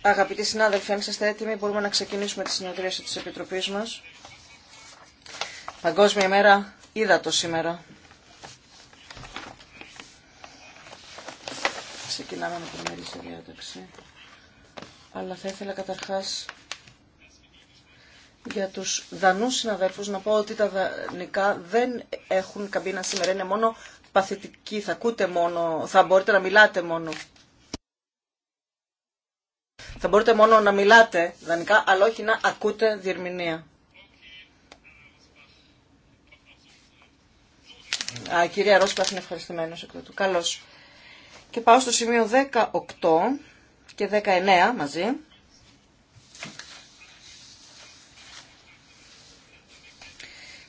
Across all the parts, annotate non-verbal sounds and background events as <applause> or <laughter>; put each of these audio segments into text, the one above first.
Αγαπητοί συνάδελφοι, αν είστε έτοιμοι, μπορούμε να ξεκινήσουμε τη συνεδρίαση της Επιτροπής μας. Παγκόσμια ημέρα, είδα το σήμερα. Ξεκινάμε με την στη διάταξη. Αλλά θα ήθελα καταρχάς για τους δανούς συναδέλφου, να πω ότι τα δανεικά δεν έχουν καμπίνα σήμερα. Είναι μόνο παθητική θα ακούτε μόνο, θα μπορείτε να μιλάτε μόνο. Θα μπορείτε μόνο να μιλάτε δανεικά, αλλά όχι να ακούτε διερμηνία. Α, η κυρία Ρώσπα, είναι ευχαριστημένος εκ του. Καλώς. Και πάω στο σημείο 18 και 19 μαζί.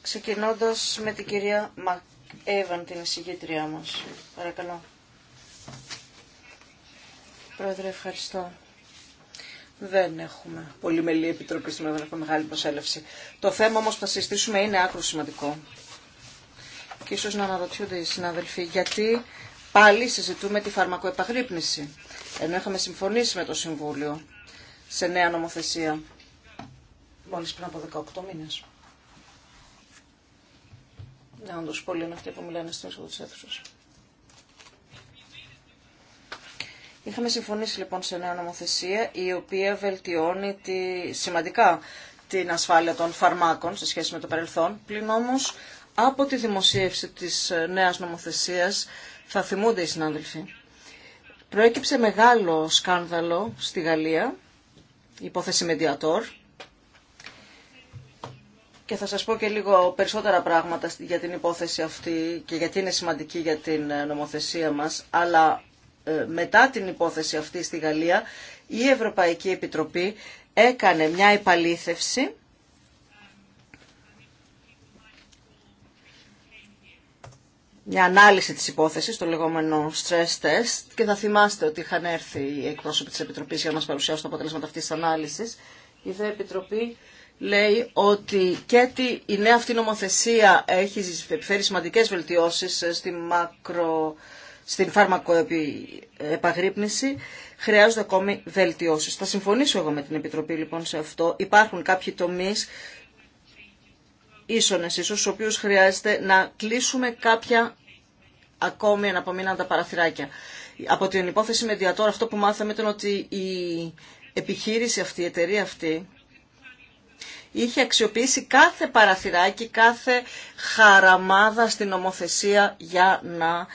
Ξεκινώντας με την κυρία Μακ Εύαν την εισηγήτριά μας. Παρακαλώ. Πρόεδρε, ευχαριστώ. Δεν έχουμε πολύ μελή επιτροπή στην Ελλάδα, έχουμε μεγάλη προσέλευση. Το θέμα όμως που θα συζητήσουμε είναι άκρο σημαντικό. Και ίσως να αναρωτιούνται οι συνάδελφοι γιατί πάλι συζητούμε τη φαρμακοεπαγρύπνηση. Ενώ είχαμε συμφωνήσει με το Συμβούλιο σε νέα νομοθεσία. Μόλις πριν από 18 μήνες. Ναι, είναι αυτοί που μιλάνε Είχαμε συμφωνήσει λοιπόν σε νέα νομοθεσία η οποία βελτιώνει τη, σημαντικά την ασφάλεια των φαρμάκων σε σχέση με το παρελθόν. Πλην όμως από τη δημοσίευση της ε, νέας νομοθεσίας θα θυμούνται οι συνάδελφοι. Προέκυψε μεγάλο σκάνδαλο στη Γαλλία, υπόθεση Mediator, και θα σας πω και λίγο περισσότερα πράγματα για την υπόθεση αυτή και γιατί είναι σημαντική για την ε, νομοθεσία μας, αλλά ε, μετά την υπόθεση αυτή στη Γαλλία η Ευρωπαϊκή Επιτροπή έκανε μια επαλήθευση μια ανάλυση της υπόθεσης, το λεγόμενο stress test και θα θυμάστε ότι είχαν έρθει οι εκπρόσωποι της Επιτροπής για να μας παρουσιάσουν τα αποτελέσματα αυτής της ανάλυσης. Η Επιτροπή λέει ότι και τη, η νέα αυτή νομοθεσία έχει επιφέρει σημαντικές βελτιώσεις στην, μακρο, στην φάρμακοεπαγρύπνηση, χρειάζονται ακόμη βελτιώσεις. Θα συμφωνήσω εγώ με την Επιτροπή λοιπόν σε αυτό. Υπάρχουν κάποιοι τομείς ίσονες ίσως, στους οποίους χρειάζεται να κλείσουμε κάποια ακόμη αναπομείναντα παραθυράκια. Από την υπόθεση με διατόρα αυτό που μάθαμε ήταν ότι η επιχείρηση αυτή, η εταιρεία αυτή, είχε αξιοποιήσει κάθε παραθυράκι, κάθε χαραμάδα στην νομοθεσία για να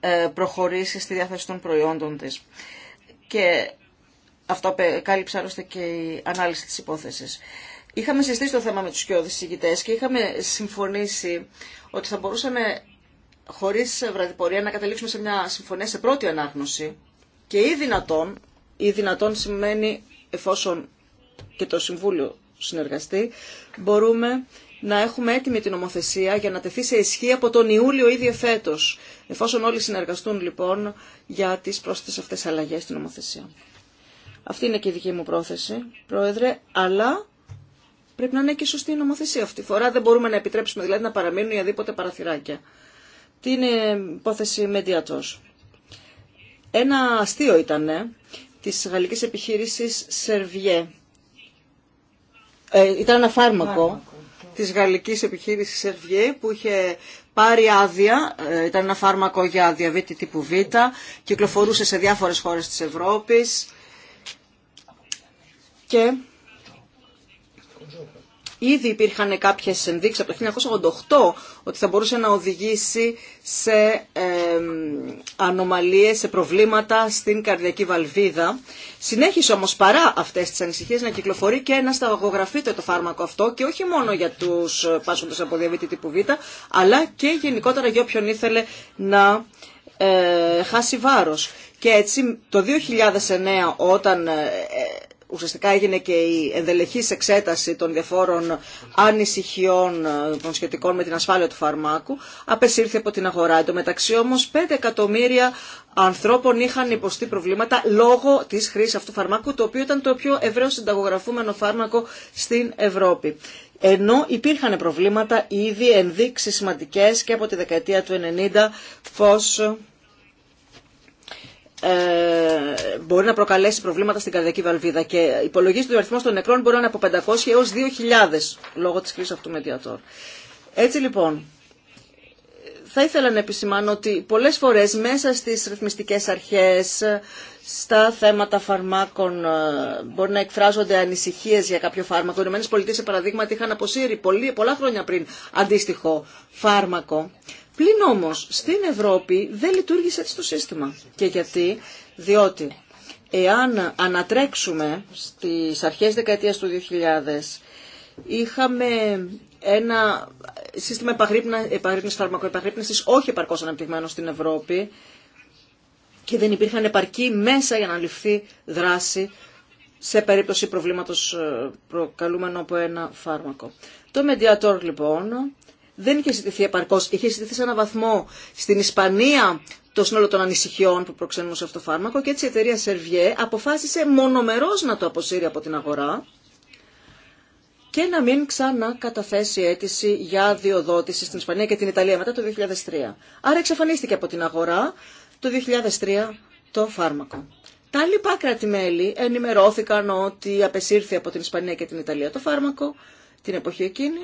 ε, προχωρήσει στη διάθεση των προϊόντων της. Και αυτό κάλυψε άλλωστε και η ανάλυση της υπόθεσης. Είχαμε συζητήσει το θέμα με τους κοιόδης συγκητές και είχαμε συμφωνήσει ότι θα μπορούσαμε χωρίς βραδιπορία να καταλήξουμε σε μια συμφωνία σε πρώτη ανάγνωση και ή δυνατόν, ή δυνατόν σημαίνει εφόσον και το Συμβούλιο συνεργαστεί, μπορούμε να έχουμε έτοιμη την νομοθεσία για να τεθεί σε ισχύ από τον Ιούλιο ήδη εφέτος. Εφόσον όλοι συνεργαστούν λοιπόν για τι πρόσθετε αυτέ αλλαγέ στην νομοθεσία. Αυτή είναι και η δική μου πρόθεση, Πρόεδρε, αλλά πρέπει να είναι και σωστή η νομοθεσία αυτή. Φορά δεν μπορούμε να επιτρέψουμε δηλαδή να παραμείνουν οι αδίποτε παραθυράκια. Τι είναι η υπόθεση Μεντιατός. Ένα αστείο ήταν τη γαλλική επιχείρηση Σερβιέ ε, ήταν ένα φάρμακο, ναι. της γαλλικής επιχείρησης Servier που είχε πάρει άδεια, ε, ήταν ένα φάρμακο για διαβήτη τύπου Β, κυκλοφορούσε σε διάφορες χώρες της Ευρώπης και Ήδη υπήρχαν κάποιες ενδείξεις από το 1988 ότι θα μπορούσε να οδηγήσει σε ανομαλίες, σε προβλήματα στην καρδιακή βαλβίδα. Συνέχισε όμως παρά αυτές τις ανησυχίες να κυκλοφορεί και να σταγογραφείται το φάρμακο αυτό και όχι μόνο για τους πάσχοντες από διαβήτη τύπου Β, αλλά και γενικότερα για όποιον ήθελε να ε, χάσει βάρος. Και έτσι το 2009 όταν ε, ουσιαστικά έγινε και η ενδελεχής εξέταση των διαφόρων ανησυχιών ε, των σχετικών με την ασφάλεια του φαρμάκου, απεσήρθη από την αγορά. Εν τω μεταξύ όμως 5 εκατομμύρια ανθρώπων είχαν υποστεί προβλήματα λόγω της χρήσης αυτού του φαρμάκου, το οποίο ήταν το πιο ευρέως συνταγογραφούμενο φάρμακο στην Ευρώπη. Ενώ υπήρχαν προβλήματα ήδη ενδείξεις σημαντικές και από τη δεκαετία του 90 πως ε, μπορεί να προκαλέσει προβλήματα στην καρδιακή βαλβίδα και υπολογίζεται ο αριθμό των νεκρών μπορεί να είναι από 500 έως 2.000 λόγω της κρίσης αυτού διατόρ. Έτσι λοιπόν, θα ήθελα να επισημάνω ότι πολλές φορές μέσα στις ρυθμιστικές αρχές, στα θέματα φαρμάκων ε, μπορεί να εκφράζονται ανησυχίες για κάποιο φάρμακο. Οι ΗΠΑ, σε παραδείγμα, είχαν αποσύρει πολλά χρόνια πριν αντίστοιχο φάρμακο Πλην όμως στην Ευρώπη δεν λειτουργήσε έτσι το σύστημα. Και γιατί, διότι εάν ανατρέξουμε στις αρχές δεκαετίας του 2000, είχαμε ένα σύστημα επαγρύπνησης φαρμακοεπαγρύπνησης όχι επαρκώς αναπτυγμένο στην Ευρώπη και δεν υπήρχαν επαρκή μέσα για να ληφθεί δράση σε περίπτωση προβλήματος ε, προκαλούμενο από ένα φάρμακο. Το Mediator λοιπόν δεν είχε ζητηθεί επαρκώ. Είχε ζητηθεί σε έναν βαθμό στην Ισπανία το σύνολο των ανησυχιών που προξενούσε σε αυτό το φάρμακο και έτσι η εταιρεία Σερβιέ αποφάσισε μονομερό να το αποσύρει από την αγορά και να μην ξανακαταθέσει αίτηση για διοδότηση στην Ισπανία και την Ιταλία μετά το 2003. Άρα εξαφανίστηκε από την αγορά το 2003 το φάρμακο. Τα λοιπά κράτη-μέλη ενημερώθηκαν ότι απεσύρθη από την Ισπανία και την Ιταλία το φάρμακο την εποχή εκείνη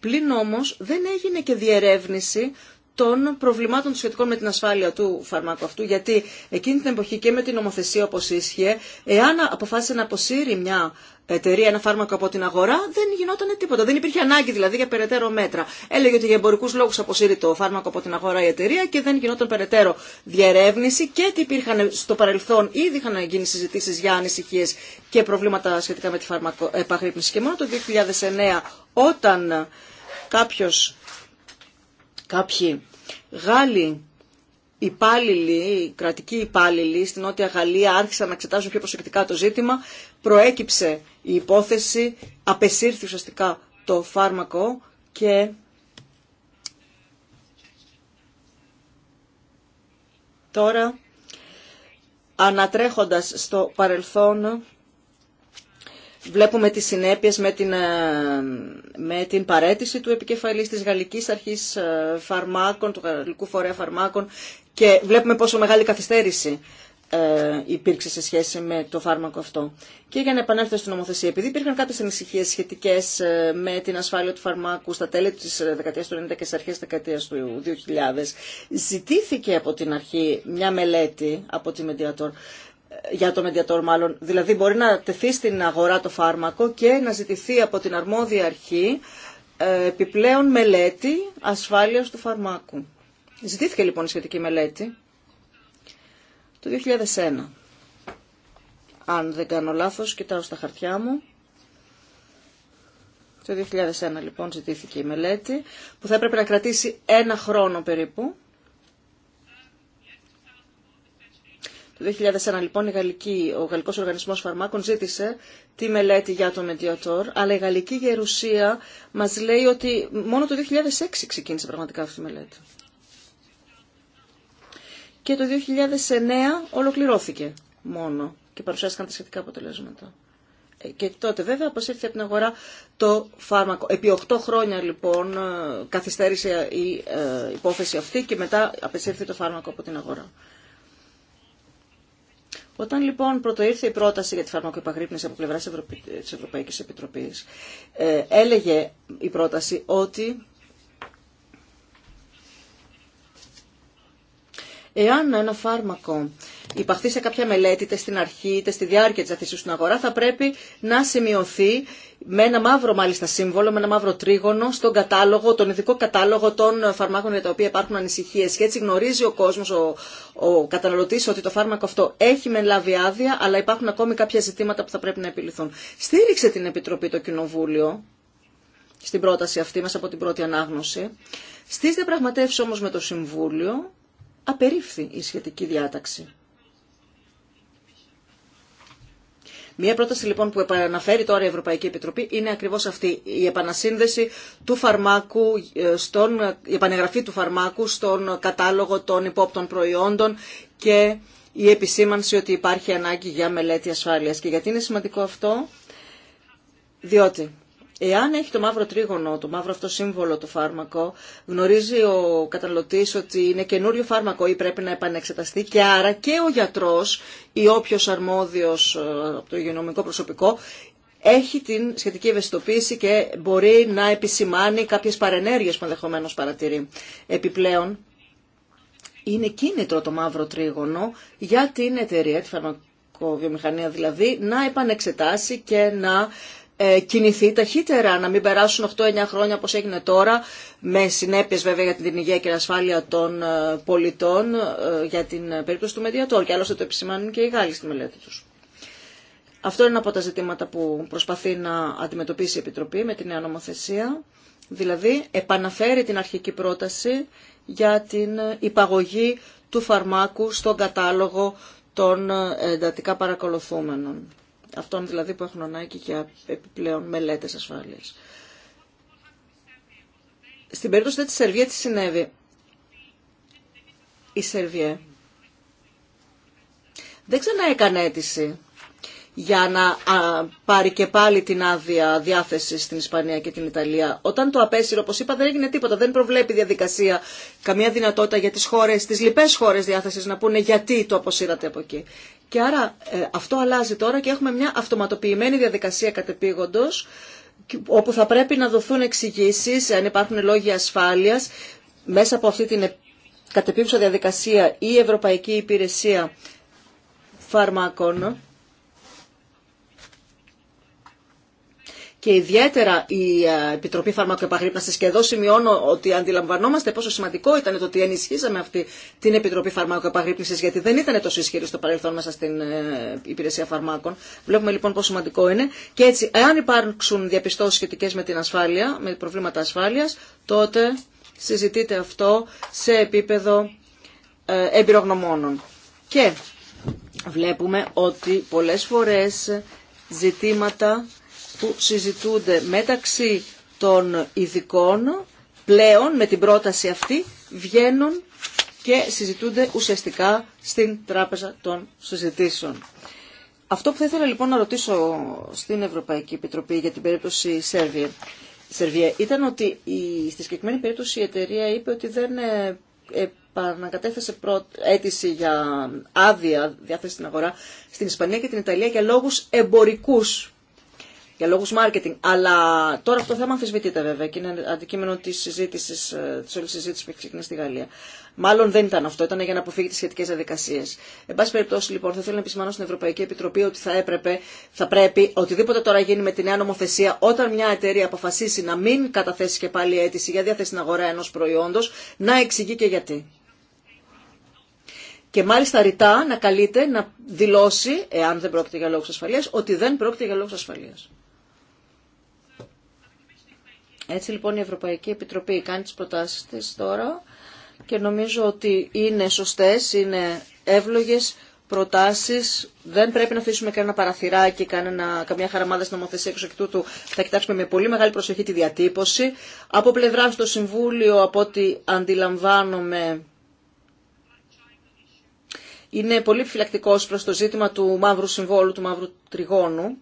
Πλην όμω δεν έγινε και διερεύνηση των προβλημάτων σχετικών με την ασφάλεια του φαρμάκου αυτού, γιατί εκείνη την εποχή και με την νομοθεσία όπω ίσχυε, εάν αποφάσισε να αποσύρει μια εταιρεία ένα φάρμακο από την αγορά, δεν γινόταν τίποτα. Δεν υπήρχε ανάγκη δηλαδή για περαιτέρω μέτρα. Έλεγε ότι για εμπορικού λόγου αποσύρει το φάρμακο από την αγορά η εταιρεία και δεν γινόταν περαιτέρω διερεύνηση και ότι υπήρχαν στο παρελθόν ήδη είχαν γίνει συζητήσει για ανησυχίε και προβλήματα σχετικά με τη φαρμακοεπαγρύπνηση. Ε, και μόνο το 2009, όταν κάποιος, κάποιοι Γάλλοι υπάλληλοι, κρατικοί υπάλληλοι στην Νότια Γαλλία άρχισαν να εξετάζουν πιο προσεκτικά το ζήτημα, προέκυψε η υπόθεση, απεσύρθη ουσιαστικά το φάρμακο και τώρα ανατρέχοντας στο παρελθόν Βλέπουμε τις συνέπειες με την, ε, με την παρέτηση του επικεφαλής της Γαλλικής Αρχής ε, Φαρμάκων, του Γαλλικού Φορέα Φαρμάκων και βλέπουμε πόσο μεγάλη καθυστέρηση ε, υπήρξε σε σχέση με το φάρμακο αυτό. Και για να επανέλθω στην νομοθεσία, επειδή υπήρχαν κάποιε ανησυχίε σχετικέ με την ασφάλεια του φαρμάκου στα τέλη τη δεκαετία του 90 και στι αρχέ τη δεκαετία του 2000, ζητήθηκε από την αρχή μια μελέτη από τη Mediator για τον Μεντιατόρ μάλλον. Δηλαδή μπορεί να τεθεί στην αγορά το φάρμακο και να ζητηθεί από την αρμόδια αρχή ε, επιπλέον μελέτη ασφάλειας του φαρμάκου. Ζητήθηκε λοιπόν η σχετική μελέτη το 2001. Αν δεν κάνω λάθος, κοιτάω στα χαρτιά μου. Το 2001 λοιπόν ζητήθηκε η μελέτη που θα έπρεπε να κρατήσει ένα χρόνο περίπου Το 2001 λοιπόν η Γαλλική, ο Γαλλικός Οργανισμός Φαρμάκων ζήτησε τη μελέτη για το Μεντιατόρ, αλλά η Γαλλική Γερουσία μας λέει ότι μόνο το 2006 ξεκίνησε πραγματικά αυτή η μελέτη. Και το 2009 ολοκληρώθηκε μόνο και παρουσιάστηκαν τα σχετικά αποτελέσματα. Ε, και τότε βέβαια αποσύρθηκε από την αγορά το φάρμακο. Επί 8 χρόνια λοιπόν ε, καθυστέρησε η ε, υπόθεση αυτή και μετά απεσύρθηκε το φάρμακο από την αγορά. Όταν λοιπόν πρώτο η πρόταση για τη φαρμακοεπαγρύπνηση από πλευρά τη Ευρωπαϊκή Επιτροπή, ε, έλεγε η πρόταση ότι Εάν ένα φάρμακο υπαχθεί σε κάποια μελέτη, είτε στην αρχή, είτε στη διάρκεια της αθήσης στην αγορά, θα πρέπει να σημειωθεί με ένα μαύρο μάλιστα σύμβολο, με ένα μαύρο τρίγωνο, στον κατάλογο, τον ειδικό κατάλογο των φαρμάκων για τα οποία υπάρχουν ανησυχίε. Και έτσι γνωρίζει ο κόσμο, ο, ο καταναλωτή, ότι το φάρμακο αυτό έχει μεν λάβει άδεια, αλλά υπάρχουν ακόμη κάποια ζητήματα που θα πρέπει να επιληθούν. Στήριξε την Επιτροπή το Κοινοβούλιο στην πρόταση αυτή μας από την πρώτη ανάγνωση. Στις διαπραγματεύσεις όμω με το Συμβούλιο απερίφθη η σχετική διάταξη. Μία πρόταση λοιπόν που επαναφέρει τώρα η Ευρωπαϊκή Επιτροπή είναι ακριβώς αυτή η επανασύνδεση του φαρμάκου, ε, στον, η επανεγραφή του φαρμάκου στον κατάλογο των υπόπτων προϊόντων και η επισήμανση ότι υπάρχει ανάγκη για μελέτη ασφάλειας. Και γιατί είναι σημαντικό αυτό, διότι Εάν έχει το μαύρο τρίγωνο, το μαύρο αυτό σύμβολο το φάρμακο, γνωρίζει ο καταναλωτή ότι είναι καινούριο φάρμακο ή πρέπει να επανεξεταστεί και άρα και ο γιατρό ή όποιο αρμόδιο ε, από το υγειονομικό προσωπικό έχει την σχετική ευαισθητοποίηση και μπορεί να επισημάνει κάποιες παρενέργειες που ενδεχομένω παρατηρεί. Επιπλέον, είναι κίνητρο το μαύρο τρίγωνο για την εταιρεία, τη φαρμακοβιομηχανία δηλαδή, να επανεξετάσει και να ε, κινηθεί ταχύτερα, να μην περάσουν 8-9 χρόνια όπως έγινε τώρα, με συνέπειες βέβαια για την υγεία και την ασφάλεια των ε, πολιτών ε, για την περίπτωση του Μεδιατόρ και άλλωστε το επισημάνουν και οι Γάλλοι στη μελέτη τους. Αυτό είναι ένα από τα ζητήματα που προσπαθεί να αντιμετωπίσει η Επιτροπή με την νέα νομοθεσία, δηλαδή επαναφέρει την αρχική πρόταση για την υπαγωγή του φαρμάκου στον κατάλογο των εντατικά παρακολουθούμενων αυτών δηλαδή που έχουν ανάγκη για επιπλέον μελέτες ασφάλειας. Στην περίπτωση της Σερβία τι συνέβη. Η Σερβία δεν ξανά έκανε αίτηση για να πάρει και πάλι την άδεια διάθεση στην Ισπανία και την Ιταλία. Όταν το απέσυρε, όπω είπα, δεν έγινε τίποτα. Δεν προβλέπει διαδικασία καμία δυνατότητα για τι χώρε, τις λοιπές χώρες διάθεσης να πούνε γιατί το αποσύρατε από εκεί. Και άρα ε, αυτό αλλάζει τώρα και έχουμε μια αυτοματοποιημένη διαδικασία κατεπήγοντο, όπου θα πρέπει να δοθούν εξηγήσει, αν υπάρχουν λόγοι ασφάλεια, μέσα από αυτή την κατεπίουσα διαδικασία η Ευρωπαϊκή Υπηρεσία Φαρμάκων και ιδιαίτερα η ε, Επιτροπή Φαρμακοεπαγρύπνασης και εδώ σημειώνω ότι αντιλαμβανόμαστε πόσο σημαντικό ήταν το ότι ενισχύσαμε αυτή την Επιτροπή Φαρμακοεπαγρύπνασης γιατί δεν ήταν τόσο ισχυρή στο παρελθόν μέσα στην ε, υπηρεσία φαρμάκων. Βλέπουμε λοιπόν πόσο σημαντικό είναι και έτσι εάν υπάρξουν διαπιστώσεις σχετικές με την ασφάλεια, με προβλήματα ασφάλειας, τότε συζητείτε αυτό σε επίπεδο ε, εμπειρογνωμόνων. Και βλέπουμε ότι πολλές φορές ζητήματα που συζητούνται μεταξύ των ειδικών πλέον με την πρόταση αυτή βγαίνουν και συζητούνται ουσιαστικά στην Τράπεζα των Συζητήσεων. Αυτό που θα ήθελα λοιπόν να ρωτήσω στην Ευρωπαϊκή Επιτροπή για την περίπτωση Σέρβια, Σερβία ήταν ότι η, στη συγκεκριμένη περίπτωση η εταιρεία είπε ότι δεν ε, επανακατέθεσε αίτηση για άδεια διάθεση στην αγορά στην Ισπανία και την Ιταλία για λόγους εμπορικούς για λόγους marketing. Αλλά τώρα αυτό το θέμα αμφισβητείται βέβαια και είναι αντικείμενο τη συζήτησης, ε, τη όλη συζήτηση που έχει ξεκινήσει στη Γαλλία. Μάλλον δεν ήταν αυτό, ήταν για να αποφύγει τι σχετικέ διαδικασίε. Εν πάση περιπτώσει, λοιπόν, θα θέλω να επισημάνω στην Ευρωπαϊκή Επιτροπή ότι θα έπρεπε, θα πρέπει, οτιδήποτε τώρα γίνει με τη νέα νομοθεσία, όταν μια εταιρεία αποφασίσει να μην καταθέσει και πάλι αίτηση για διάθεση στην αγορά ενό προϊόντο, να εξηγεί και γιατί. Και μάλιστα ρητά να καλείται να δηλώσει, εάν δεν πρόκειται για λόγους ασφαλεία, ότι δεν πρόκειται για λόγους ασφαλείας. Έτσι λοιπόν η Ευρωπαϊκή Επιτροπή κάνει τις προτάσεις της τώρα και νομίζω ότι είναι σωστές, είναι εύλογες προτάσεις. Δεν πρέπει να αφήσουμε κανένα παραθυράκι, κανένα, καμιά χαραμάδα στην νομοθεσία και τούτου. Θα κοιτάξουμε με πολύ μεγάλη προσοχή τη διατύπωση. Από πλευρά στο Συμβούλιο, από ό,τι αντιλαμβάνομαι, είναι πολύ επιφυλακτικό προς το ζήτημα του μαύρου συμβόλου, του μαύρου τριγώνου.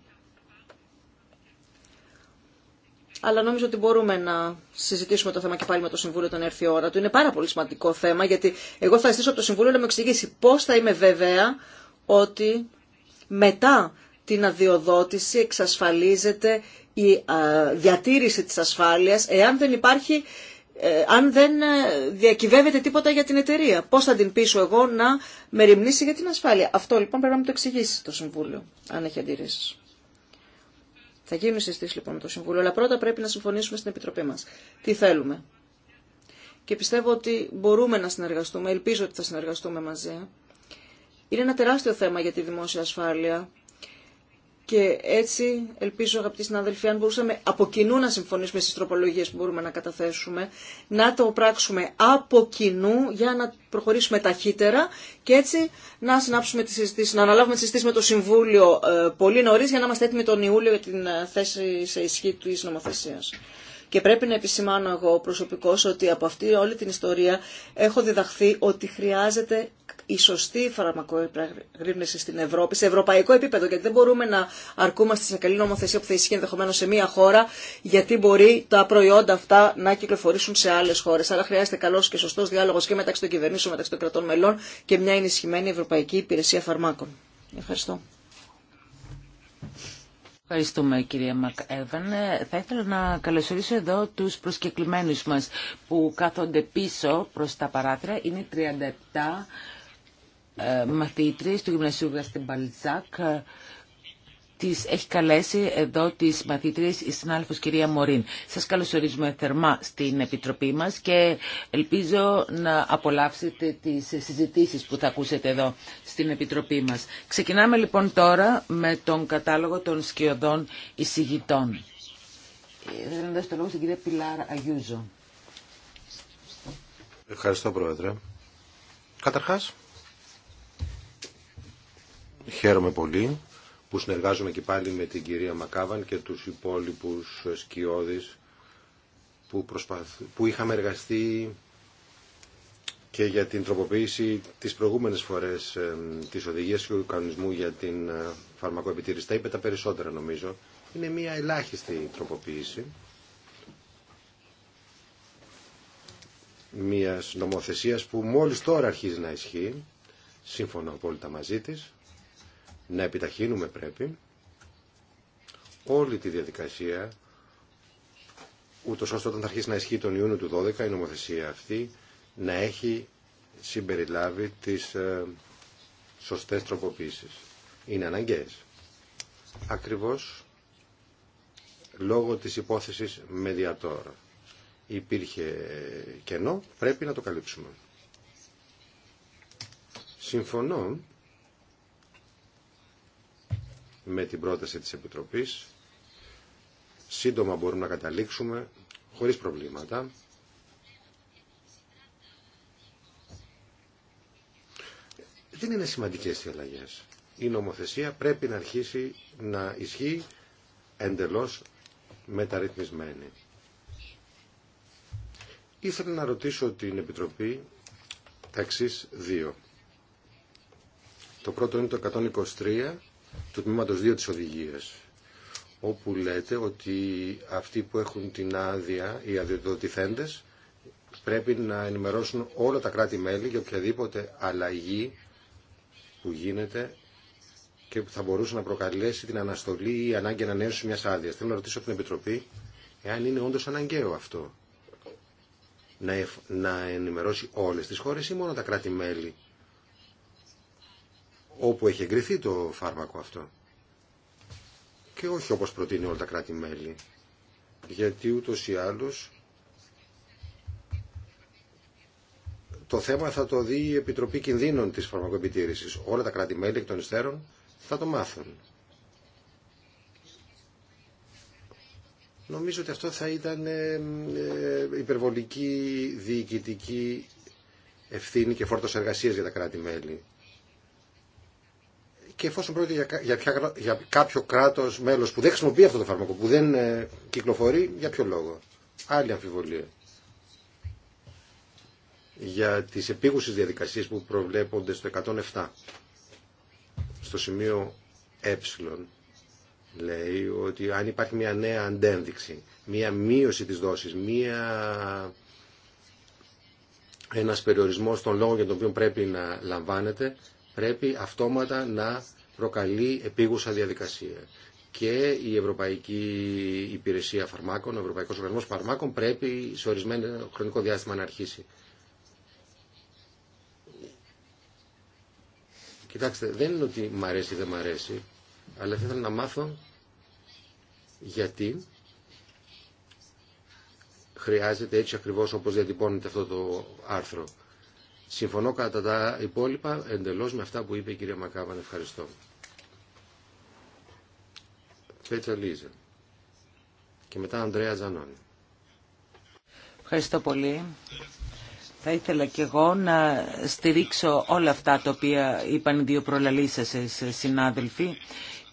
αλλά νομίζω ότι μπορούμε να συζητήσουμε το θέμα και πάλι με το Συμβούλιο όταν έρθει η ώρα του. Είναι πάρα πολύ σημαντικό θέμα, γιατί εγώ θα ζητήσω από το Συμβούλιο να μου εξηγήσει πώ θα είμαι βέβαια ότι μετά την αδειοδότηση εξασφαλίζεται η διατήρηση της ασφάλειας εάν δεν υπάρχει ε, αν δεν ε, διακυβεύεται τίποτα για την εταιρεία. Πώς θα την πείσω εγώ να με μεριμνήσει για την ασφάλεια. Αυτό λοιπόν πρέπει να μου το εξηγήσει το Συμβούλιο, αν έχει αντιρρήσεις. Θα γίνουν συστήσει λοιπόν με το Συμβούλιο, αλλά πρώτα πρέπει να συμφωνήσουμε στην Επιτροπή μα. Τι θέλουμε. Και πιστεύω ότι μπορούμε να συνεργαστούμε, ελπίζω ότι θα συνεργαστούμε μαζί. Είναι ένα τεράστιο θέμα για τη δημόσια ασφάλεια και έτσι, ελπίζω αγαπητοί συνάδελφοι, αν μπορούσαμε από κοινού να συμφωνήσουμε στις τροπολογίες που μπορούμε να καταθέσουμε, να το πράξουμε από κοινού για να προχωρήσουμε ταχύτερα και έτσι να συνάψουμε τις συζητήσεις, να αναλάβουμε τις συζητήσεις με το Συμβούλιο ε, πολύ νωρί για να είμαστε έτοιμοι τον Ιούλιο για την ε, θέση σε ισχύ της νομοθεσίας. Και πρέπει να επισημάνω εγώ προσωπικώ ότι από αυτή όλη την ιστορία έχω διδαχθεί ότι χρειάζεται η σωστή φαρμακογρύπνευση στην Ευρώπη, σε ευρωπαϊκό επίπεδο, γιατί δεν μπορούμε να αρκούμαστε σε καλή νομοθεσία που θα ισχύει ενδεχομένω σε μία χώρα, γιατί μπορεί τα προϊόντα αυτά να κυκλοφορήσουν σε άλλε χώρε. Άρα χρειάζεται καλό και σωστό διάλογο και μεταξύ των κυβερνήσεων, μεταξύ των κρατών μελών και μια ενισχυμένη Ευρωπαϊκή Υπηρεσία Φαρμάκων. Ευχαριστώ. Ευχαριστούμε κυρία Μακέβαν. Θα ήθελα να καλωσορίσω εδώ τους προσκεκλημένους μας που κάθονται πίσω προς τα παράθυρα. Είναι 37 ε, μαθήτρες του Γυμνασίου Ε, Τις έχει καλέσει εδώ τις μαθήτριες η συνάδελφος κυρία Μωρίν. Σας καλωσορίζουμε θερμά στην Επιτροπή μας και ελπίζω να απολαύσετε τις συζητήσεις που θα ακούσετε εδώ στην Επιτροπή μας. Ξεκινάμε λοιπόν τώρα με τον κατάλογο των σκιωδών εισηγητών. Ε, Θέλω να δώσω το λόγο στην κυρία Πιλάρα Αγιούζο. Ευχαριστώ Πρόεδρε. Καταρχάς, χαίρομαι πολύ που συνεργάζομαι και πάλι με την κυρία Μακάβαν και τους υπόλοιπους σκιώδεις που, προσπαθ... που είχαμε εργαστεί και για την τροποποίηση της προηγούμενες φορές ε, της οδηγίας και του κανονισμού για την ε, φαρμακοεπιτήρηση. Τα είπε τα περισσότερα νομίζω. Είναι μια ελάχιστη τροποποίηση μιας νομοθεσίας που μόλις τώρα αρχίζει να ισχύει. Σύμφωνα απόλυτα μαζί της να επιταχύνουμε πρέπει όλη τη διαδικασία ούτω ώστε όταν θα αρχίσει να ισχύει τον Ιούνιο του 2012 η νομοθεσία αυτή να έχει συμπεριλάβει τις ε, σωστές τροποποίησεις. Είναι αναγκαίες. Ακριβώς λόγω της υπόθεσης διατόρα. υπήρχε κενό, πρέπει να το καλύψουμε. Συμφωνώ με την πρόταση της Επιτροπής. Σύντομα μπορούμε να καταλήξουμε, χωρίς προβλήματα. Δεν είναι σημαντικές οι αλλαγές. Η νομοθεσία πρέπει να αρχίσει να ισχύει εντελώς μεταρρυθμισμένη. Ήθελα να ρωτήσω την Επιτροπή τα δύο. Το πρώτο είναι το 123 του τμήματος 2 της οδηγίας όπου λέτε ότι αυτοί που έχουν την άδεια, οι αδειοδοτηθέντες, πρέπει να ενημερώσουν όλα τα κράτη-μέλη για οποιαδήποτε αλλαγή που γίνεται και που θα μπορούσε να προκαλέσει την αναστολή ή ανάγκη ανανέωση μιας άδειας. Θέλω να ρωτήσω την Επιτροπή εάν είναι όντως αναγκαίο αυτό να ενημερώσει όλες τις χώρες ή μόνο τα κράτη-μέλη όπου έχει εγκριθεί το φάρμακο αυτό. Και όχι όπως προτείνει όλα τα κράτη-μέλη. Γιατί ούτως ή άλλως το θέμα θα το δει η Επιτροπή Κινδύνων της Φαρμακοεπιτήρησης. Όλα τα κράτη-μέλη εκ των υστέρων θα το μάθουν. Νομίζω ότι αυτό θα ήταν ε, ε, υπερβολική διοικητική ευθύνη και φόρτος εργασίας για τα κράτη-μέλη και εφόσον πρόκειται για, για, κάποιο κράτος μέλος που δεν χρησιμοποιεί αυτό το φάρμακο, που δεν ε, κυκλοφορεί, για ποιο λόγο. Άλλη αμφιβολία. Για τις επίγουσε διαδικασίε που προβλέπονται στο 107, στο σημείο ε, λέει ότι αν υπάρχει μια νέα αντένδειξη, μια μείωση της δόσης, μια... ένας περιορισμός των λόγων για τον οποίο πρέπει να λαμβάνεται, πρέπει αυτόματα να προκαλεί επίγουσα διαδικασία. Και η Ευρωπαϊκή Υπηρεσία Φαρμάκων, ο Ευρωπαϊκό Οργανισμό Φαρμάκων πρέπει σε ορισμένο χρονικό διάστημα να αρχίσει. Κοιτάξτε, δεν είναι ότι μ' αρέσει ή δεν μ' αρέσει, αλλά θα ήθελα να μάθω γιατί χρειάζεται έτσι ακριβώς όπως διατυπώνεται αυτό το άρθρο. Συμφωνώ κατά τα υπόλοιπα εντελώς με αυτά που είπε η κυρία Μακάβαν. Ευχαριστώ. Πέτσα Λίζα. Και μετά Ανδρέα Ζανώνη. Ευχαριστώ πολύ. Θα ήθελα και εγώ να στηρίξω όλα αυτά τα οποία είπαν οι δύο προλαλήσασες συνάδελφοι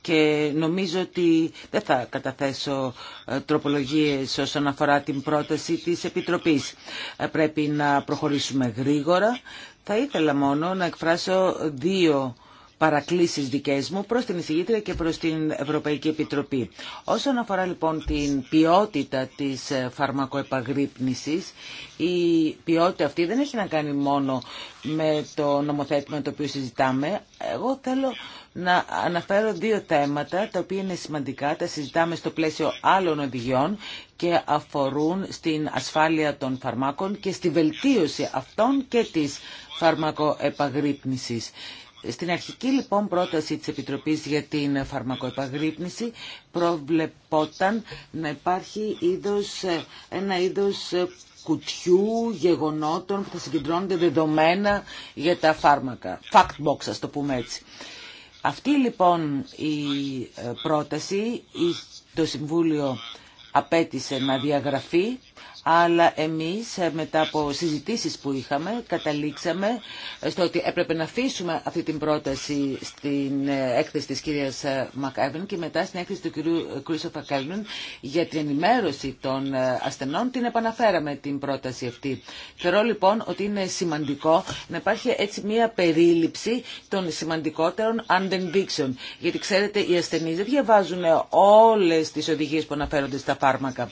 και νομίζω ότι δεν θα καταθέσω ε, τροπολογίες όσον αφορά την πρόταση της Επιτροπής. Ε, πρέπει να προχωρήσουμε γρήγορα. Θα ήθελα μόνο να εκφράσω δύο παρακλήσεις δικές μου προς την εισηγήτρια και προς την Ευρωπαϊκή Επιτροπή. Όσον αφορά λοιπόν την ποιότητα της ε, φαρμακοεπαγρύπνησης, η ποιότητα αυτή δεν έχει να κάνει μόνο με το νομοθέτημα το οποίο συζητάμε. Εγώ θέλω να αναφέρω δύο θέματα τα οποία είναι σημαντικά, τα συζητάμε στο πλαίσιο άλλων οδηγιών και αφορούν στην ασφάλεια των φαρμάκων και στη βελτίωση αυτών και της φαρμακοεπαγρύπνησης. Στην αρχική λοιπόν πρόταση της Επιτροπής για την φαρμακοεπαγρύπνηση προβλεπόταν να υπάρχει είδος, ένα είδος κουτιού γεγονότων που θα συγκεντρώνονται δεδομένα για τα φάρμακα. Fact box, ας το πούμε έτσι. Αυτή λοιπόν η ε, πρόταση το Συμβούλιο απέτησε να διαγραφεί αλλά εμείς ε, μετά από συζητήσεις που είχαμε καταλήξαμε ε, στο ότι έπρεπε να αφήσουμε αυτή την πρόταση στην ε, έκθεση της κυρίας Μακάβεν και μετά στην έκθεση του κυρίου Κρίσοφα Κέλνουν για την ενημέρωση των ασθενών την επαναφέραμε την πρόταση αυτή. Θεωρώ λοιπόν ότι είναι σημαντικό να υπάρχει έτσι μια περίληψη των σημαντικότερων αντενδείξεων. Γιατί ξέρετε οι ασθενείς δεν διαβάζουν όλες τις οδηγίες που αναφέρονται στα φάρμακα.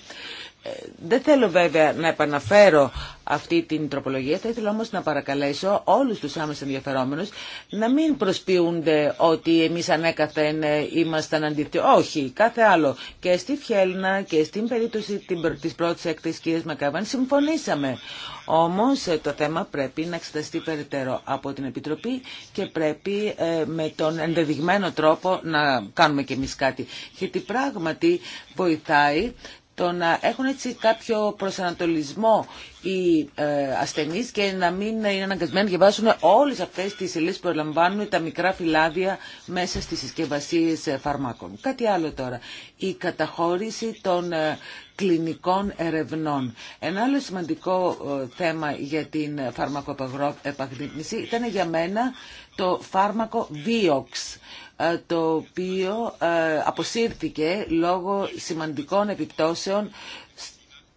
Ε, δεν θέλω βέβαια να επαναφέρω αυτή την τροπολογία, θα ήθελα όμως να παρακαλέσω όλους τους άμεσα ενδιαφερόμενους να μην προσποιούνται ότι εμείς ανέκαθεν ε, ήμασταν αντίθετοι. Όχι, κάθε άλλο. Και στη Φιέλνα και στην περίπτωση της πρώτης έκτης κύρια Μακάβαν συμφωνήσαμε. Όμως ε, το θέμα πρέπει να εξεταστεί περαιτέρω από την Επιτροπή και πρέπει με τον ενδεδειγμένο τρόπο να κάνουμε κι εμείς κάτι. Γιατί πράγματι βοηθάει το να έχουν έτσι κάποιο προσανατολισμό οι ε, ασθενείς και να μην είναι αναγκασμένοι να διαβάσουν όλες αυτές τις σελίδες που περιλαμβάνουν τα μικρά φυλάδια μέσα στις συσκευασίες ε, φαρμάκων. Κάτι άλλο τώρα. Η καταχώρηση των ε, κλινικών ερευνών. Ένα άλλο σημαντικό θέμα για την φαρμακοεπαγνήτηση ήταν για μένα το φάρμακο Vioxx ε, το οποίο ε, αποσύρθηκε λόγω σημαντικών επιπτώσεων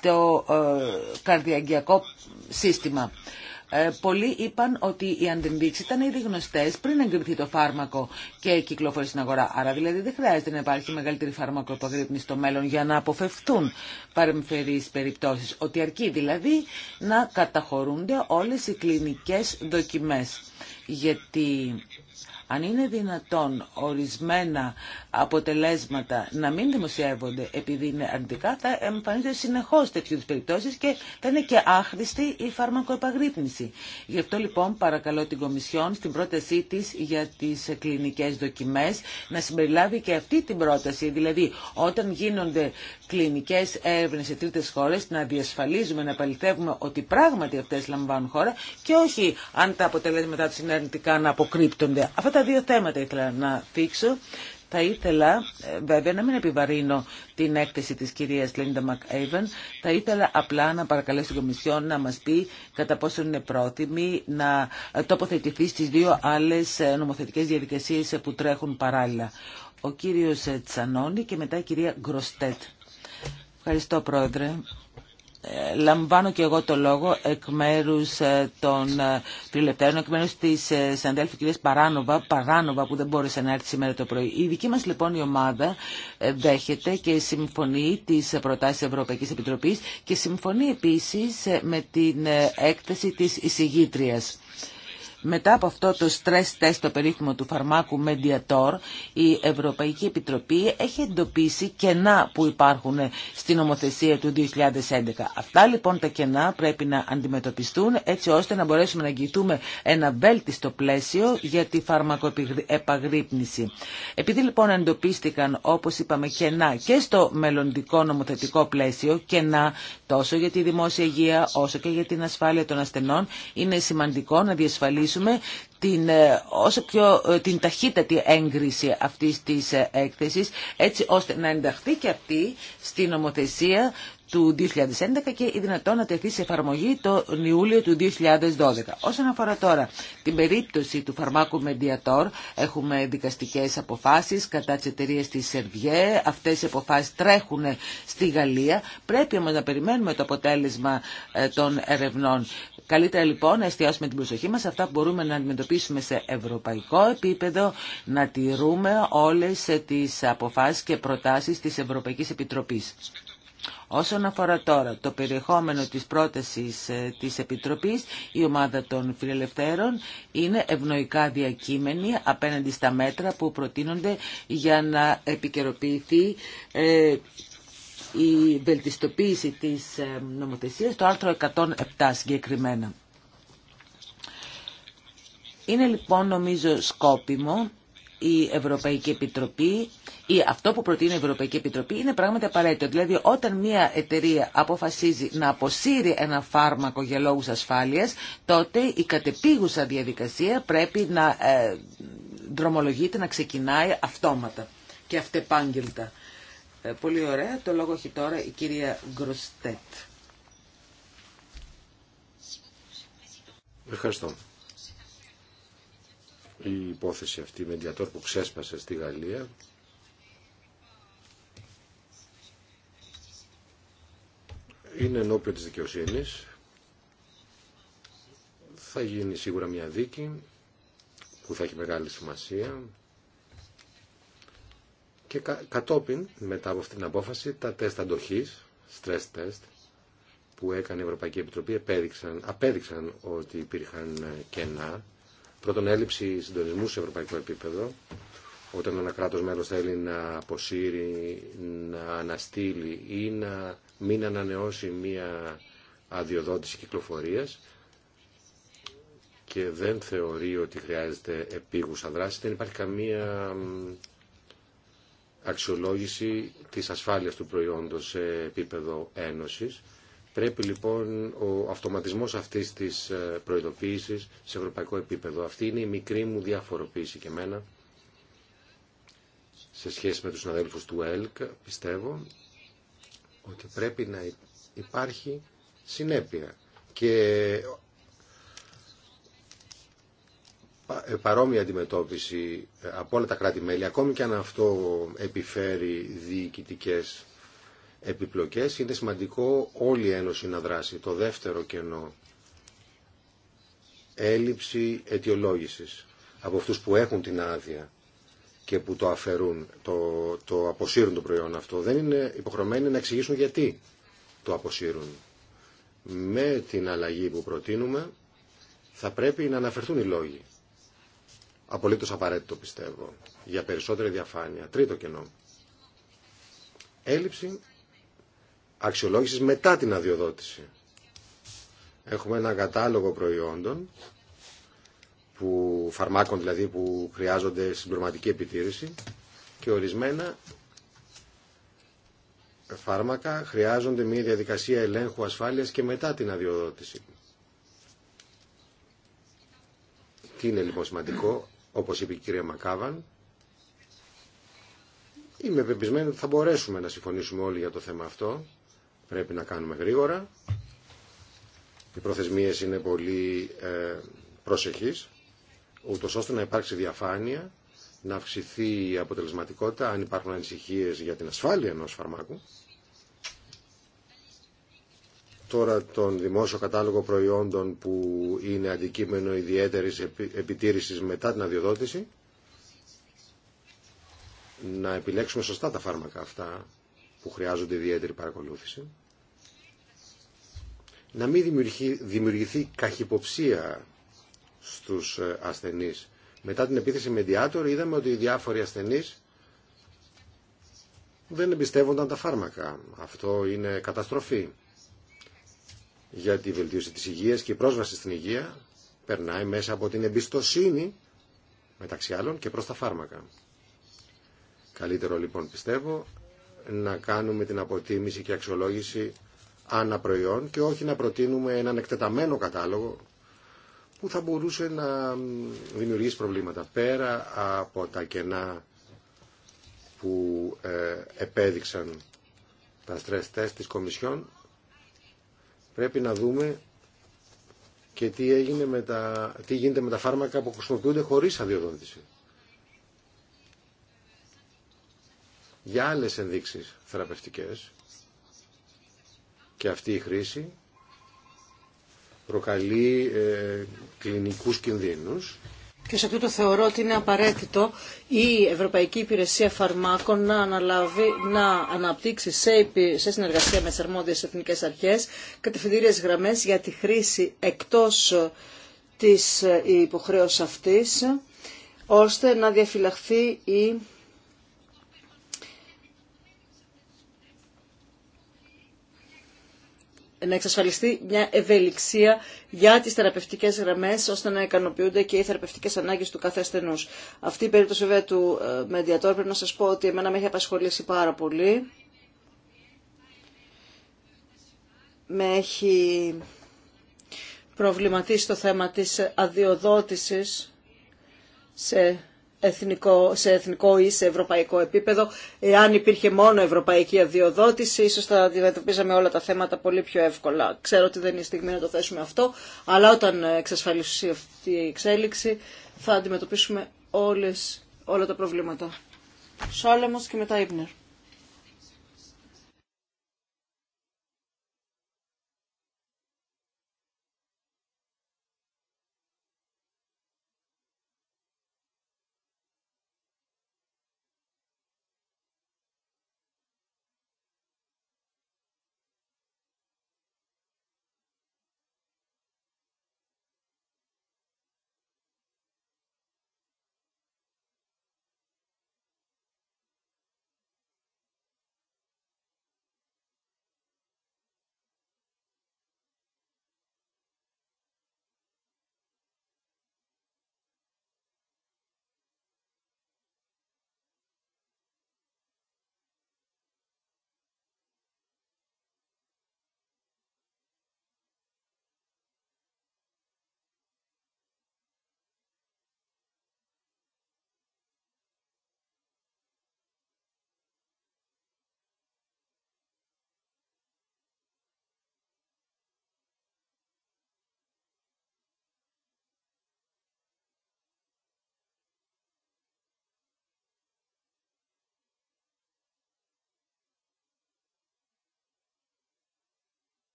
στο ε, καρδιαγκιακό σύστημα. πολλοί είπαν ότι οι αντιδείξει ήταν ήδη γνωστέ πριν εγκριθεί το φάρμακο και κυκλοφορεί στην αγορά. Άρα δηλαδή δεν χρειάζεται να υπάρχει μεγαλύτερη φαρμακοπαγρύπνη στο μέλλον για να αποφευθούν παρεμφερεί περιπτώσει. Ότι αρκεί δηλαδή να καταχωρούνται όλε οι κλινικέ δοκιμέ. Γιατί αν είναι δυνατόν ορισμένα αποτελέσματα να μην δημοσιεύονται επειδή είναι αρνητικά, θα εμφανίζονται συνεχώ τέτοιου περιπτώσει και θα είναι και άχρηστη η φαρμακοεπαγρύπνηση. Γι' αυτό λοιπόν παρακαλώ την Κομισιόν στην πρότασή τη για τι κλινικέ δοκιμέ να συμπεριλάβει και αυτή την πρόταση. Δηλαδή, όταν γίνονται κλινικές έρευνες σε τρίτες χώρες, να διασφαλίζουμε, να επαληθεύουμε ότι πράγματι αυτές λαμβάνουν χώρα και όχι αν τα αποτελέσματά τους είναι αρνητικά να αποκρύπτονται. Αυτά τα δύο θέματα ήθελα να θίξω. Θα ήθελα, ε, βέβαια, να μην επιβαρύνω την έκθεση της κυρίας Λίντα Μακέιβεν, θα ήθελα απλά να παρακαλέσω την Κομισιόν να μας πει κατά πόσο είναι πρόθυμη να τοποθετηθεί στις δύο άλλες ε, νομοθετικές διαδικασίες που τρέχουν παράλληλα. Ο κύριος ε, Τσανόνη και μετά η κυρία Γκροστέτ. Ευχαριστώ Πρόεδρε. Ε, λαμβάνω και εγώ το λόγο εκ μέρου ε, των ε, φιλελευθέρων, εκ μέρου τη συναδέλφου κυρία Παράνοβα, Παράνοβα που δεν μπόρεσε να έρθει σήμερα το πρωί. Η δική μα λοιπόν η ομάδα δέχεται και συμφωνεί τι προτάσει Ευρωπαϊκή Επιτροπή και συμφωνεί επίση με την έκθεση τη εισηγήτρια. Μετά από αυτό το stress test το περίφημο του φαρμάκου Mediator, η Ευρωπαϊκή Επιτροπή έχει εντοπίσει κενά που υπάρχουν στην νομοθεσία του 2011. Αυτά λοιπόν τα κενά πρέπει να αντιμετωπιστούν έτσι ώστε να μπορέσουμε να αγγιθούμε ένα βέλτιστο πλαίσιο για τη φαρμακοεπαγρύπνηση. Επειδή λοιπόν εντοπίστηκαν όπως είπαμε κενά και στο μελλοντικό νομοθετικό πλαίσιο κενά τόσο για τη δημόσια υγεία όσο και για την ασφάλεια των ασθενών είναι σημαντικό να διασφαλίσουμε την, ε, όσο πιο, ε, την ταχύτατη έγκριση αυτής της ε, έκθεσης έτσι ώστε να ενταχθεί και αυτή στην νομοθεσία του 2011 και η δυνατόν να τεθεί σε εφαρμογή τον Ιούλιο του 2012. Όσον αφορά τώρα την περίπτωση του φαρμάκου Mediator, έχουμε δικαστικές αποφάσεις κατά τι εταιρείε τη Σερβιέ. Αυτές οι αποφάσεις τρέχουν στη Γαλλία. Πρέπει όμως να περιμένουμε το αποτέλεσμα ε, των ερευνών. Καλύτερα λοιπόν να εστιάσουμε την προσοχή μας σε αυτά που μπορούμε να αντιμετωπίσουμε σε ευρωπαϊκό επίπεδο, να τηρούμε όλες τις αποφάσεις και προτάσεις τη Ευρωπαϊκή Επιτροπή. Όσον αφορά τώρα το περιεχόμενο της πρότασης ε, της Επιτροπής, η ομάδα των φιλελευθέρων είναι ευνοϊκά διακείμενη απέναντι στα μέτρα που προτείνονται για να επικαιροποιηθεί ε, η βελτιστοποίηση της ε, νομοθεσίας, το άρθρο 107 συγκεκριμένα. Είναι λοιπόν νομίζω σκόπιμο η Ευρωπαϊκή Επιτροπή ή αυτό που προτείνει η Ευρωπαϊκή Επιτροπή είναι πράγματι απαραίτητο. Δηλαδή όταν μια εταιρεία αποφασίζει να αποσύρει ένα φάρμακο για λόγους ασφάλειας τότε η κατεπίγουσα διαδικασία πρέπει να ε, δρομολογείται, να ξεκινάει αυτόματα και αυτεπάγγελτα. Ε, πολύ ωραία. Το λόγο έχει τώρα η κυρία Γκροστέτ. Ευχαριστώ η υπόθεση αυτή με διατόρ που ξέσπασε στη Γαλλία είναι ενώπιον της δικαιοσύνης θα γίνει σίγουρα μια δίκη που θα έχει μεγάλη σημασία και κατόπιν μετά από αυτή την απόφαση τα τεστ αντοχής, stress test που έκανε η Ευρωπαϊκή Επιτροπή απέδειξαν ότι υπήρχαν κενά Πρώτον, έλλειψη συντονισμού σε ευρωπαϊκό επίπεδο. Όταν ένα κράτο μέλο θέλει να αποσύρει, να αναστείλει ή να μην ανανεώσει μία αδειοδότηση κυκλοφορία και δεν θεωρεί ότι χρειάζεται επίγουσα δράση, δεν υπάρχει καμία αξιολόγηση της ασφάλειας του προϊόντος σε επίπεδο ένωσης Πρέπει λοιπόν ο αυτοματισμός αυτής της ε, προειδοποίησης σε ευρωπαϊκό επίπεδο. Αυτή είναι η μικρή μου διαφοροποίηση και μένα σε σχέση με τους συναδέλφους του ΕΛΚ. Πιστεύω ότι πρέπει να υπάρχει συνέπεια και ε, παρόμοια αντιμετώπιση ε, από όλα τα κράτη-μέλη, ακόμη και αν αυτό επιφέρει διοικητικές επιπλοκές, είναι σημαντικό όλη η Ένωση να δράσει. Το δεύτερο κενό, έλλειψη αιτιολόγησης από αυτούς που έχουν την άδεια και που το αφαιρούν, το, το αποσύρουν το προϊόν αυτό. Δεν είναι υποχρεωμένοι να εξηγήσουν γιατί το αποσύρουν. Με την αλλαγή που προτείνουμε θα πρέπει να αναφερθούν οι λόγοι. Απολύτως απαραίτητο πιστεύω. Για περισσότερη διαφάνεια. Τρίτο κενό. Έλλειψη αξιολόγησης μετά την αδειοδότηση. Έχουμε ένα κατάλογο προϊόντων, που, φαρμάκων δηλαδή που χρειάζονται συμπληρωματική επιτήρηση και ορισμένα φάρμακα χρειάζονται μια διαδικασία ελέγχου ασφάλειας και μετά την αδειοδότηση. Τι είναι λοιπόν σημαντικό, όπως είπε η κυρία Μακάβαν, είμαι πεπισμένη ότι θα μπορέσουμε να συμφωνήσουμε όλοι για το θέμα αυτό πρέπει να κάνουμε γρήγορα. Οι προθεσμίες είναι πολύ ε, προσεχείς, ούτως ώστε να υπάρξει διαφάνεια, να αυξηθεί η αποτελεσματικότητα, αν υπάρχουν ανησυχίες για την ασφάλεια ενός φαρμάκου. Τώρα τον δημόσιο κατάλογο προϊόντων που είναι αντικείμενο ιδιαίτερης επιτήρησης μετά την αδειοδότηση, να επιλέξουμε σωστά τα φάρμακα αυτά που χρειάζονται ιδιαίτερη παρακολούθηση. Να μην δημιουργηθεί, καχυποψία στους ε, ασθενείς. Μετά την επίθεση Mediator είδαμε ότι οι διάφοροι ασθενείς δεν εμπιστεύονταν τα φάρμακα. Αυτό είναι καταστροφή για τη βελτίωση της υγείας και η πρόσβαση στην υγεία περνάει μέσα από την εμπιστοσύνη μεταξύ άλλων και προς τα φάρμακα. Καλύτερο λοιπόν πιστεύω να κάνουμε την αποτίμηση και αξιολόγηση ανά προϊόν και όχι να προτείνουμε έναν εκτεταμένο κατάλογο που θα μπορούσε να δημιουργήσει προβλήματα. Πέρα από τα κενά που ε, επέδειξαν τα stress test της Κομισιόν, πρέπει να δούμε και τι, έγινε με τα, τι γίνεται με τα φάρμακα που χρησιμοποιούνται χωρίς αδειοδότηση. για άλλες ενδείξεις θεραπευτικές και αυτή η χρήση προκαλεί ε, κλινικούς κινδύνους. Και σε αυτό το θεωρώ ότι είναι απαραίτητο η Ευρωπαϊκή Υπηρεσία Φαρμάκων να, αναλάβει, να αναπτύξει σε, σε συνεργασία με τις αρμόδιες εθνικές αρχές κατευθυντήριες γραμμές για τη χρήση εκτός ε, της ε, υποχρέωσης αυτής ώστε να διαφυλαχθεί η να εξασφαλιστεί μια ευελιξία για τις θεραπευτικές γραμμές ώστε να ικανοποιούνται και οι θεραπευτικές ανάγκες του κάθε ασθενούς. Αυτή η περίπτωση βέβαια του ε, Μεντιατόρ πρέπει να σας πω ότι εμένα με έχει απασχολήσει πάρα πολύ. Με έχει προβληματίσει το θέμα της αδειοδότησης σε εθνικό, σε εθνικό ή σε ευρωπαϊκό επίπεδο. Εάν υπήρχε μόνο ευρωπαϊκή αδειοδότηση, ίσως θα αντιμετωπίζαμε όλα τα θέματα πολύ πιο εύκολα. Ξέρω ότι δεν είναι η στιγμή να το θέσουμε αυτό, αλλά όταν εξασφαλίσει αυτή η εξέλιξη θα αντιμετωπίσουμε όλες, όλα τα προβλήματα. Σόλεμος και μετά Ήπνερ.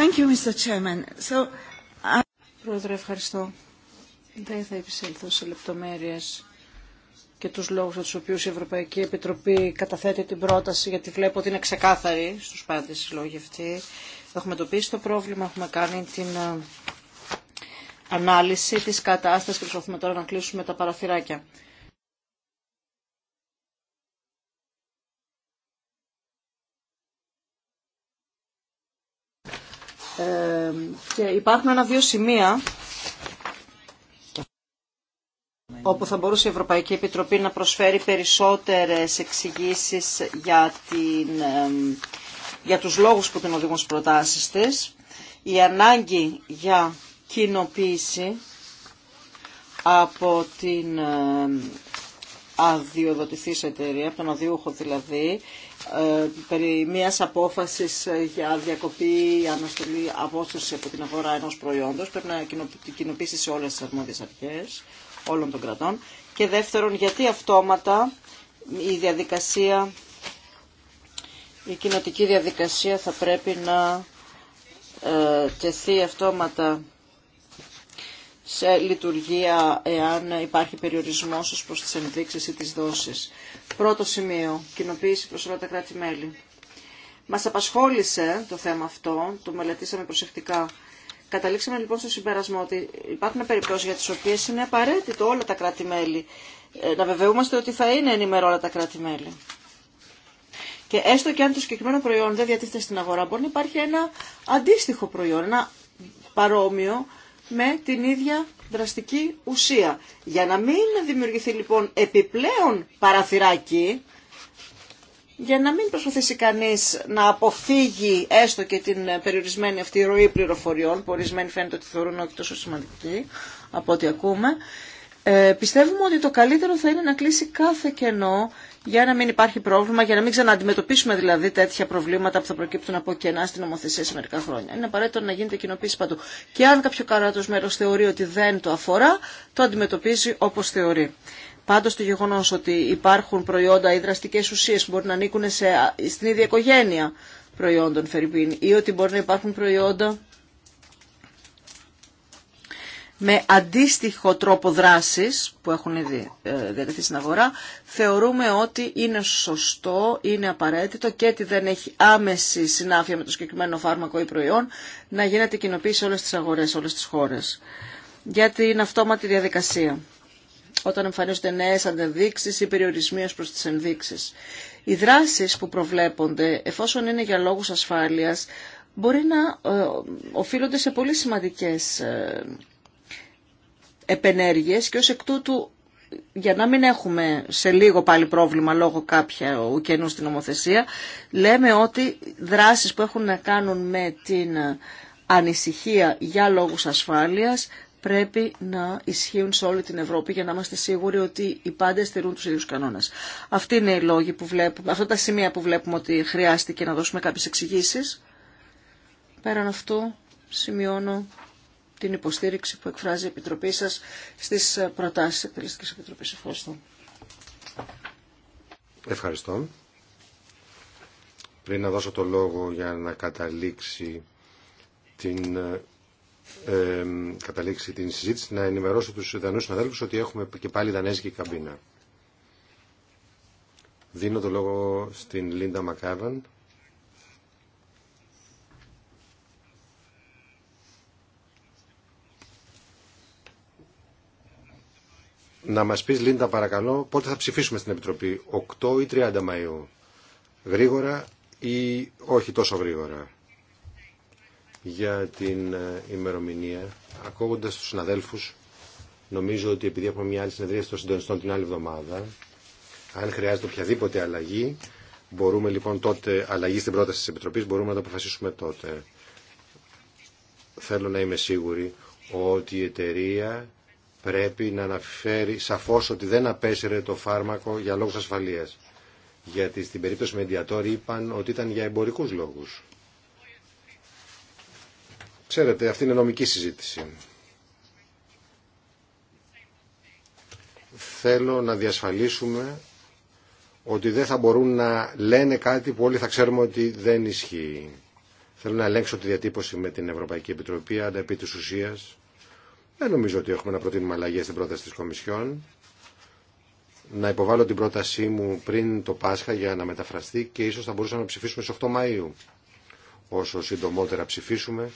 Thank uh, Πρόεδρε, ευχαριστώ. Δεν θα επισέλθω σε λεπτομέρειες και τους λόγους για τους οποίους η Ευρωπαϊκή Επιτροπή καταθέτει την πρόταση, γιατί βλέπω ότι είναι ξεκάθαρη στους πάντες οι λόγοι αυτοί. Έχουμε εντοπίσει το πρόβλημα, έχουμε κάνει την ε, ανάλυση της κατάστασης και προσπαθούμε τώρα να κλείσουμε τα παραθυράκια. υπάρχουν ένα-δύο σημεία όπου θα μπορούσε η Ευρωπαϊκή Επιτροπή να προσφέρει περισσότερες εξηγήσει για, την, για τους λόγους που την οδηγούν στις προτάσεις της. Η ανάγκη για κοινοποίηση από την αδειοδοτηθεί σε εταιρεία, από τον αδειούχο δηλαδή, ε, περί μιας απόφασης ε, για διακοπή ή αναστολή απόσταση από την αγορά ενός προϊόντος. Πρέπει να κοινοποιήσει σε όλες τις αρμόδιες αρχές όλων των κρατών. Και δεύτερον, γιατί αυτόματα η διαδικασία, η κοινοτική διαδικασία θα πρέπει να ε, τεθεί αυτόματα σε λειτουργία εάν υπάρχει περιορισμός ως προς τις ενδείξεις ή τις δόσεις. Πρώτο σημείο, κοινοποίηση προς όλα τα κράτη-μέλη. Μας απασχόλησε το θέμα αυτό, το μελετήσαμε προσεκτικά. Καταλήξαμε λοιπόν στο συμπέρασμα ότι υπάρχουν περιπτώσεις για τις οποίες είναι απαραίτητο όλα τα κράτη-μέλη ε, να βεβαιούμαστε ότι θα είναι ενημερώ όλα τα κράτη-μέλη. Και έστω και αν το συγκεκριμένο προϊόν δεν διατίθεται στην αγορά, μπορεί να υπάρχει ένα αντίστοιχο προϊόν, ένα παρόμοιο, με την ίδια δραστική ουσία. Για να μην δημιουργηθεί λοιπόν επιπλέον παραθυράκι, για να μην προσπαθήσει κανείς να αποφύγει έστω και την περιορισμένη αυτή ροή πληροφοριών, που ορισμένοι φαίνεται ότι θεωρούν όχι τόσο σημαντική από ό,τι ακούμε, ε, πιστεύουμε ότι το καλύτερο θα είναι να κλείσει κάθε κενό για να μην υπάρχει πρόβλημα, για να μην ξανααντιμετωπίσουμε δηλαδή τέτοια προβλήματα που θα προκύπτουν από κενά στην νομοθεσία σε μερικά χρόνια. Είναι απαραίτητο να γίνεται κοινοποίηση παντού. Και αν κάποιο κράτο μέρο θεωρεί ότι δεν το αφορά, το αντιμετωπίζει όπω θεωρεί. Πάντως το γεγονός ότι υπάρχουν προϊόντα ή δραστικές ουσίες που μπορεί να ανήκουν στην ίδια οικογένεια προϊόντων Φερρυπίν ή ότι μπορεί να υπάρχουν προϊόντα με αντίστοιχο τρόπο δράσης που έχουν ήδη ε, διατεθεί στην αγορά, θεωρούμε ότι είναι σωστό, είναι απαραίτητο και ότι δεν έχει άμεση συνάφεια με το συγκεκριμένο φάρμακο ή προϊόν να γίνεται κοινοποίηση σε όλες τις αγορές, σε όλες τις χώρες. Γιατί είναι αυτόματη διαδικασία, όταν εμφανίζονται νέε αντεδείξει ή περιορισμοί προ τι ενδείξει. Οι δράσει που προβλέπονται, εφόσον είναι για λόγου ασφάλεια, μπορεί να ε, οφείλονται σε πολύ σημαντικές ε, επενέργειες και ως εκ τούτου για να μην έχουμε σε λίγο πάλι πρόβλημα λόγω κάποια ουκενού στην νομοθεσία, λέμε ότι δράσεις που έχουν να κάνουν με την ανησυχία για λόγους ασφάλειας πρέπει να ισχύουν σε όλη την Ευρώπη για να είμαστε σίγουροι ότι οι πάντες στηρούν τους ίδιους κανόνες. Αυτή είναι που αυτά τα σημεία που βλέπουμε ότι χρειάστηκε να δώσουμε κάποιες εξηγήσει. Πέραν αυτού σημειώνω την υποστήριξη που εκφράζει η Επιτροπή σας στις ε, προτάσεις της Εκτελεστικής Επιτροπής. Ευχαριστώ. Ευχαριστώ. Πριν να δώσω το λόγο για να καταλήξει την, ε, καταλήξει την συζήτηση, να ενημερώσω τους Δανούς συναδέλφους ότι έχουμε και πάλι Δανέζικη καμπίνα. Δίνω το λόγο στην Λίντα Μακάβαν να μας πεις Λίντα παρακαλώ πότε θα ψηφίσουμε στην Επιτροπή 8 ή 30 Μαΐου γρήγορα ή όχι τόσο γρήγορα για την ε, ημερομηνία ακούγοντας τους συναδέλφους νομίζω ότι επειδή έχουμε μια άλλη συνεδρία των συντονιστών την άλλη εβδομάδα αν χρειάζεται οποιαδήποτε αλλαγή μπορούμε λοιπόν τότε αλλαγή στην πρόταση της Επιτροπής μπορούμε να το αποφασίσουμε τότε θέλω να είμαι σίγουρη ότι η εταιρεία πρέπει να αναφέρει σαφώς ότι δεν απέσυρε το φάρμακο για λόγους ασφαλείας. Γιατί στην περίπτωση ενδιατόρι είπαν ότι ήταν για εμπορικούς λόγους. Ξέρετε, αυτή είναι νομική συζήτηση. Θέλω να διασφαλίσουμε ότι δεν θα μπορούν να λένε κάτι που όλοι θα ξέρουμε ότι δεν ισχύει. Θέλω να ελέγξω τη διατύπωση με την Ευρωπαϊκή Επιτροπή, ουσίας δεν νομίζω ότι έχουμε να προτείνουμε αλλαγέ στην πρόταση της Κομισιόν. Να υποβάλω την πρότασή μου πριν το Πάσχα για να μεταφραστεί και ίσως θα μπορούσαμε να ψηφίσουμε στις 8 Μαΐου. Όσο συντομότερα ψηφίσουμε,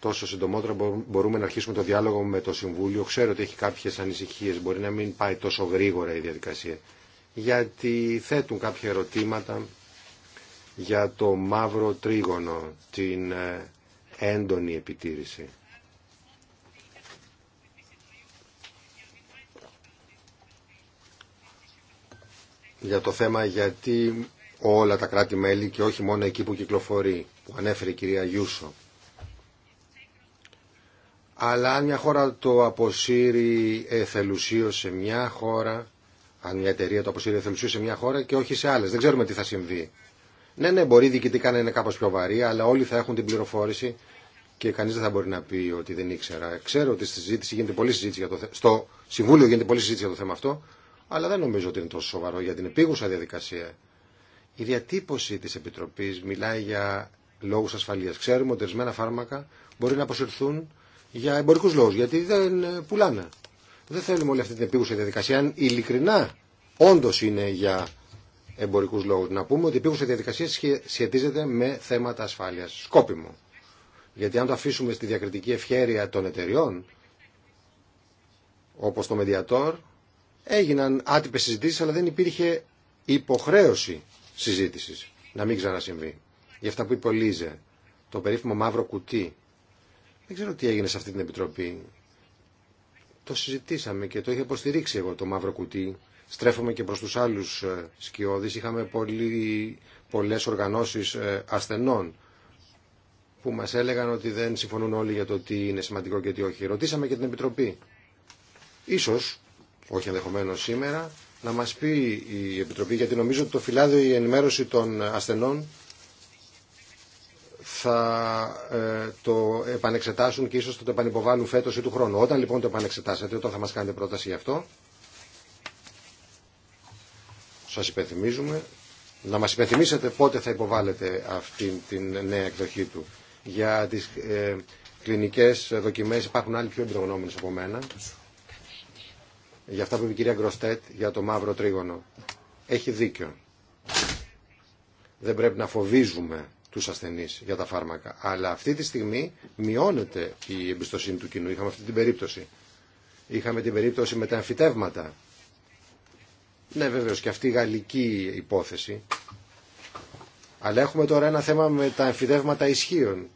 τόσο συντομότερα μπορούμε να αρχίσουμε το διάλογο με το Συμβούλιο. Ξέρω ότι έχει κάποιες ανησυχίες, μπορεί να μην πάει τόσο γρήγορα η διαδικασία. Γιατί θέτουν κάποια ερωτήματα για το μαύρο τρίγωνο, την ε, έντονη επιτήρηση. για το θέμα γιατί όλα τα κράτη-μέλη και όχι μόνο εκεί που κυκλοφορεί, που ανέφερε η κυρία Γιούσο. Αλλά αν μια χώρα το αποσύρει εθελουσίω σε μια χώρα, αν μια εταιρεία το αποσύρει εθελουσίω σε μια χώρα και όχι σε άλλε. δεν ξέρουμε τι θα συμβεί. Ναι, ναι, μπορεί διοικητικά να είναι κάπως πιο βαρύ, αλλά όλοι θα έχουν την πληροφόρηση και κανεί δεν θα μπορεί να πει ότι δεν ήξερα. Ξέρω ότι στη συζήτηση γίνεται πολύ συζήτηση για το θέμα. στο Συμβούλιο γίνεται πολλή συζήτηση για το θέμα αυτό, αλλά δεν νομίζω ότι είναι τόσο σοβαρό για την επίγουσα διαδικασία. Η διατύπωση της Επιτροπής μιλάει για λόγους ασφαλείας. Ξέρουμε ότι ορισμένα φάρμακα μπορεί να αποσυρθούν για εμπορικούς λόγους, γιατί δεν πουλάνε. Δεν θέλουμε όλη αυτή την επίγουσα διαδικασία, αν ειλικρινά όντω είναι για εμπορικού λόγου. Να πούμε ότι η επίγουσα διαδικασία σχετίζεται με θέματα ασφάλεια. Σκόπιμο. Γιατί αν το αφήσουμε στη διακριτική ευχέρεια των εταιριών, όπω το Mediator, έγιναν άτυπες συζητήσεις, αλλά δεν υπήρχε υποχρέωση συζήτησης να μην ξανασυμβεί. Για αυτά που είπε το περίφημο μαύρο κουτί. Δεν ξέρω τι έγινε σε αυτή την επιτροπή. Το συζητήσαμε και το είχε υποστηρίξει εγώ το μαύρο κουτί. Στρέφομαι και προς τους άλλους ε, σκιώδεις. Είχαμε πολύ, πολλές οργανώσεις ε, ασθενών που μας έλεγαν ότι δεν συμφωνούν όλοι για το τι είναι σημαντικό και τι όχι. Ρωτήσαμε και την Επιτροπή. Ίσως όχι ενδεχομένως σήμερα, να μας πει η Επιτροπή, γιατί νομίζω ότι το φυλάδιο η ενημέρωση των ασθενών θα ε, το επανεξετάσουν και ίσως θα το επανυποβάλουν φέτος ή του χρόνου. Όταν λοιπόν το επανεξετάσετε, όταν θα μας κάνετε πρόταση γι' αυτό, σας υπενθυμίζουμε να μας υπενθυμίσετε πότε θα υποβάλλετε αυτή την νέα εκδοχή του. Για τις ε, κλινικές δοκιμές υπάρχουν άλλοι πιο εμπειρογνώμενες από μένα για αυτά που είπε η κυρία Γκροστέτ για το μαύρο τρίγωνο. Έχει δίκιο. Δεν πρέπει να φοβίζουμε τους ασθενείς για τα φάρμακα. Αλλά αυτή τη στιγμή μειώνεται η εμπιστοσύνη του κοινού. Είχαμε αυτή την περίπτωση. Είχαμε την περίπτωση με τα εμφυτεύματα. Ναι βεβαίω και αυτή η γαλλική υπόθεση. Αλλά έχουμε τώρα ένα θέμα με τα εμφυτεύματα ισχύων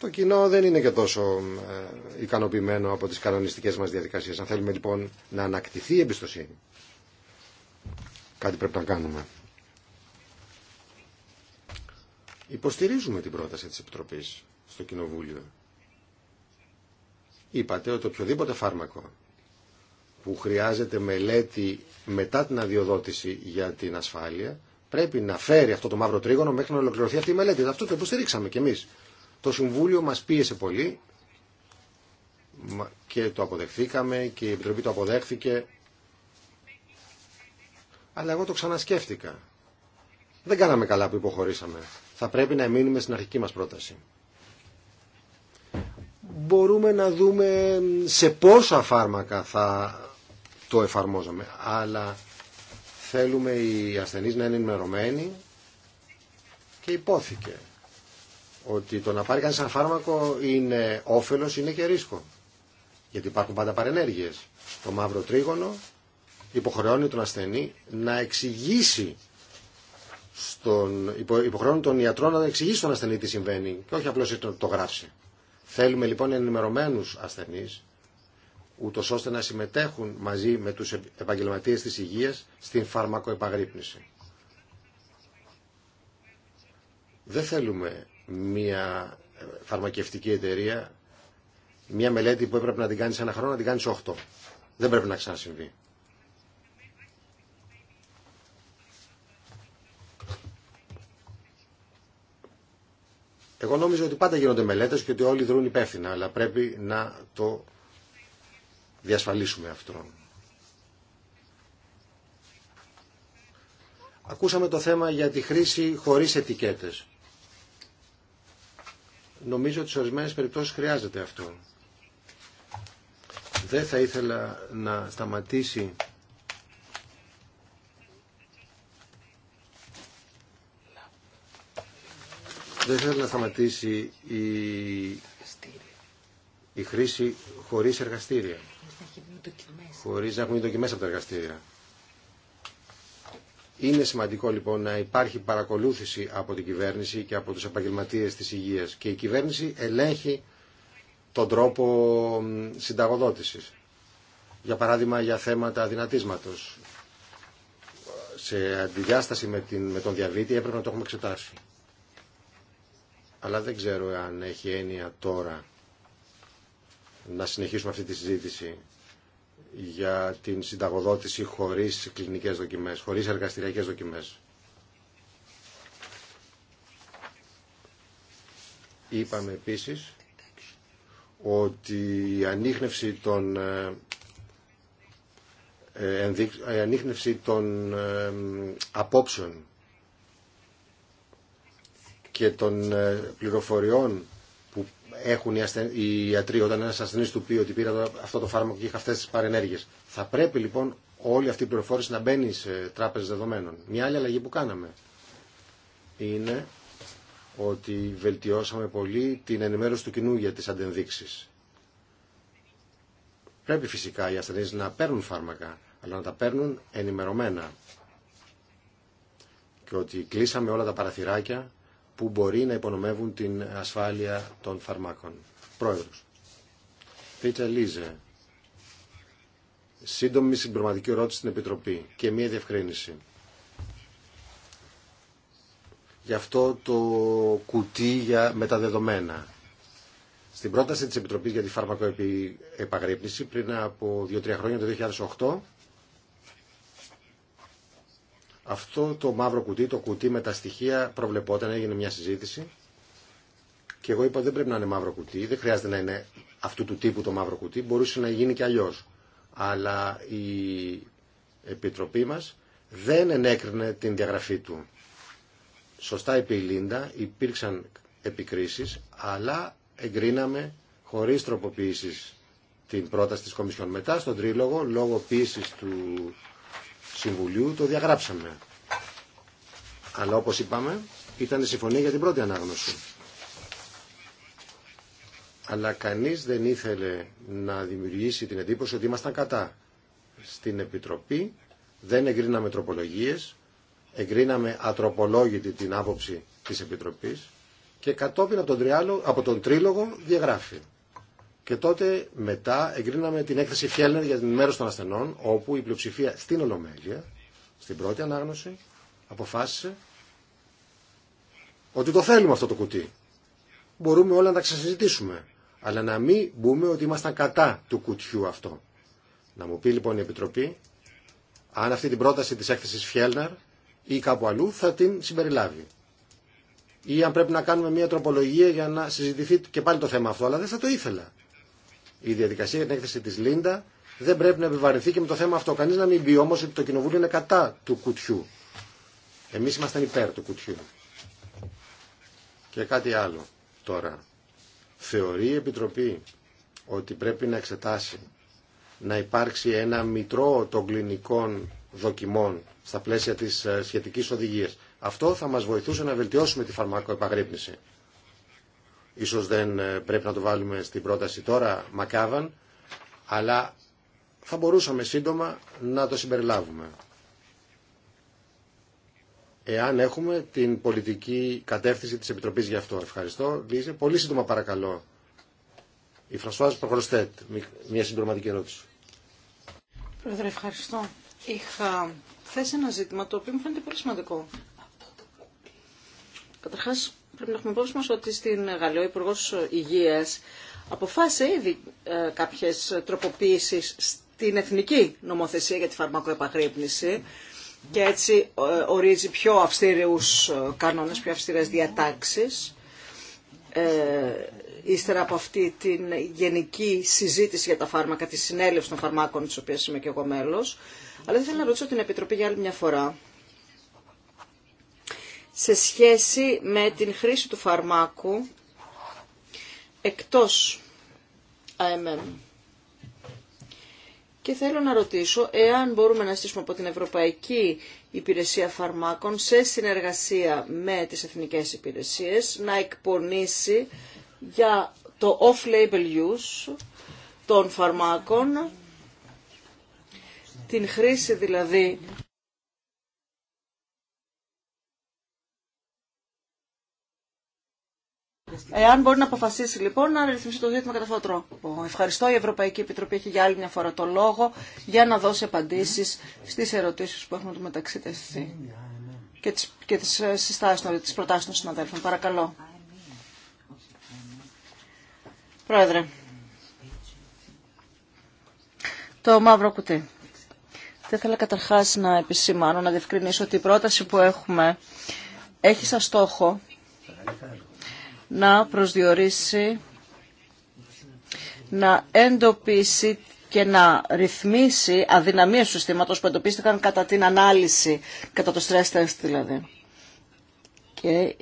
το κοινό δεν είναι και τόσο ε, ικανοποιημένο από τις κανονιστικές μας διαδικασίες. Αν θέλουμε λοιπόν να ανακτηθεί η εμπιστοσύνη, κάτι πρέπει να κάνουμε. Υποστηρίζουμε την πρόταση της Επιτροπής στο Κοινοβούλιο. Είπατε ότι οποιοδήποτε φάρμακο που χρειάζεται μελέτη μετά την αδειοδότηση για την ασφάλεια πρέπει να φέρει αυτό το μαύρο τρίγωνο μέχρι να ολοκληρωθεί αυτή η μελέτη. Αυτό το υποστηρίξαμε κι εμείς το Συμβούλιο μας πίεσε πολύ και το αποδεχθήκαμε και η Επιτροπή το αποδέχθηκε. Αλλά εγώ το ξανασκέφτηκα. Δεν κάναμε καλά που υποχωρήσαμε. Θα πρέπει να μείνουμε στην αρχική μας πρόταση. Μπορούμε να δούμε σε πόσα φάρμακα θα το εφαρμόζαμε. Αλλά θέλουμε οι ασθενείς να είναι ενημερωμένοι και υπόθηκε ότι το να πάρει κανεί ένα φάρμακο είναι όφελος, είναι και ρίσκο. Γιατί υπάρχουν πάντα παρενέργειες. Το μαύρο τρίγωνο υποχρεώνει τον ασθενή να εξηγήσει στον, υποχρεώνει τον ιατρό να εξηγήσει στον ασθενή τι συμβαίνει και όχι απλώς να το γράψει. Θέλουμε λοιπόν ενημερωμένους ασθενείς ούτω ώστε να συμμετέχουν μαζί με του επαγγελματίε τη υγεία στην φάρμακο επαγρύπνηση. Δεν θέλουμε μια φαρμακευτική εταιρεία μια μελέτη που έπρεπε να την κάνει ένα χρόνο να την κάνει 8. Δεν πρέπει να ξανασυμβεί. Εγώ νόμιζα ότι πάντα γίνονται μελέτε και ότι όλοι δρούν υπεύθυνα, αλλά πρέπει να το διασφαλίσουμε αυτό. Ακούσαμε το θέμα για τη χρήση χωρίς ετικέτες νομίζω ότι σε ορισμένες περιπτώσεις χρειάζεται αυτό. Δεν θα ήθελα να σταματήσει Δεν θα ήθελα να σταματήσει η, η χρήση χωρίς εργαστήρια. Χωρίς να έχουμε δοκιμές από τα εργαστήρια. Είναι σημαντικό λοιπόν να υπάρχει παρακολούθηση από την κυβέρνηση και από τους επαγγελματίες της υγείας και η κυβέρνηση ελέγχει τον τρόπο συνταγοδότησης. Για παράδειγμα για θέματα δυνατίσματος. Σε αντιδιάσταση με, την, με τον διαβήτη έπρεπε να το έχουμε εξετάσει. Αλλά δεν ξέρω αν έχει έννοια τώρα να συνεχίσουμε αυτή τη συζήτηση για την συνταγοδότηση χωρίς κλινικές δοκιμές, χωρίς εργαστηριακές δοκιμές. Είπαμε επίσης ότι η ανείχνευση των ε, ε, ε, η ανείχνευση των απόψεων και των πληροφοριών που έχουν οι, ασθεν... ιατροί όταν ένα ασθενή του πει ότι πήρα αυτό το φάρμακο και είχα αυτέ τι παρενέργειε. Θα πρέπει λοιπόν όλη αυτή η πληροφόρηση να μπαίνει σε τράπεζε δεδομένων. Μια άλλη αλλαγή που κάναμε είναι ότι βελτιώσαμε πολύ την ενημέρωση του κοινού για τις αντενδείξει. Πρέπει φυσικά οι ασθενεί να παίρνουν φάρμακα, αλλά να τα παίρνουν ενημερωμένα. Και ότι κλείσαμε όλα τα παραθυράκια που μπορεί να υπονομεύουν την ασφάλεια των φαρμάκων. Πρόεδρος. Πίτσα Λίζε. Σύντομη συμπληρωματική ερώτηση στην Επιτροπή και μία διευκρίνηση. Γι' αυτό το κουτί για, μεταδεδομένα Στην πρόταση της Επιτροπής για τη φαρμακοεπαγρύπνηση πριν από 2-3 χρόνια, το 2008, αυτό το μαύρο κουτί, το κουτί με τα στοιχεία προβλεπόταν, έγινε μια συζήτηση και εγώ είπα δεν πρέπει να είναι μαύρο κουτί, δεν χρειάζεται να είναι αυτού του τύπου το μαύρο κουτί, μπορούσε να γίνει και αλλιώ. Αλλά η Επιτροπή μας δεν ενέκρινε την διαγραφή του. Σωστά είπε η Λίντα, υπήρξαν επικρίσεις, αλλά εγκρίναμε χωρίς τροποποίησης την πρόταση της Κομισιόν. Μετά στον τρίλογο, λόγω ποιήσης του Συμβουλίου το διαγράψαμε. Αλλά όπως είπαμε ήταν η συμφωνία για την πρώτη ανάγνωση. Αλλά κανείς δεν ήθελε να δημιουργήσει την εντύπωση ότι ήμασταν κατά. Στην Επιτροπή δεν εγκρίναμε τροπολογίες, εγκρίναμε ατροπολόγητη την άποψη της Επιτροπής και κατόπιν από τον, από τον τρίλογο διαγράφει. Και τότε μετά εγκρίναμε την έκθεση Φιέλνερ για την μέρος των ασθενών, όπου η πλειοψηφία στην Ολομέλεια, στην πρώτη ανάγνωση, αποφάσισε ότι το θέλουμε αυτό το κουτί. Μπορούμε όλα να τα ξασυζητήσουμε, αλλά να μην μπούμε ότι ήμασταν κατά του κουτιού αυτό. Να μου πει λοιπόν η Επιτροπή, αν αυτή την πρόταση της έκθεσης Φιέλνερ ή κάπου αλλού θα την συμπεριλάβει. Ή αν πρέπει να κάνουμε μια τροπολογία για να συζητηθεί και πάλι το θέμα αυτό, αλλά δεν θα το ήθελα. Η διαδικασία για την έκθεση τη Λίντα δεν πρέπει να επιβαρυνθεί και με το θέμα αυτό. Κανεί να μην πει όμω ότι το Κοινοβούλιο είναι κατά του κουτιού. Εμεί είμαστε υπέρ του κουτιού. Και κάτι άλλο τώρα. Θεωρεί η Επιτροπή ότι πρέπει να εξετάσει να υπάρξει ένα μητρό των κλινικών δοκιμών στα πλαίσια της ε, σχετικής οδηγίας. Αυτό θα μας βοηθούσε να βελτιώσουμε τη φαρμακοεπαγρύπνηση. Ίσως δεν ε, πρέπει να το βάλουμε στην πρόταση τώρα, μακάβαν, αλλά θα μπορούσαμε σύντομα να το συμπεριλάβουμε. Εάν έχουμε την πολιτική κατεύθυνση της Επιτροπής για αυτό. Ευχαριστώ. Λίζε. Πολύ σύντομα παρακαλώ. Η Φρασουάζ Προχωριστέτ, μια συμπληρωματική ερώτηση. Πρόεδρε, ευχαριστώ. Είχα θέσει ένα ζήτημα το οποίο μου φαίνεται πολύ σημαντικό. Καταρχάς, πρέπει να έχουμε υπόψη μας ότι στην Γαλλία ο Υπουργό Υγεία αποφάσισε ήδη ε, κάποιε τροποποίησεις στην εθνική νομοθεσία για τη φαρμακοεπαγρύπνηση και έτσι ε, ορίζει πιο αυστηρούς ε, κανόνες, πιο αυστηρές διατάξεις. Ε, ύστερα από αυτή την γενική συζήτηση για τα φάρμακα, τη συνέλευση των φαρμάκων, τη οποία είμαι και εγώ μέλο, Αλλά θέλω να ρωτήσω την Επιτροπή για άλλη μια φορά σε σχέση με την χρήση του φαρμάκου εκτός AMM. Και θέλω να ρωτήσω εάν μπορούμε να στήσουμε από την Ευρωπαϊκή Υπηρεσία Φαρμάκων σε συνεργασία με τις Εθνικές Υπηρεσίες να εκπονήσει για το off-label use των φαρμάκων, την χρήση δηλαδή Εάν μπορεί να αποφασίσει λοιπόν να ρυθμίσει το ζήτημα κατά αυτόν τον τρόπο. Ευχαριστώ. Η Ευρωπαϊκή Επιτροπή έχει για άλλη μια φορά το λόγο για να δώσει απαντήσει στι ερωτήσει που έχουν του μεταξύ τεθεί και τι ε, συστάσει των, προτάσει των συναδέλφων. Παρακαλώ. Πρόεδρε. Το μαύρο κουτί. Θα ήθελα καταρχά να επισημάνω, να διευκρινίσω ότι η πρόταση που έχουμε έχει σαν στόχο να προσδιορίσει, να εντοπίσει και να ρυθμίσει αδυναμίες του συστήματος που εντοπίστηκαν κατά την ανάλυση, κατά το stress test δηλαδή. Και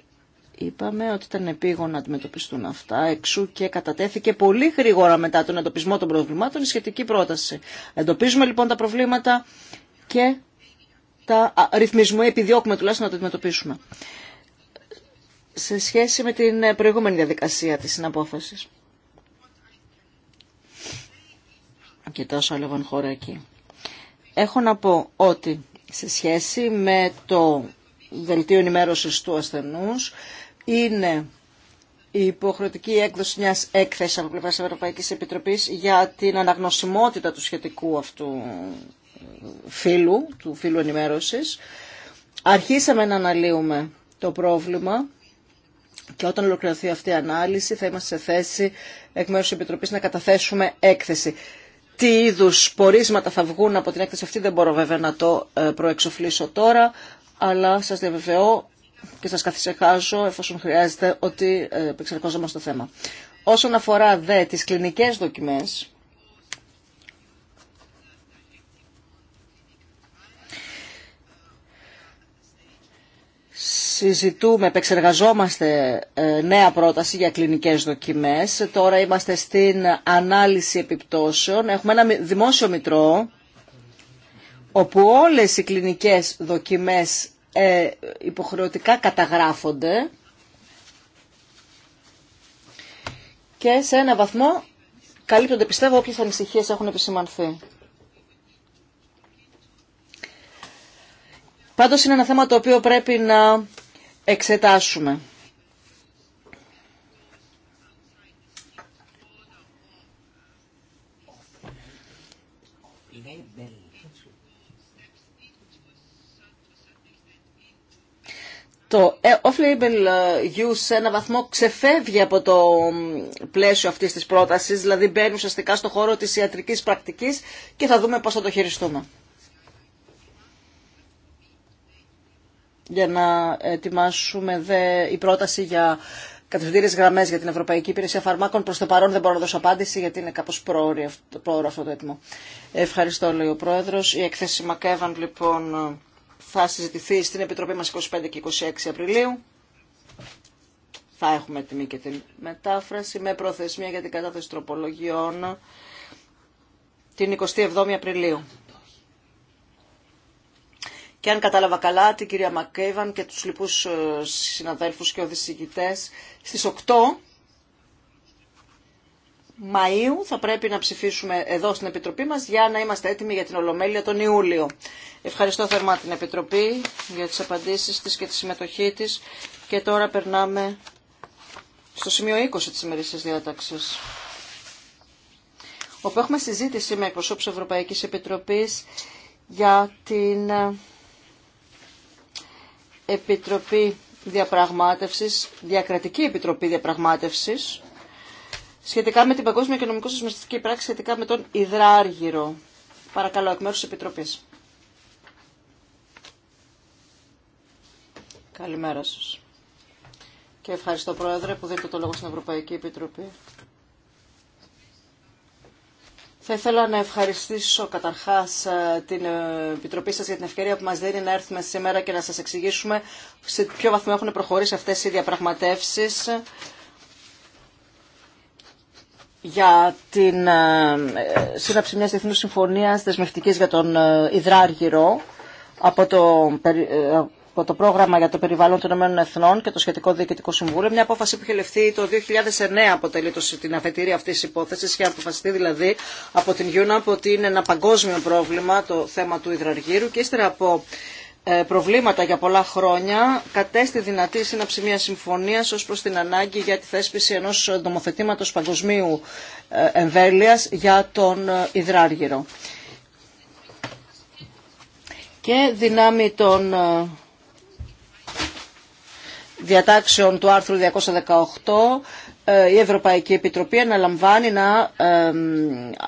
είπαμε ότι ήταν επίγον να αντιμετωπιστούν αυτά, εξού και κατατέθηκε πολύ γρήγορα μετά τον εντοπισμό των προβλημάτων η σχετική πρόταση. Εντοπίζουμε λοιπόν τα προβλήματα και τα ρυθμίζουμε, επιδιώκουμε τουλάχιστον να τα αντιμετωπίσουμε σε σχέση με την ε, προηγούμενη διαδικασία της συναπόφασης. Και τόσο έλαβαν χώρα εκεί. Έχω να πω ότι σε σχέση με το δελτίο ενημέρωσης του ασθενούς είναι η υποχρεωτική έκδοση μια έκθεση από πλευρά τη Ευρωπαϊκή Επιτροπή για την αναγνωσιμότητα του σχετικού αυτού φύλου, του φύλου ενημέρωση. Αρχίσαμε να αναλύουμε το πρόβλημα και όταν ολοκληρωθεί αυτή η ανάλυση θα είμαστε σε θέση εκ μέρους της Επιτροπής να καταθέσουμε έκθεση. Τι είδου πορίσματα θα βγουν από την έκθεση αυτή δεν μπορώ βέβαια να το ε, προεξοφλήσω τώρα, αλλά σας διαβεβαιώ και σας καθησεχάζω εφόσον χρειάζεται ότι ε, επεξεργαζόμαστε το θέμα. Όσον αφορά δε τις κλινικές δοκιμές, συζητούμε, επεξεργαζόμαστε ε, νέα πρόταση για κλινικές δοκιμές. Τώρα είμαστε στην ανάλυση επιπτώσεων. Έχουμε ένα δημόσιο μητρό όπου όλες οι κλινικές δοκιμές ε, υποχρεωτικά καταγράφονται και σε ένα βαθμό καλύπτονται πιστεύω όποιες ανησυχίες έχουν επισημανθεί. Πάντως είναι ένα θέμα το οποίο πρέπει να εξετάσουμε. Το ε, off-label ε, use σε ένα βαθμό ξεφεύγει από το πλαίσιο αυτής της πρότασης, δηλαδή μπαίνει ουσιαστικά στο χώρο της ιατρικής πρακτικής και θα δούμε πώς θα το χειριστούμε. για να ετοιμάσουμε δε η πρόταση για κατευθυντήριες γραμμές για την Ευρωπαϊκή Υπηρεσία Φαρμάκων. Προς το παρόν δεν μπορώ να δώσω απάντηση, γιατί είναι κάπως πρόωρο αυτό το έτοιμο. Ευχαριστώ, λέει ο Πρόεδρος. Η έκθεση Μακέβαν, λοιπόν, θα συζητηθεί στην Επιτροπή μας 25 και 26 Απριλίου. Θα έχουμε τιμή και την μετάφραση με προθεσμία για την κατάθεση τροπολογιών την 27η Απριλίου. Και αν κατάλαβα καλά την κυρία Μακέβαν και τους λοιπούς ε, συναδέλφους και οδησηγητές, στις 8 Μαΐου θα πρέπει να ψηφίσουμε εδώ στην Επιτροπή μας για να είμαστε έτοιμοι για την Ολομέλεια τον Ιούλιο. Ευχαριστώ θερμά την Επιτροπή για τις απαντήσεις της και τη συμμετοχή της και τώρα περνάμε στο σημείο 20 της ημερήσιας διάταξης όπου έχουμε συζήτηση με εκπροσώπους Ευρωπαϊκής Επιτροπής για την Επιτροπή Διαπραγμάτευσης, Διακρατική Επιτροπή Διαπραγμάτευσης, σχετικά με την Παγκόσμια Οικονομική Συσμαστική Πράξη, σχετικά με τον Ιδράργυρο. Παρακαλώ, εκ μέρους της Επιτροπής. Καλημέρα σας. Και ευχαριστώ, Πρόεδρε, που δείτε το λόγο στην Ευρωπαϊκή Επιτροπή. Θα ήθελα να ευχαριστήσω καταρχάς ε, την ε, Επιτροπή σας για την ευκαιρία που μας δίνει να έρθουμε σήμερα και να σας εξηγήσουμε σε ποιο βαθμό έχουν προχωρήσει αυτές οι διαπραγματεύσεις για την ε, σύναψη μιας διεθνούς συμφωνίας δεσμευτικής για τον Ιδράργυρο από το το πρόγραμμα για το περιβάλλον των Ηνωμένων Εθνών και το σχετικό Διοικητικό Συμβούλιο. Μια απόφαση που είχε λεφθεί το 2009 αποτελεί το, την αφετηρία αυτή τη υπόθεση. και αποφασιστεί δηλαδή από την UNAP ότι είναι ένα παγκόσμιο πρόβλημα το θέμα του υδραργύρου και ύστερα από ε, προβλήματα για πολλά χρόνια κατέστη δυνατή σύναψη μια συμφωνία ω προ την ανάγκη για τη θέσπιση ενό νομοθετήματο παγκοσμίου ε, εμβέλεια για τον ε, υδράργυρο. Και δυνάμει των διατάξεων του άρθρου 218 ε, η Ευρωπαϊκή Επιτροπή αναλαμβάνει να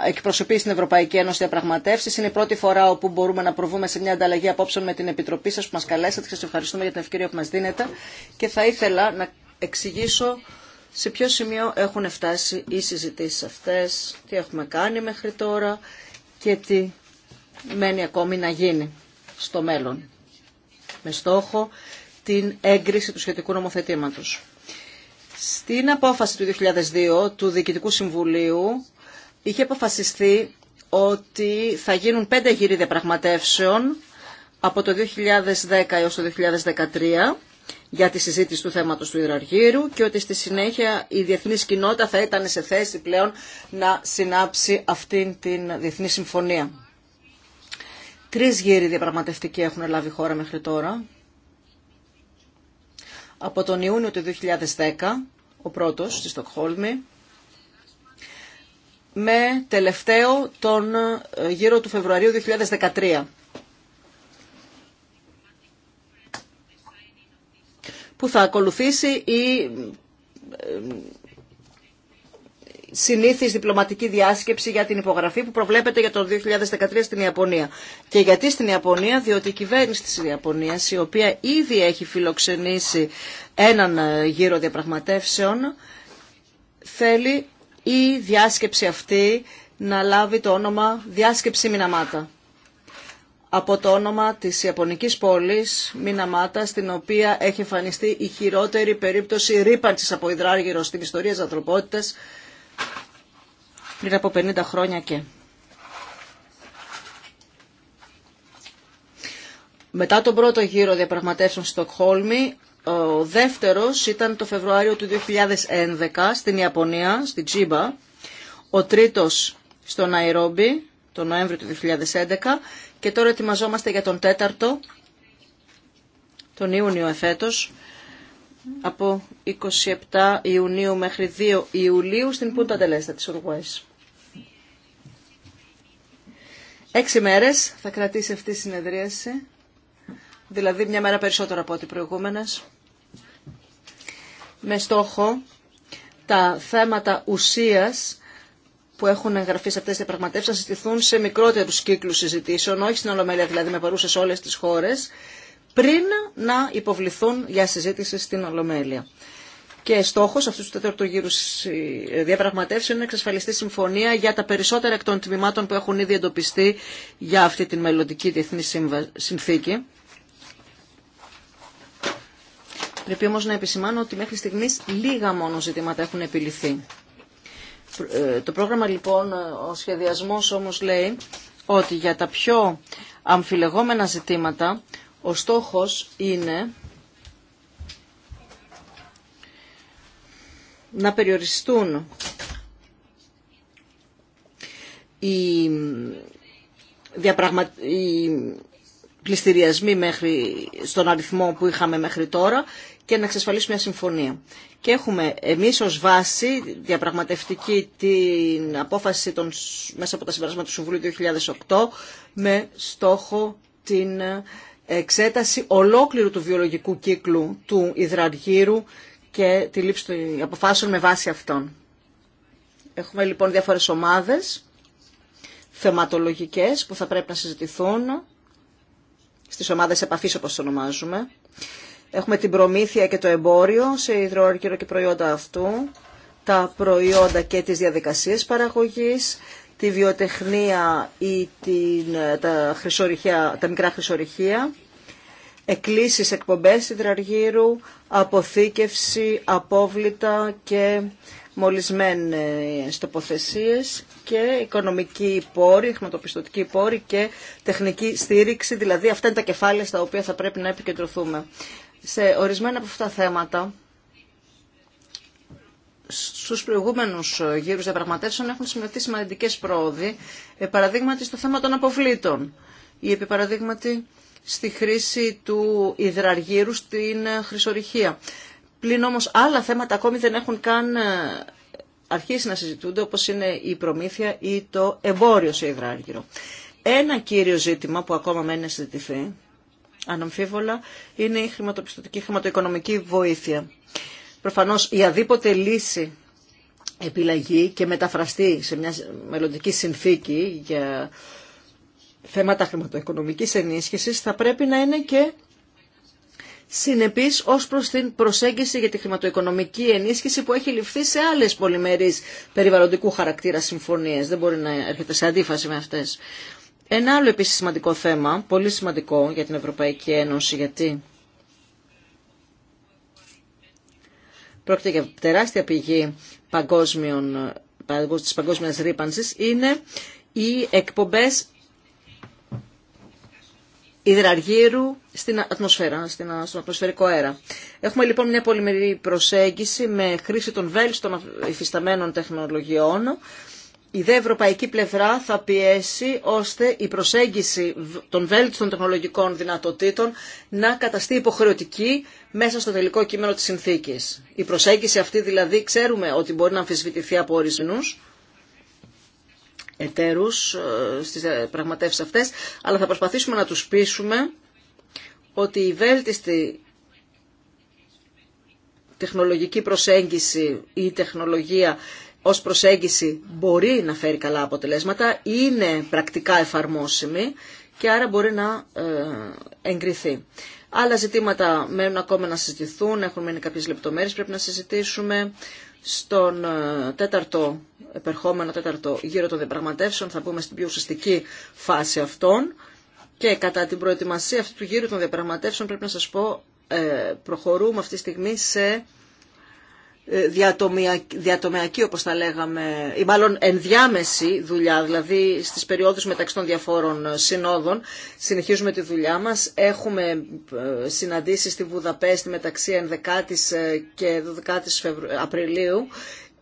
εκπροσωπεί στην Ευρωπαϊκή Ένωση διαπραγματεύσει. Είναι η πρώτη φορά όπου μπορούμε να προβούμε σε μια ανταλλαγή απόψεων με την Επιτροπή σα που μα καλέσατε. Σα ευχαριστούμε για την ευκαιρία που μα δίνετε και θα ήθελα να εξηγήσω σε ποιο σημείο έχουν φτάσει οι συζητήσει αυτέ, τι έχουμε κάνει μέχρι τώρα και τι μένει ακόμη να γίνει στο μέλλον. Με στόχο την έγκριση του σχετικού νομοθετήματος. Στην απόφαση του 2002 του Διοικητικού Συμβουλίου είχε αποφασιστεί ότι θα γίνουν πέντε γύροι διαπραγματεύσεων από το 2010 έως το 2013 για τη συζήτηση του θέματος του υδραργύρου και ότι στη συνέχεια η διεθνή κοινότητα θα ήταν σε θέση πλέον να συνάψει αυτήν την διεθνή συμφωνία. Τρεις γύροι διαπραγματευτικοί έχουν λάβει χώρα μέχρι τώρα από τον Ιούνιο του 2010, ο πρώτος στη Στοκχόλμη, με τελευταίο τον ε, γύρο του Φεβρουαρίου 2013. που θα ακολουθήσει η ε, συνήθις διπλωματική διάσκεψη για την υπογραφή που προβλέπεται για το 2013 στην Ιαπωνία. Και γιατί στην Ιαπωνία, διότι η κυβέρνηση της Ιαπωνίας, η οποία ήδη έχει φιλοξενήσει έναν ε, γύρο διαπραγματεύσεων, θέλει η διάσκεψη αυτή να λάβει το όνομα διάσκεψη Μιναμάτα από το όνομα της Ιαπωνικής πόλης Μιναμάτα, στην οποία έχει εμφανιστεί η χειρότερη περίπτωση ρήπανσης από υδράργυρο στην ιστορία της ανθρωπότητας πριν από 50 χρόνια και. Μετά τον πρώτο γύρο διαπραγματεύσεων στο Στοκχόλμη, ο δεύτερος ήταν το Φεβρουάριο του 2011 στην Ιαπωνία, στην Τζίμπα, ο τρίτος στο Ναϊρόμπι, τον Νοέμβριο του 2011 και τώρα ετοιμαζόμαστε για τον τέταρτο, τον Ιούνιο εφέτος, από 27 Ιουνίου μέχρι 2 Ιουλίου στην Πούντα Τελέστα της Ουρουάης. Έξι μέρες θα κρατήσει αυτή η συνεδρίαση, δηλαδή μια μέρα περισσότερο από ό,τι προηγούμενες, με στόχο τα θέματα ουσίας που έχουν εγγραφεί σε αυτέ τι διαπραγματεύσει να συστηθούν σε μικρότερου κύκλου συζητήσεων, όχι στην Ολομέλεια δηλαδή με παρούσε όλες όλε τι χώρε, πριν να υποβληθούν για συζήτηση στην Ολομέλεια. Και στόχος αυτού του τέταρτου γύρου ε, διαπραγματεύσεων είναι να εξασφαλιστεί συμφωνία για τα περισσότερα εκ των τμήματων που έχουν ήδη εντοπιστεί για αυτή την μελλοντική διεθνή συνθήκη. Πρέπει όμω να επισημάνω ότι μέχρι στιγμής λίγα μόνο ζητήματα έχουν επιληθεί. Ε, το πρόγραμμα λοιπόν, ε, ο σχεδιασμός όμως λέει ότι για τα πιο αμφιλεγόμενα ζητήματα ο στόχος είναι να περιοριστούν οι, διαπραγμα... οι πληστηριασμοί μέχρι στον αριθμό που είχαμε μέχρι τώρα και να εξασφαλίσουμε μια συμφωνία. Και έχουμε εμείς ως βάση διαπραγματευτική την απόφαση των, μέσα από τα συμπεράσματα του Συμβουλίου 2008 με στόχο την εξέταση ολόκληρου του βιολογικού κύκλου του υδραργύρου και τη λήψη των αποφάσεων με βάση αυτών. Έχουμε λοιπόν διάφορες ομάδες θεματολογικές που θα πρέπει να συζητηθούν στις ομάδες επαφής όπως το ονομάζουμε. Έχουμε την προμήθεια και το εμπόριο σε υδροόρκυρο και προϊόντα αυτού, τα προϊόντα και τις διαδικασίες παραγωγής, τη βιοτεχνία ή την, τα, τα μικρά χρυσορυχεία εκκλήσεις, εκπομπές υδραργύρου, αποθήκευση, απόβλητα και μολυσμένες τοποθεσίες και οικονομική πόρη, χρηματοπιστωτική πόρη και τεχνική στήριξη, δηλαδή αυτά είναι τα κεφάλαια στα οποία θα πρέπει να επικεντρωθούμε. Σε ορισμένα από αυτά τα θέματα, στους προηγούμενους γύρους διαπραγματεύσεων έχουν συμμετεί σημαντικές πρόοδοι, ε, παραδείγματι στο θέμα των αποβλήτων ή επί στη χρήση του υδραργύρου στην ε, χρυσορυχία. Πλην όμως άλλα θέματα ακόμη δεν έχουν καν ε, αρχίσει να συζητούνται όπως είναι η προμήθεια ή το εμπόριο σε υδράργυρο. Ένα κύριο ζήτημα που ακόμα μένει να συζητηθεί, αναμφίβολα, είναι η χρηματοπιστωτική, η χρηματοοικονομική βοήθεια. Προφανώς αδίποτε λύση επιλαγή και μεταφραστεί σε μια μελλοντική συνθήκη για θέματα χρηματοοικονομικής ενίσχυσης θα πρέπει να είναι και συνεπής ως προς την προσέγγιση για τη χρηματοοικονομική ενίσχυση που έχει ληφθεί σε άλλες πολυμερείς περιβαλλοντικού χαρακτήρα συμφωνίες. Δεν μπορεί να έρχεται σε αντίφαση με αυτές. Ένα άλλο επίσης σημαντικό θέμα, πολύ σημαντικό για την Ευρωπαϊκή Ένωση, γιατί πρόκειται για τεράστια πηγή παγκόσμιων, της παγκόσμιας ρήπανσης, είναι οι εκπομπές υδραργύρου στην ατμοσφαίρα, στον ατμοσφαιρικό αέρα. Έχουμε λοιπόν μια πολυμερή προσέγγιση με χρήση των βέλτιστων υφισταμένων τεχνολογιών. Η δε ευρωπαϊκή πλευρά θα πιέσει ώστε η προσέγγιση των βέλτιστων τεχνολογικών δυνατοτήτων να καταστεί υποχρεωτική μέσα στο τελικό κείμενο της συνθήκης. Η προσέγγιση αυτή δηλαδή ξέρουμε ότι μπορεί να αμφισβητηθεί από ορισμούς, εταίρους ε, στις ε, πραγματεύσεις αυτές, αλλά θα προσπαθήσουμε να τους πείσουμε ότι η βέλτιστη τεχνολογική προσέγγιση ή η τεχνολογία ως προσέγγιση μπορεί να φέρει καλά αποτελέσματα, είναι πρακτικά εφαρμόσιμη και άρα μπορεί να ε, εγκριθεί. Άλλα ζητήματα μένουν ακόμα να συζητηθούν, έχουν μείνει κάποιες λεπτομέρειες, πρέπει να συζητήσουμε. Στον τέταρτο επερχόμενο τέταρτο γύρο των διαπραγματεύσεων, θα πούμε στην πιο ουσιαστική φάση αυτών. Και κατά την προετοιμασία αυτού του γύρου των διαπραγματεύσεων πρέπει να σας πω ε, προχωρούμε αυτή τη στιγμή σε διατομιακή, ε, διατομιακή όπως τα λέγαμε, ή μάλλον ενδιάμεση δουλειά, δηλαδή στις περιόδους μεταξύ των διαφόρων συνόδων. Συνεχίζουμε τη δουλειά μας. Έχουμε ε, συναντήσει στη Βουδαπέστη μεταξύ και 12 Απριλίου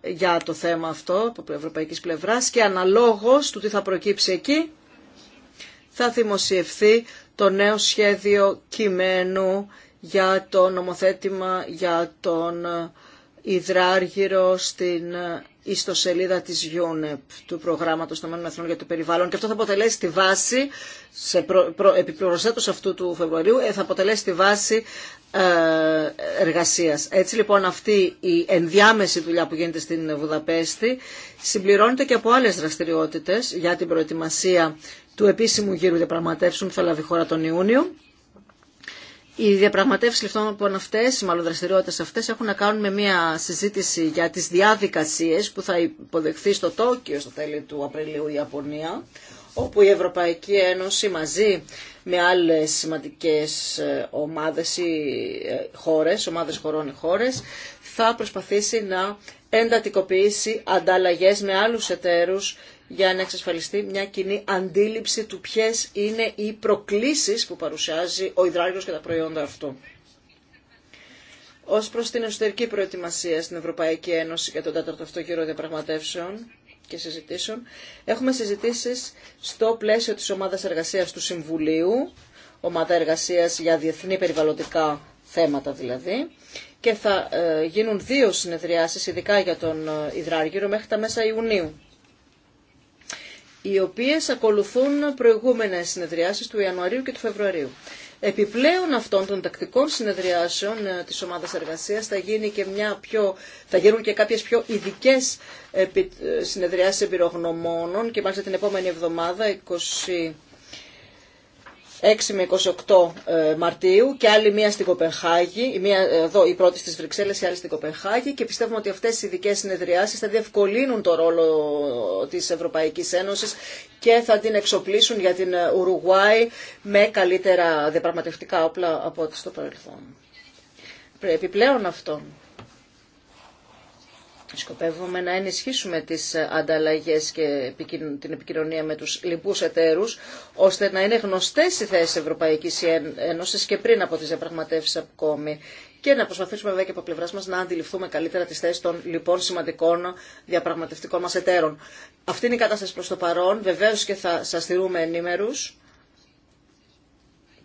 για το θέμα αυτό από ευρωπαϊκής πλευράς και αναλόγως του τι θα προκύψει εκεί θα δημοσιευθεί το νέο σχέδιο κειμένου για το νομοθέτημα για τον υδράργυρο στην ε, ιστοσελίδα της UNEP, του Προγράμματος των Εθνών για το Περιβάλλον. Και αυτό θα αποτελέσει τη βάση, σε προ, αυτού του Φεβρουαρίου, ε, θα αποτελέσει τη βάση ε, εργασίας. Έτσι λοιπόν αυτή η ενδιάμεση δουλειά που γίνεται στην Βουδαπέστη συμπληρώνεται και από άλλες δραστηριότητες για την προετοιμασία του επίσημου γύρου διαπραγματεύσεων που θα λάβει χώρα τον Ιούνιο οι διαπραγματεύσει λοιπόν αυτέ, οι μάλλον δραστηριότητε αυτέ, έχουν να κάνουν με μια συζήτηση για τι διαδικασίε που θα υποδεχθεί στο Τόκιο στο τέλη του Απριλίου η Ιαπωνία, όπου η Ευρωπαϊκή Ένωση μαζί με άλλε σημαντικέ ε, ομάδε ή ε, χώρε, ομάδε χωρών ή χώρε, θα προσπαθήσει να εντατικοποιήσει ανταλλαγέ με άλλου εταίρους για να εξασφαλιστεί μια κοινή αντίληψη του ποιε είναι οι προκλήσεις που παρουσιάζει ο υδράργυρος και τα προϊόντα αυτού. Ως προς την εσωτερική προετοιμασία στην Ευρωπαϊκή Ένωση για τον τέταρτο αυτό γύρο διαπραγματεύσεων, και συζητήσεων. Έχουμε συζητήσεις στο πλαίσιο της ομάδας εργασίας του Συμβουλίου, ομάδα εργασίας για διεθνή περιβαλλοντικά θέματα δηλαδή, και θα ε, γίνουν δύο συνεδριάσεις ειδικά για τον Ιδράργυρο ε, μέχρι τα μέσα Ιουνίου οι οποίες ακολουθούν προηγούμενες συνεδριάσεις του Ιανουαρίου και του Φεβρουαρίου. Επιπλέον αυτών των τακτικών συνεδριάσεων ε, της ομάδας εργασίας θα, γίνει και μια πιο, θα γίνουν και κάποιες πιο ειδικέ ε, συνεδριάσεις εμπειρογνωμόνων και μάλιστα την επόμενη εβδομάδα, 20 6 με 28 ε, Μαρτίου και άλλη μία στην Κοπενχάγη, η, μία, ε, εδώ, η πρώτη στις Βρυξέλλες, η άλλη στην Κοπενχάγη και πιστεύουμε ότι αυτές οι ειδικέ συνεδριάσεις θα διευκολύνουν το ρόλο της Ευρωπαϊκής Ένωσης και θα την εξοπλίσουν για την ε, Ουρουγουάη με καλύτερα διαπραγματευτικά όπλα από ό,τι στο παρελθόν. Επιπλέον αυτό. Σκοπεύουμε να ενισχύσουμε τις ανταλλαγές και την επικοινωνία με τους λοιπούς εταίρους, ώστε να είναι γνωστές οι θέσεις Ευρωπαϊκής Ένωσης και πριν από τις διαπραγματεύσεις ακόμη και να προσπαθήσουμε βέβαια και από πλευρά μα να αντιληφθούμε καλύτερα τι θέσει των λοιπόν σημαντικών διαπραγματευτικών μα εταίρων. Αυτή είναι η κατάσταση προ το παρόν. Βεβαίω και θα σα θυρούμε ενήμερου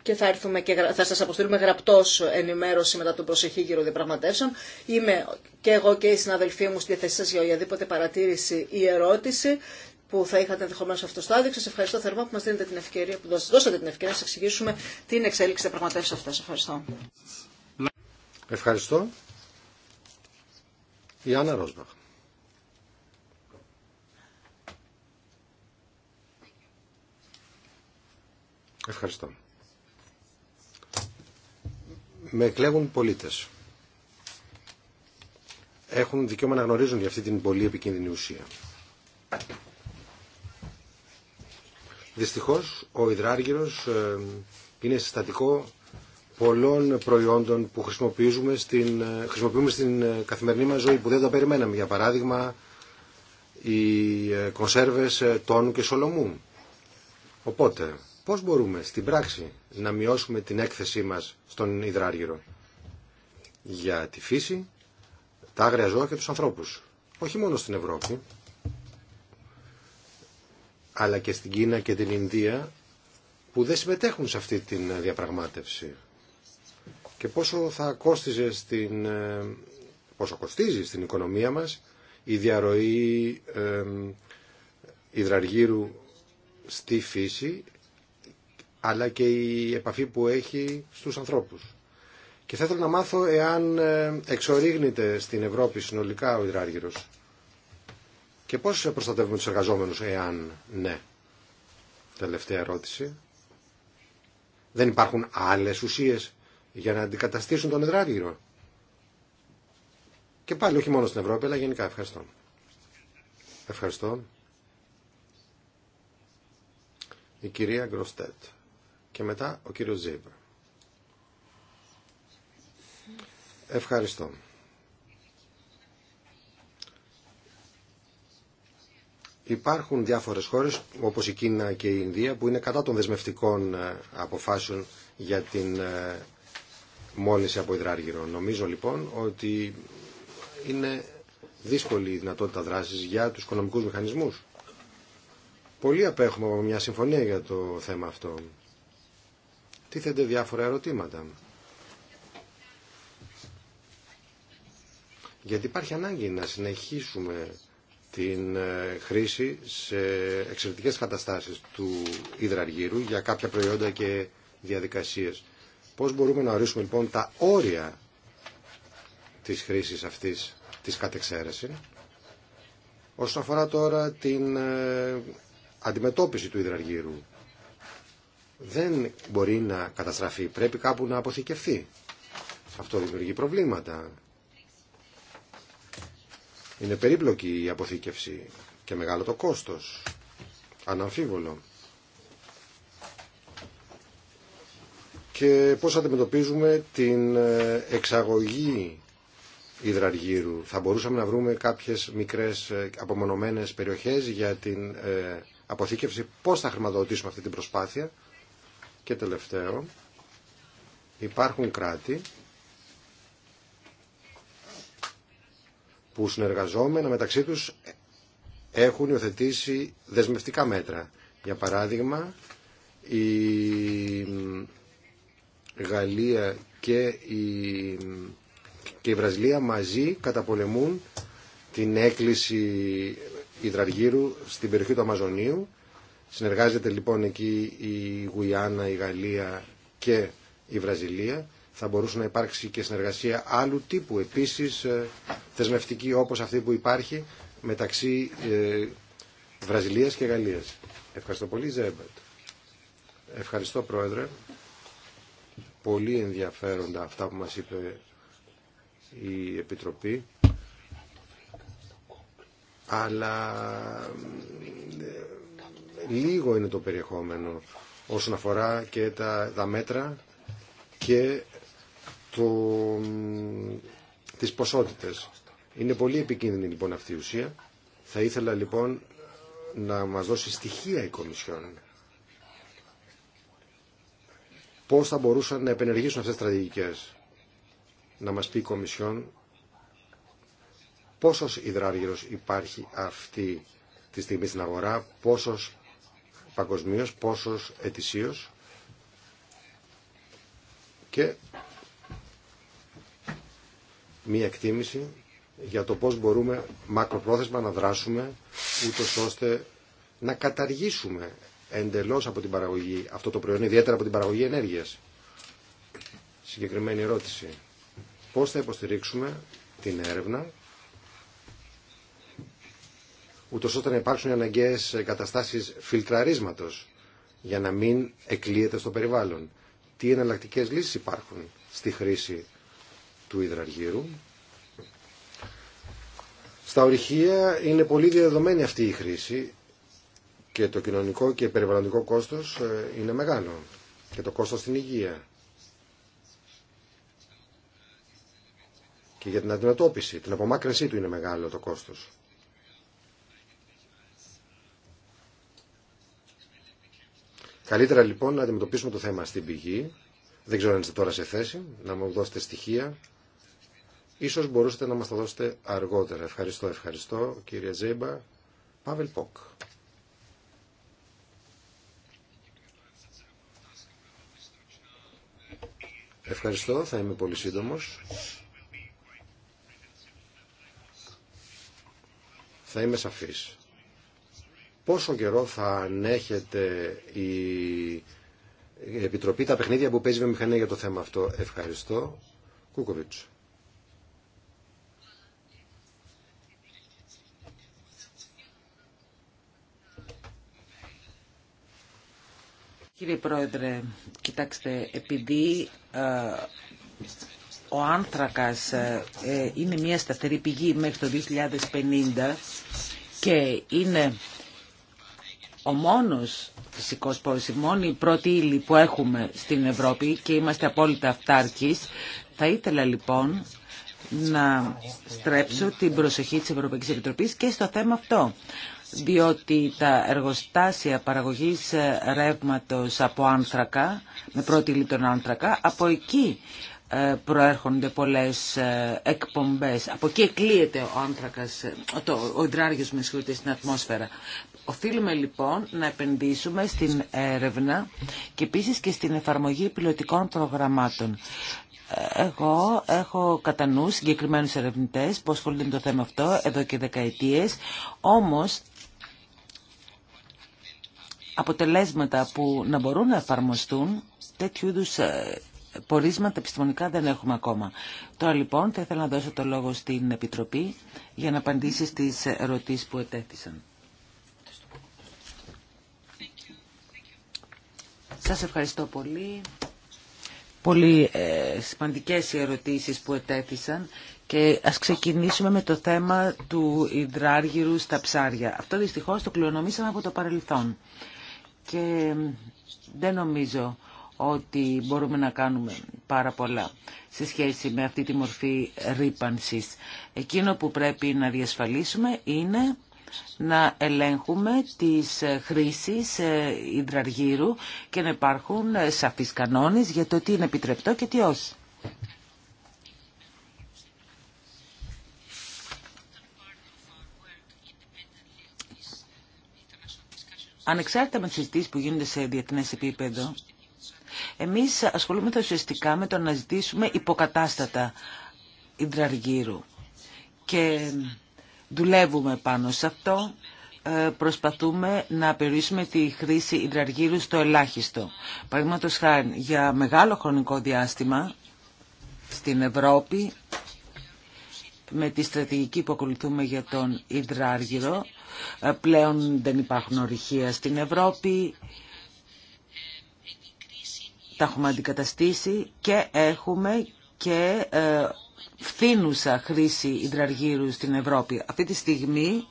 και θα, έρθουμε και θα σας αποστείλουμε γραπτός ενημέρωση μετά τον προσεχή γύρω διαπραγματεύσεων. Είμαι και εγώ και οι συναδελφοί μου στη θέση σας για οποιαδήποτε παρατήρηση ή ερώτηση που θα είχατε ενδεχομένω αυτό το στάδιο. Σα ευχαριστώ θερμά που μας δίνετε την ευκαιρία, που δώσατε την ευκαιρία να σας εξηγήσουμε την εξέλιξη διαπραγματεύσεων αυτέ. Ευχαριστώ. Ευχαριστώ. Η Άννα Ρόσμπαχ. Ευχαριστώ με εκλέγουν πολίτες. Έχουν δικαίωμα να γνωρίζουν για αυτή την πολύ επικίνδυνη ουσία. Δυστυχώς, ο υδράργυρος ε, είναι συστατικό πολλών προϊόντων που χρησιμοποιούμε στην, ε, χρησιμοποιούμε στην ε, καθημερινή μας ζωή που δεν τα περιμέναμε. Για παράδειγμα, οι κονσέρβες τόνου και σολομού. Οπότε, Πώς μπορούμε στην πράξη να μειώσουμε την έκθεσή μας στον υδράργυρο για τη φύση, τα άγρια ζώα και τους ανθρώπους. Όχι μόνο στην Ευρώπη, αλλά και στην Κίνα και την Ινδία που δεν συμμετέχουν σε αυτή την διαπραγμάτευση. Και πόσο θα κόστιζε στην, ε, πόσο κοστίζει στην οικονομία μας η διαρροή ε, υδραργύρου στη φύση αλλά και η επαφή που έχει στους ανθρώπους. Και θα ήθελα να μάθω εάν ε, εξορίγνεται στην Ευρώπη συνολικά ο υδράργυρος και πώς προστατεύουμε τους εργαζόμενους εάν ναι. Τελευταία ερώτηση. Δεν υπάρχουν άλλες ουσίες για να αντικαταστήσουν τον υδράργυρο. Και πάλι όχι μόνο στην Ευρώπη, αλλά γενικά. Ευχαριστώ. Ευχαριστώ. Η κυρία Γκροστέτ. Και μετά ο κύριος Ζήμπα. Ευχαριστώ. Υπάρχουν διάφορες χώρες όπως η Κίνα και η Ινδία που είναι κατά των δεσμευτικών ε, αποφάσεων για την ε, μόλυνση από υδράργυρο. Νομίζω λοιπόν ότι είναι δύσκολη η δυνατότητα δράσης για τους οικονομικούς μηχανισμούς. Πολύ απέχουμε από μια συμφωνία για το θέμα αυτό τίθενται διάφορα ερωτήματα. Γιατί υπάρχει ανάγκη να συνεχίσουμε την ε, χρήση σε εξαιρετικές καταστάσεις του υδραργύρου για κάποια προϊόντα και διαδικασίες. Πώς μπορούμε να ορίσουμε λοιπόν τα όρια της χρήσης αυτής της κατεξαίρεση. Όσον αφορά τώρα την ε, αντιμετώπιση του υδραργύρου, δεν μπορεί να καταστραφεί. Πρέπει κάπου να αποθηκευθεί. Αυτό δημιουργεί προβλήματα. Είναι περίπλοκη η αποθήκευση και μεγάλο το κόστος. Αναμφίβολο. Και πώς αντιμετωπίζουμε την ε, εξαγωγή υδραργύρου. Θα μπορούσαμε να βρούμε κάποιες μικρές ε, απομονωμένες περιοχές για την ε, αποθήκευση. Πώς θα χρηματοδοτήσουμε αυτή την προσπάθεια και τελευταίο, υπάρχουν κράτη που συνεργαζόμενα μεταξύ τους έχουν υιοθετήσει δεσμευτικά μέτρα. Για παράδειγμα, η Γαλλία και η, και η Βραζιλία μαζί καταπολεμούν την έκκληση υδραργύρου στην περιοχή του Αμαζονίου Συνεργάζεται λοιπόν εκεί η Γουιάννα, η Γαλλία και η Βραζιλία. Θα μπορούσε να υπάρξει και συνεργασία άλλου τύπου επίσης ε, θεσμευτική όπως αυτή που υπάρχει μεταξύ ε, Βραζιλίας και Γαλλίας. Ευχαριστώ πολύ Ζέμπετ. Ευχαριστώ Πρόεδρε. Πολύ ενδιαφέροντα αυτά που μας είπε η Επιτροπή. Αλλά λίγο είναι το περιεχόμενο όσον αφορά και τα, τα μέτρα και το, τις ποσότητες. Είναι πολύ επικίνδυνη λοιπόν αυτή η ουσία. Θα ήθελα λοιπόν να μας δώσει στοιχεία η Κομισιόν. Πώς θα μπορούσαν να επενεργήσουν αυτές τις στρατηγικές. Να μας πει η Κομισιόν πόσος υδράργυρος υπάρχει αυτή τη στιγμή στην αγορά, πόσος παγκοσμίω, πόσος ετησίω και μία εκτίμηση για το πώς μπορούμε μακροπρόθεσμα να δράσουμε ούτως ώστε να καταργήσουμε εντελώς από την παραγωγή αυτό το προϊόν, ιδιαίτερα από την παραγωγή ενέργειας. Συγκεκριμένη ερώτηση. Πώς θα υποστηρίξουμε την έρευνα ούτω όταν να υπάρξουν οι αναγκαίε καταστάσει φιλτραρίσματο για να μην εκλείεται στο περιβάλλον. Τι εναλλακτικέ λύσει υπάρχουν στη χρήση του υδραργύρου. Στα ορυχεία είναι πολύ διαδεδομένη αυτή η χρήση και το κοινωνικό και περιβαλλοντικό κόστος ε, είναι μεγάλο και το κόστος στην υγεία. Και για την αντιμετώπιση, την απομάκρυνσή του είναι μεγάλο το κόστος. Καλύτερα λοιπόν να αντιμετωπίσουμε το θέμα στην πηγή. Δεν ξέρω αν είστε τώρα σε θέση να μου δώσετε στοιχεία. Ίσως μπορούσατε να μας τα δώσετε αργότερα. Ευχαριστώ, ευχαριστώ κύριε Ζέμπα. Πάβελ Πόκ. Ευχαριστώ, θα είμαι πολύ σύντομος. Θα είμαι σαφής πόσο καιρό θα ανέχεται η Επιτροπή τα παιχνίδια που παίζει με μηχανία για το θέμα αυτό. Ευχαριστώ. Κούκοβιτς. Κύριε Πρόεδρε, κοιτάξτε, επειδή ε, ο άνθρακας ε, ε, είναι μια σταθερή πηγή μέχρι το 2050 και είναι ο μόνος φυσικός πόρος, η μόνη πρώτη ύλη που έχουμε στην Ευρώπη και είμαστε απόλυτα αυτάρκης, θα ήθελα λοιπόν να στρέψω την προσοχή της Ευρωπαϊκής Επιτροπής και στο θέμα αυτό διότι τα εργοστάσια παραγωγής ε, ρεύματος από άνθρακα, με πρώτη ύλη τον άνθρακα, από εκεί ε, προέρχονται πολλές ε, εκπομπές. Από εκεί εκλείεται ο άνθρακας, ο με συγχωρείτε στην ατμόσφαιρα. Οφείλουμε λοιπόν να επενδύσουμε στην έρευνα και επίσης και στην εφαρμογή πιλωτικών προγραμμάτων. Εγώ έχω κατά νου συγκεκριμένου ερευνητέ που ασχολούνται με το θέμα αυτό εδώ και δεκαετίες, όμως αποτελέσματα που να μπορούν να εφαρμοστούν τέτοιου είδου ε, πορίσματα επιστημονικά δεν έχουμε ακόμα. Τώρα λοιπόν θα ήθελα να δώσω το λόγο στην Επιτροπή για να απαντήσει στις ερωτήσεις που ετέθησαν. Σας ευχαριστώ πολύ. Πολύ ε, σημαντικές οι ερωτήσεις που ετέθησαν και ας ξεκινήσουμε με το θέμα του υδράργυρου στα ψάρια. Αυτό δυστυχώς το κληρονομήσαμε από το παρελθόν και δεν νομίζω ότι μπορούμε να κάνουμε πάρα πολλά σε σχέση με αυτή τη μορφή ρήπανσης. Εκείνο που πρέπει να διασφαλίσουμε είναι να ελέγχουμε τις χρήσεις ε, υδραργύρου και να υπάρχουν ε, σαφείς κανόνες για το τι είναι επιτρεπτό και τι όχι. Ανεξάρτητα με τις συζητήσεις που γίνονται σε διεθνές επίπεδο, εμείς ασχολούμεται ουσιαστικά με το να ζητήσουμε υποκατάστατα υδραργύρου. Και Δουλεύουμε πάνω σε αυτό ε, προσπαθούμε να περιορίσουμε τη χρήση υδραργύρου στο ελάχιστο. Παραδείγματο χάρη, για μεγάλο χρονικό διάστημα στην Ευρώπη, με τη στρατηγική που ακολουθούμε για τον υδράργυρο, ε, πλέον δεν υπάρχουν ορυχεία στην Ευρώπη, τα έχουμε αντικαταστήσει και έχουμε και ε, φθήνουσα χρήση υδραργύρου στην Ευρώπη. Αυτή τη στιγμή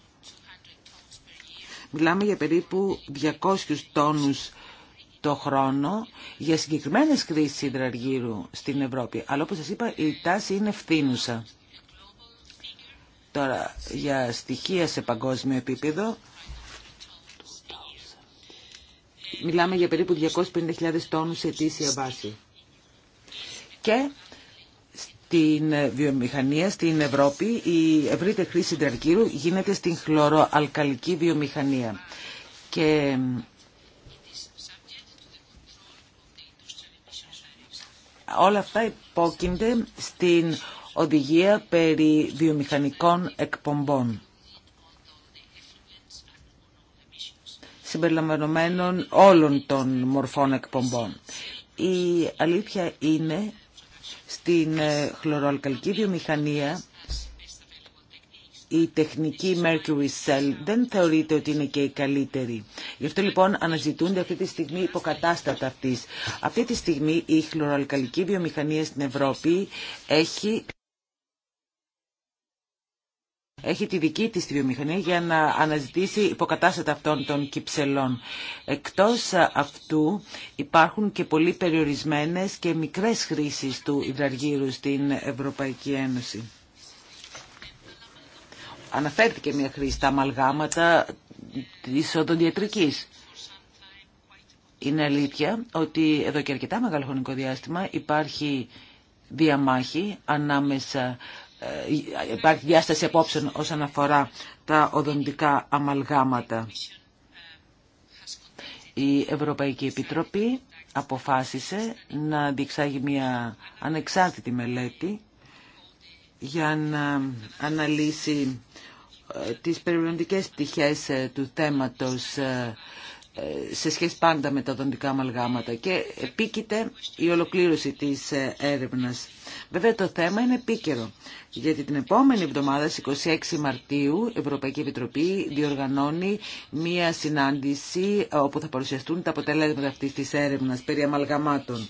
μιλάμε για περίπου 200 τόνους το χρόνο για συγκεκριμένες χρήσεις υδραργύρου στην Ευρώπη. Αλλά όπως σας είπα η τάση είναι φθήνουσα. Τώρα για στοιχεία σε παγκόσμιο επίπεδο μιλάμε για περίπου 250.000 τόνους σε ετήσια βάση. Και την βιομηχανία στην Ευρώπη. Η ευρύτερη χρήση τερκύρου γίνεται στην χλωροαλκαλική βιομηχανία. Και όλα αυτά υπόκεινται στην οδηγία περί βιομηχανικών εκπομπών. συμπεριλαμβανομένων όλων των μορφών εκπομπών. Η αλήθεια είναι στην ε, χλωροαλκαλική βιομηχανία η τεχνική Mercury Cell δεν θεωρείται ότι είναι και η καλύτερη. Γι' αυτό λοιπόν αναζητούνται αυτή τη στιγμή υποκατάστατα αυτής. Αυτή τη στιγμή η χλωροαλκαλική βιομηχανία στην Ευρώπη έχει έχει τη δική της τη βιομηχανία για να αναζητήσει υποκατάστατα αυτών των κυψελών. Εκτός αυτού υπάρχουν και πολύ περιορισμένες και μικρές χρήσεις του υδραργύρου στην Ευρωπαϊκή Ένωση. Αναφέρθηκε μια χρήση στα αμαλγάματα της οδοντιατρικής. Είναι αλήθεια ότι εδώ και αρκετά μεγάλο χρονικό διάστημα υπάρχει διαμάχη ανάμεσα ε, υπάρχει διάσταση απόψεων όσον αφορά τα οδοντικά αμαλγάματα. Η Ευρωπαϊκή Επιτροπή αποφάσισε να διεξάγει μια ανεξάρτητη μελέτη για να αναλύσει ε, τις περιβαλλοντικές πτυχές ε, του θέματος ε, σε σχέση πάντα με τα δοντικά αμαλγάματα και επίκειται η ολοκλήρωση της ε, έρευνας. Βέβαια το θέμα είναι επίκαιρο, γιατί την επόμενη εβδομάδα, 26 Μαρτίου, η Ευρωπαϊκή Επιτροπή διοργανώνει μία συνάντηση ε, όπου θα παρουσιαστούν τα αποτελέσματα αυτής της έρευνας περί αμαλγαμάτων.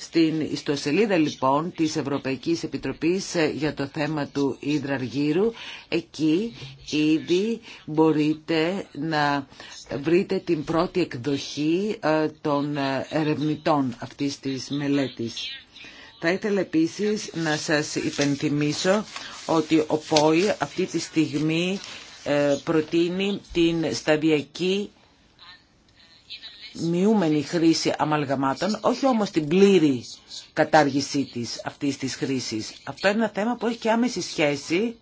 Στην ιστοσελίδα λοιπόν της Ευρωπαϊκής Επιτροπής ε, για το θέμα του υδραργύρου, εκεί ήδη μπορείτε να βρείτε την πρώτη εκδοχή ε, των ε, ερευνητών αυτής της μελέτης. Θα ήθελα επίσης να σας υπενθυμίσω ότι ο ΠΟΗ αυτή τη στιγμή προτείνει την σταδιακή μειούμενη χρήση αμαλγαμάτων, όχι όμως την πλήρη κατάργησή της αυτής της χρήσης. Αυτό είναι ένα θέμα που έχει και άμεση σχέση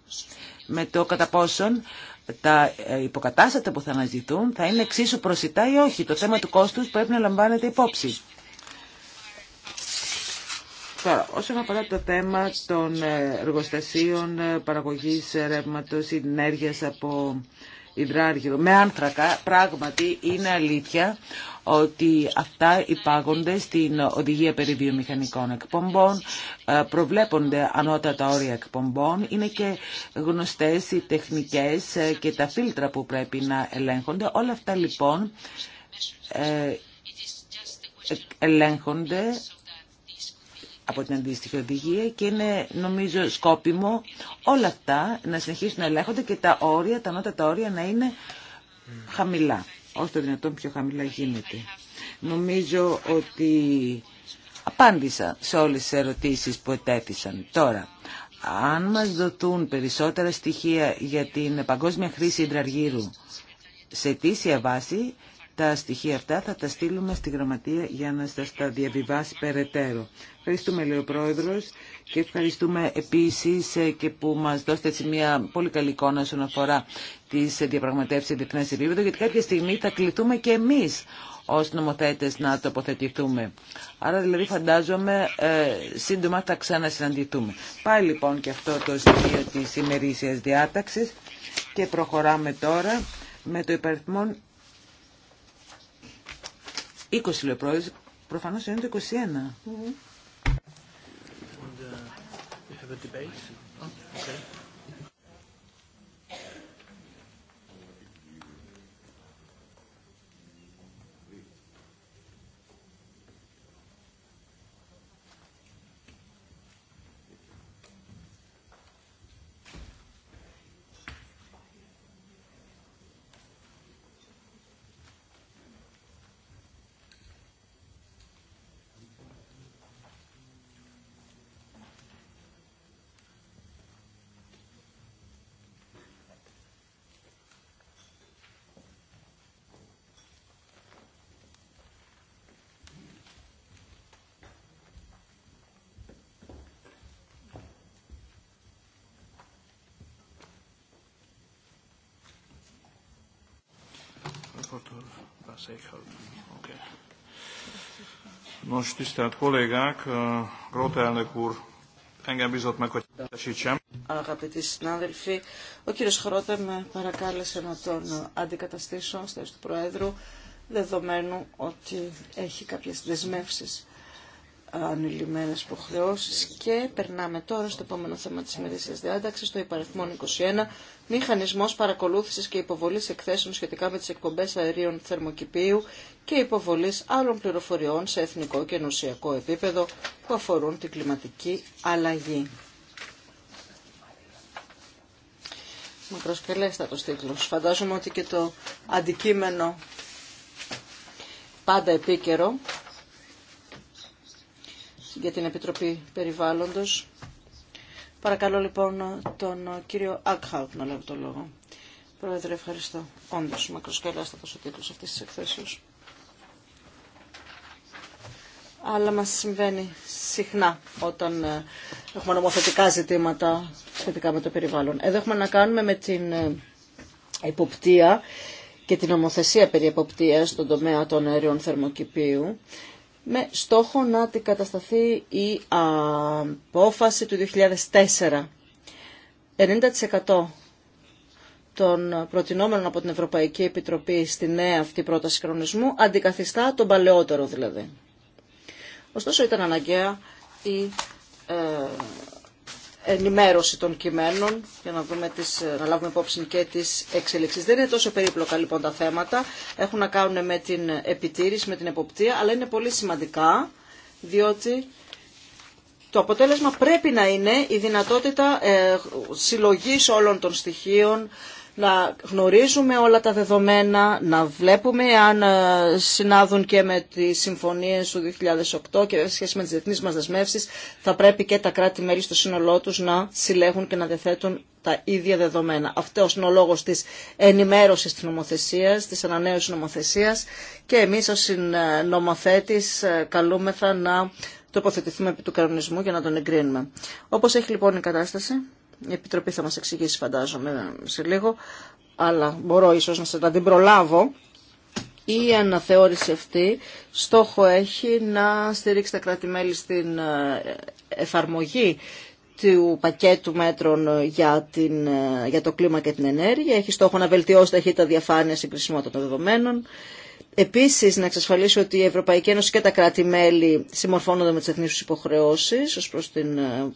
με το κατά πόσον τα ε, υποκατάστατα που θα αναζητούν θα είναι εξίσου προσιτά ή όχι. Το θέμα του κόστους πρέπει να λαμβάνεται υπόψη. Τώρα, όσον αφορά το θέμα των ε, εργοστασίων ε, παραγωγής ρεύματος ή ενέργειας από με άνθρακα, πράγματι είναι αλήθεια ότι αυτά υπάγονται στην οδηγία Περιβιομηχανικών εκπομπών, ε, προβλέπονται ανώτατα όρια εκπομπών, είναι και γνωστές οι τεχνικές ε, και τα φίλτρα που πρέπει να ελέγχονται. Όλα αυτά λοιπόν ε, ελέγχονται από την αντίστοιχη οδηγία και είναι νομίζω σκόπιμο όλα αυτά να συνεχίσουν να ελέγχονται και τα όρια, τα τα όρια να είναι χαμηλά, όσο το δυνατόν πιο χαμηλά γίνεται. Νομίζω ότι απάντησα σε όλες τις ερωτήσεις που ετέθησαν. Τώρα, αν μας δοθούν περισσότερα στοιχεία για την παγκόσμια χρήση υδραργύρου σε αιτήσια βάση, τα στοιχεία αυτά θα τα στείλουμε στη Γραμματεία για να σας τα διαβιβάσει περαιτέρω. Ευχαριστούμε, λέει ο Πρόεδρος, και ευχαριστούμε επίσης ε, και που μας δώσετε μια πολύ καλή εικόνα όσον αφορά τις διαπραγματεύσεις σε διεθνές επίπεδο, γιατί κάποια στιγμή θα κληθούμε και εμείς ως νομοθέτες να τοποθετηθούμε. Άρα δηλαδή φαντάζομαι ε, σύντομα θα ξανασυναντηθούμε. Πάει λοιπόν και αυτό το σημείο της ημερήσιας διάταξης και προχωράμε τώρα με το υπαριθμόν 20 λέει ο πρόεδρος, προφανώς είναι το 21. Mm -hmm. And, uh, Nos, tisztelt kollégák, elnök úr engem bízott meg, hogy Αγαπητοί συνάδελφοι, ο Χρότε με παρακάλεσε να τον αντικαταστήσω του Προέδρου, δεδομένου ότι έχει κάποιες ανηλυμένες υποχρεώσεις και περνάμε τώρα στο επόμενο θέμα της ημερήσιας διάταξης, το υπαριθμό 21, μηχανισμός παρακολούθησης και υποβολής εκθέσεων σχετικά με τις εκπομπές αερίων θερμοκηπίου και υποβολής άλλων πληροφοριών σε εθνικό και ενωσιακό επίπεδο που αφορούν την κλιματική αλλαγή. το τίτλος. Φαντάζομαι ότι και το αντικείμενο πάντα επίκαιρο για την Επιτροπή Περιβάλλοντος. Παρακαλώ λοιπόν τον κύριο Ακχάουτ να λάβει το λόγο. Πρόεδρε, ευχαριστώ. Όντως, μακροσκελάστατος ο τίτλος αυτής της εκθέσεως. Αλλά μας συμβαίνει συχνά όταν ε, έχουμε νομοθετικά ζητήματα σχετικά με το περιβάλλον. Εδώ έχουμε να κάνουμε με την υποπτία ε, και την νομοθεσία περί εποπτείας στον τομέα των αερίων θερμοκηπίου με στόχο να αντικατασταθεί η απόφαση του 2004. 90% των προτινόμενων από την Ευρωπαϊκή Επιτροπή στη νέα αυτή πρόταση κανονισμού αντικαθιστά τον παλαιότερο δηλαδή. Ωστόσο ήταν αναγκαία η ε, ενημέρωση των κειμένων για να, δούμε τις, να λάβουμε υπόψη και τις εξελίξεις. Δεν είναι τόσο περίπλοκα λοιπόν τα θέματα, έχουν να κάνουν με την επιτήρηση, με την εποπτεία, αλλά είναι πολύ σημαντικά διότι το αποτέλεσμα πρέπει να είναι η δυνατότητα ε, συλλογής όλων των στοιχείων, να γνωρίζουμε όλα τα δεδομένα, να βλέπουμε αν ε, συνάδουν και με τις συμφωνίες του 2008 και σχέση με τις διεθνείς μας δεσμεύσεις, θα πρέπει και τα κράτη-μέλη στο σύνολό τους να συλλέγουν και να διαθέτουν τα ίδια δεδομένα. Αυτό είναι ο λόγος της ενημέρωσης της νομοθεσίας, της ανανέωσης νομοθεσία, και εμείς ως νομοθέτης ε, καλούμεθα να τοποθετηθούμε επί του κανονισμού για να τον εγκρίνουμε. Όπω έχει λοιπόν η κατάσταση... Η Επιτροπή θα μας εξηγήσει φαντάζομαι σε λίγο, αλλά μπορώ ίσως να σας την προλάβω. Η αναθεώρηση αυτή στόχο έχει να στηρίξει τα κράτη-μέλη στην ε, εφαρμογή του πακέτου μέτρων για, την, ε, για το κλίμα και την ενέργεια. Έχει στόχο να βελτιώσει ταχύτητα διαφάνεια συγκρισιμότητα των δεδομένων. Επίσης, να εξασφαλίσει ότι η Ευρωπαϊκή Ένωση και τα κράτη-μέλη συμμορφώνονται με τις του υποχρεώσεις ω προς την ε,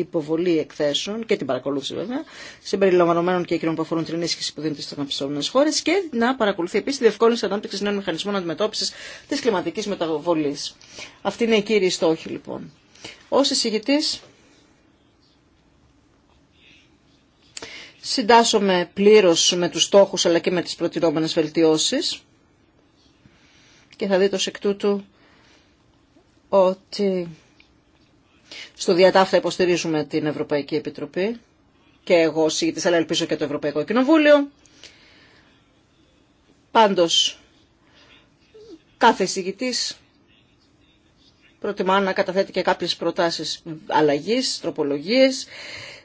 υποβολή εκθέσεων και την παρακολούθηση βέβαια, συμπεριλαμβανομένων και εκείνων που αφορούν την ενίσχυση που δίνεται στι αναπτυσσόμενε χώρε και να παρακολουθεί επίση τη διευκόλυνση ανάπτυξη νέων μηχανισμών αντιμετώπιση τη κλιματική μεταβολή. Αυτή είναι η κύριη στόχη λοιπόν. Ω εισηγητή, συντάσσομαι πλήρω με του στόχου αλλά και με τι προτινόμενε βελτιώσει και θα δείτε ω εκ τούτου ότι στο διατάφτα υποστηρίζουμε την Ευρωπαϊκή Επιτροπή και εγώ συγητής, αλλά ελπίζω και το Ευρωπαϊκό Κοινοβούλιο. Πάντως, κάθε συγητής προτιμά να καταθέτει και κάποιες προτάσεις αλλαγής, τροπολογίες,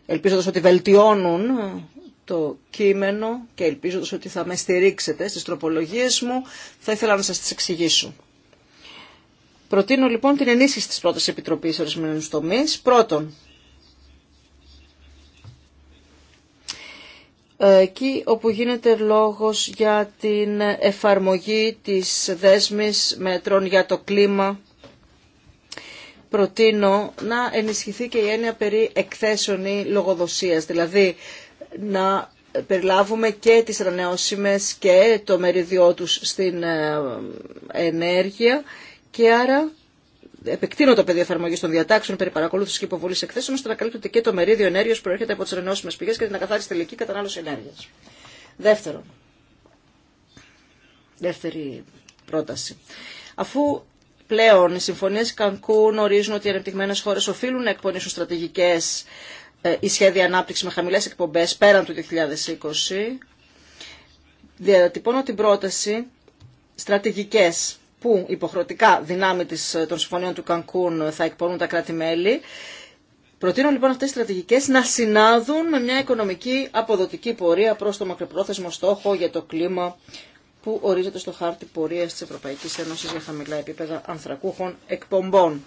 ελπίζοντας ότι βελτιώνουν το κείμενο και ελπίζοντας ότι θα με στηρίξετε στις τροπολογίες μου, θα ήθελα να σας τις εξηγήσω. Προτείνω λοιπόν την ενίσχυση της πρώτης επιτροπής ορισμένων τομεί. Πρώτον, εκεί όπου γίνεται λόγος για την εφαρμογή της δέσμης μέτρων για το κλίμα, προτείνω να ενισχυθεί και η έννοια περί εκθέσεων ή λογοδοσίας, δηλαδή να περιλάβουμε και τις ρανεώσιμες και το μεριδιό τους στην ε, ενέργεια και άρα επεκτείνω το πεδίο εφαρμογή των διατάξεων περί παρακολούθηση και υποβολή εκθέσεων, ώστε να καλύπτεται και το μερίδιο ενέργεια που προέρχεται από τι ανανεώσιμε πηγέ και την ακαθάριστη τελική κατανάλωση ενέργεια. Δεύτερο. δεύτερη πρόταση. Αφού πλέον οι συμφωνίε Κανκούν ορίζουν ότι οι ανεπτυγμένε χώρε οφείλουν να εκπονήσουν στρατηγικέ ή ε, σχέδια ανάπτυξη με χαμηλέ εκπομπέ πέραν του 2020, διατυπώνω την πρόταση στρατηγικές που υποχρεωτικά δυνάμει ε, των συμφωνίων του Κανκούν ε, θα εκπονούν τα κράτη-μέλη. Προτείνω λοιπόν αυτές τις στρατηγικές να συνάδουν με μια οικονομική αποδοτική πορεία προς το μακροπρόθεσμο στόχο για το κλίμα που ορίζεται στο χάρτη πορείας της Ευρωπαϊκής Ένωσης για χαμηλά επίπεδα ανθρακούχων εκπομπών.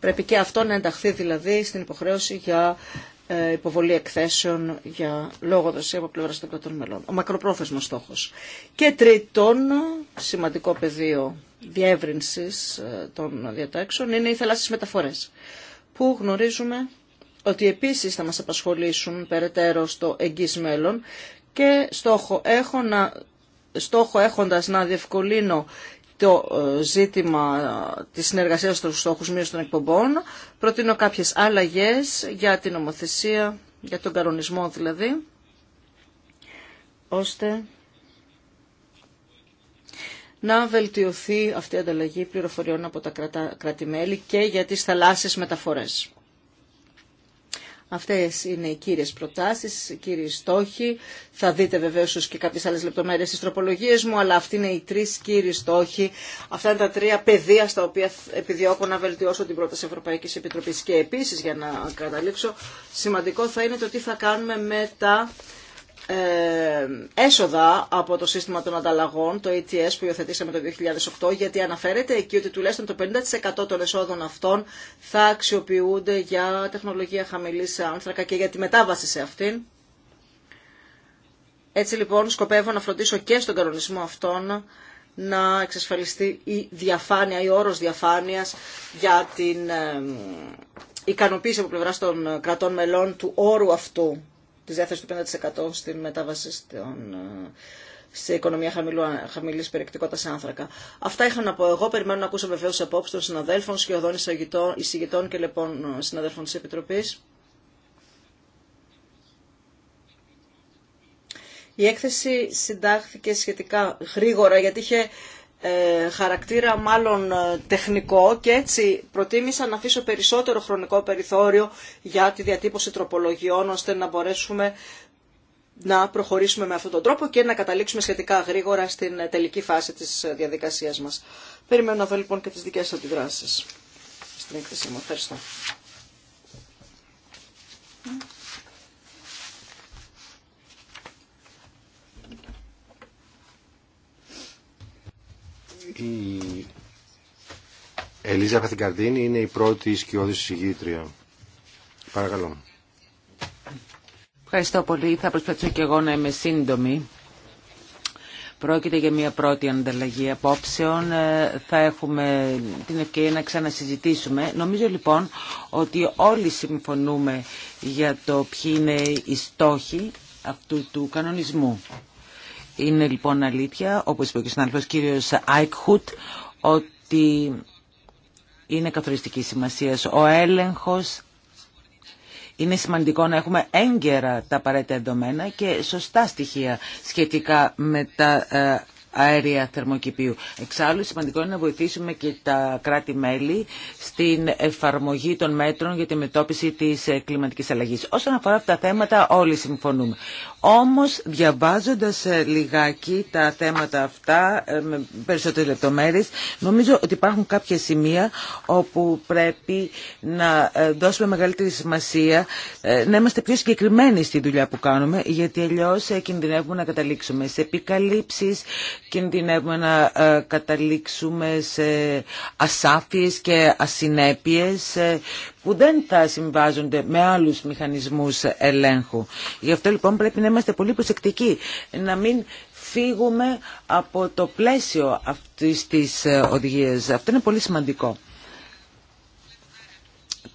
Πρέπει και αυτό να ενταχθεί δηλαδή στην υποχρέωση για ε, υποβολή εκθέσεων για λόγοδοσία από πλευρά των κρατών μελών. Ο μακροπρόθεσμος στόχος. Και τρίτον, σημαντικό πεδίο διεύρυνσης ε, των διατάξεων είναι οι θαλάσσιες μεταφορές, που γνωρίζουμε ότι επίση θα μας απασχολήσουν περαιτέρω στο εγγύ μέλλον και στόχο, έχω να, στόχο έχοντας να διευκολύνω το ε, ζήτημα της συνεργασίας στους στόχους μείωσης των εκπομπών. Προτείνω κάποιες άλλαγες για την νομοθεσία, για τον κανονισμό δηλαδή, ώστε να βελτιωθεί αυτή η ανταλλαγή πληροφοριών από τα κράτη-μέλη και για τις θαλάσσιες μεταφορές. Αυτές είναι οι κύριες προτάσεις, οι κύριοι στόχοι. Θα δείτε βεβαίως και κάποιες άλλες λεπτομέρειες στις τροπολογίες μου, αλλά αυτοί είναι οι τρεις κύριοι στόχοι. Αυτά είναι τα τρία πεδία στα οποία επιδιώκω να βελτιώσω την πρόταση Ευρωπαϊκής Επιτροπής. Και επίσης, για να καταλήξω, σημαντικό θα είναι το τι θα κάνουμε με τα ε, έσοδα από το σύστημα των ανταλλαγών, το ETS που υιοθετήσαμε το 2008, γιατί αναφέρεται εκεί ότι τουλάχιστον το 50% των εσόδων αυτών θα αξιοποιούνται για τεχνολογία χαμηλής άνθρακα και για τη μετάβαση σε αυτήν. Έτσι λοιπόν σκοπεύω να φροντίσω και στον κανονισμό αυτόν να εξασφαλιστεί η διαφάνεια, η όρος διαφάνειας για την ε, ικανοποίηση από πλευρά των κρατών μελών του όρου αυτού Τη διάθεση του 50% στην μετάβαση στον, ε, σε οικονομία χαμηλού, χαμηλής περιεκτικότητας άνθρακα. Αυτά είχα να πω εγώ. Περιμένω να ακούσω βεβαίως απόψεις των συναδέλφων, σχεδόν εισηγητών και λοιπόν ε, συναδέλφων της Επιτροπής. Η έκθεση συντάχθηκε σχετικά γρήγορα γιατί είχε ε, χαρακτήρα μάλλον ε, τεχνικό και έτσι προτίμησα να αφήσω περισσότερο χρονικό περιθώριο για τη διατύπωση τροπολογιών ώστε να μπορέσουμε να προχωρήσουμε με αυτόν τον τρόπο και να καταλήξουμε σχετικά γρήγορα στην ε, τελική φάση της διαδικασίας μας. Περιμένω να δω λοιπόν και τις δικές σας αντιδράσεις στην έκθεσή μου. Ευχαριστώ. Mm. Η Ελίζα Παθηκαρδίνη είναι η πρώτη σκιώδης συγγήτρια. Παρακαλώ. Ευχαριστώ πολύ. Θα προσπαθήσω και εγώ να είμαι σύντομη. Πρόκειται για μια πρώτη ανταλλαγή απόψεων. Ε, θα έχουμε την ευκαιρία να ξανασυζητήσουμε. Νομίζω λοιπόν ότι όλοι συμφωνούμε για το ποιοι είναι οι στόχοι αυτού του κανονισμού. Είναι λοιπόν αλήθεια, όπως είπε ο συνάδελφος κύριος Άικχουτ, ότι είναι καθοριστική σημασία ο έλεγχος είναι σημαντικό να έχουμε έγκαιρα τα απαραίτητα εντομένα και σωστά στοιχεία σχετικά με τα ε, αέρια θερμοκηπίου. Εξάλλου σημαντικό είναι να βοηθήσουμε και τα κράτη-μέλη στην εφαρμογή των μέτρων για τη μετώπιση της ε, κλιματικής αλλαγής. Όσον αφορά αυτά τα θέματα όλοι συμφωνούμε. Όμως διαβάζοντας ε, λιγάκι τα θέματα αυτά ε, με περισσότερες λεπτομέρειες νομίζω ότι υπάρχουν κάποια σημεία όπου πρέπει να ε, δώσουμε μεγαλύτερη σημασία να είμαστε πιο συγκεκριμένοι στη δουλειά που κάνουμε γιατί αλλιώς κινδυνεύουμε να καταλήξουμε σε επικαλύψεις κινδυνεύουμε να καταλήξουμε σε ασάφειες και ασυνέπειες που δεν θα συμβάζονται με άλλους μηχανισμούς ελέγχου. Γι' αυτό λοιπόν πρέπει να είμαστε πολύ προσεκτικοί, να μην φύγουμε από το πλαίσιο αυτής της ε, οδηγίας. Αυτό είναι πολύ σημαντικό.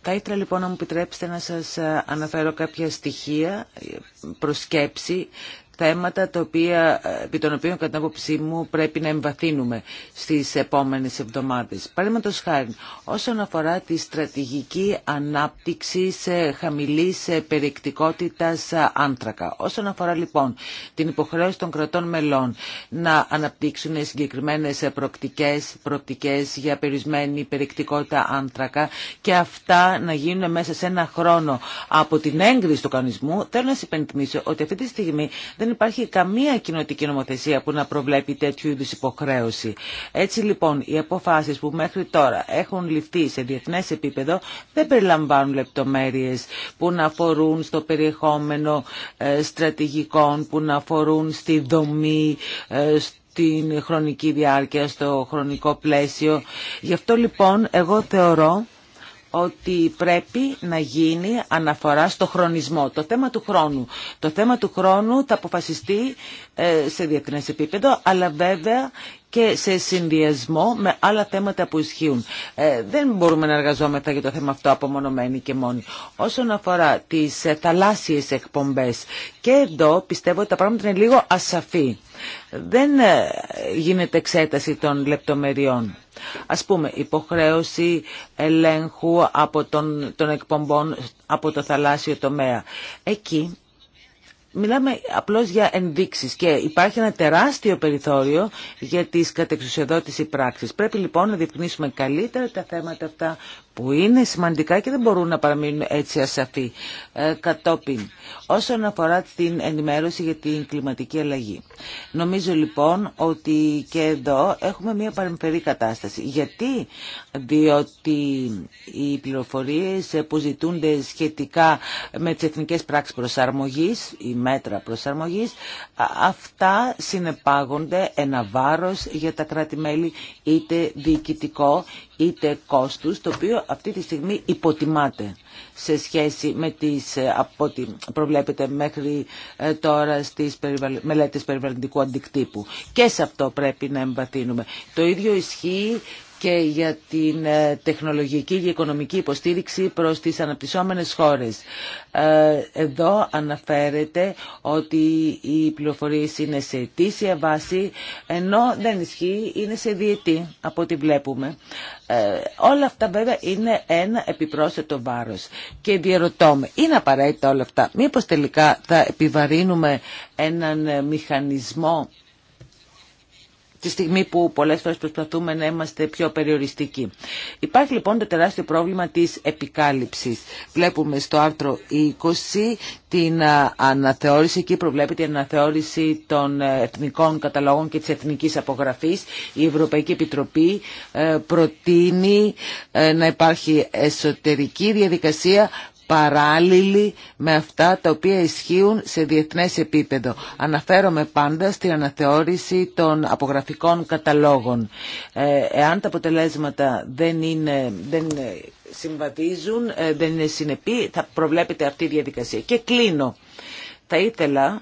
Θα ήθελα λοιπόν να μου επιτρέψετε να σας ε, αναφέρω κάποια στοιχεία, ε, προσκέψη, θέματα τα οποία, επί των οποίων κατά άποψή μου πρέπει να εμβαθύνουμε στις επόμενες εβδομάδες. Παραδείγματο χάρη, όσον αφορά τη στρατηγική ανάπτυξη χαμηλή χαμηλής περιεκτικότητας ε, άνθρακα. Όσον αφορά λοιπόν την υποχρέωση των κρατών μελών να αναπτύξουν συγκεκριμένες προοπτικέ για περιορισμένη περιεκτικότητα άνθρακα και αυτά να γίνουν μέσα σε ένα χρόνο από την έγκριση του κανονισμού, θέλω να σας υπενθυμίσω ότι αυτή τη στιγμή δεν υπάρχει καμία κοινοτική νομοθεσία που να προβλέπει τέτοιου είδου υποχρέωση. Έτσι λοιπόν οι αποφάσει που μέχρι τώρα έχουν ληφθεί σε διεθνέ επίπεδο δεν περιλαμβάνουν λεπτομέρειε που να αφορούν στο περιεχόμενο ε, στρατηγικών, που να αφορούν στη δομή, ε, στην χρονική διάρκεια, στο χρονικό πλαίσιο. Γι' αυτό λοιπόν εγώ θεωρώ ότι πρέπει να γίνει αναφορά στο χρονισμό, το θέμα του χρόνου. Το θέμα του χρόνου θα αποφασιστεί ε, σε διεθνές επίπεδο, αλλά βέβαια και σε συνδυασμό με άλλα θέματα που ισχύουν. Ε, δεν μπορούμε να εργαζόμεθα για το θέμα αυτό απομονωμένοι και μόνοι. Όσον αφορά τις ε, θαλάσσιες εκπομπές και εδώ πιστεύω ότι τα πράγματα είναι λίγο ασαφή. Δεν ε, γίνεται εξέταση των λεπτομεριών. Ας πούμε, υποχρέωση ελέγχου από τον, των εκπομπών από το θαλάσσιο τομέα. Εκεί Μιλάμε απλώς για ενδείξεις και υπάρχει ένα τεράστιο περιθώριο για τις κατεξουσιοδότηση πράξεις. Πρέπει λοιπόν να διευκρινίσουμε καλύτερα τα θέματα αυτά, που είναι σημαντικά και δεν μπορούν να παραμείνουν έτσι ασαφή ε, κατόπιν όσον αφορά την ενημέρωση για την κλιματική αλλαγή. Νομίζω λοιπόν ότι και εδώ έχουμε μια παρεμφερή κατάσταση. Γιατί διότι οι πληροφορίες που ζητούνται σχετικά με τις εθνικές πράξεις προσαρμογής ή μέτρα προσαρμογής αυτά συνεπάγονται ένα βάρος για τα κράτη-μέλη είτε διοικητικό είτε κόστους, το οποίο αυτή τη στιγμή υποτιμάται σε σχέση με τις, ε, από ό,τι προβλέπετε μέχρι ε, τώρα στις μελέτες περιβαλλοντικού αντικτύπου. Και σε αυτό πρέπει να εμβαθύνουμε. Το ίδιο ισχύει και για την ε, τεχνολογική και οικονομική υποστήριξη προς τις αναπτυσσόμενες χώρες. Ε, εδώ αναφέρεται ότι οι πληροφορίες είναι σε αιτήσια βάση, ενώ δεν ισχύει, είναι σε διετή από ό,τι βλέπουμε. Ε, όλα αυτά βέβαια είναι ένα επιπρόσθετο βάρος και διαρωτώ είναι απαραίτητα όλα αυτά. Μήπως τελικά θα επιβαρύνουμε έναν μηχανισμό τη στιγμή που πολλές φορές προσπαθούμε να είμαστε πιο περιοριστικοί. Υπάρχει λοιπόν το τεράστιο πρόβλημα της επικάλυψης. Βλέπουμε στο άρθρο 20 την ε, αναθεώρηση, εκεί προβλέπεται η αναθεώρηση των ε, εθνικών καταλόγων και της εθνικής απογραφής. Η Ευρωπαϊκή Επιτροπή ε, προτείνει να υπάρχει εσωτερική διαδικασία παράλληλη με αυτά τα οποία ισχύουν σε διεθνές επίπεδο. Αναφέρομαι πάντα στην αναθεώρηση των απογραφικών καταλόγων. Ε, εάν τα αποτελέσματα δεν, είναι, δεν συμβαδίζουν, ε, δεν είναι συνεπή, θα προβλέπεται αυτή η διαδικασία. Και κλείνω. Θα ήθελα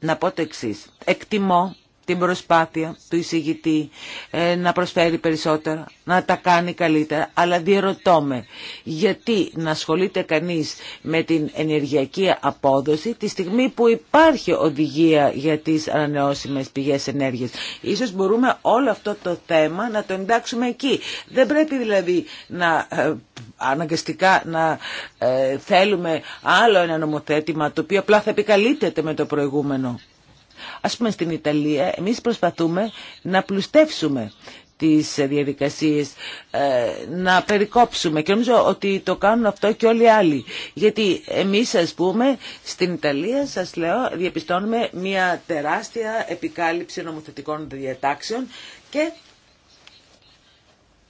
να πω το εξής. Εκτιμώ την προσπάθεια του εισηγητή ε, να προσφέρει περισσότερα, να τα κάνει καλύτερα. Αλλά διερωτώ με, γιατί να ασχολείται κανείς με την ενεργειακή απόδοση τη στιγμή που υπάρχει οδηγία για τις ανανεώσιμες πηγές ενέργειας. Ίσως μπορούμε όλο αυτό το θέμα να το εντάξουμε εκεί. Δεν πρέπει δηλαδή να ε, αναγκαστικά να ε, θέλουμε άλλο ένα νομοθέτημα το οποίο απλά θα με το προηγούμενο. Ας πούμε στην Ιταλία εμείς προσπαθούμε να πλουστεύσουμε τις διαδικασίες ε, να περικόψουμε και νομίζω ότι το κάνουν αυτό και όλοι οι άλλοι γιατί εμείς ας πούμε στην Ιταλία σας λέω διαπιστώνουμε μια τεράστια επικάλυψη νομοθετικών διατάξεων και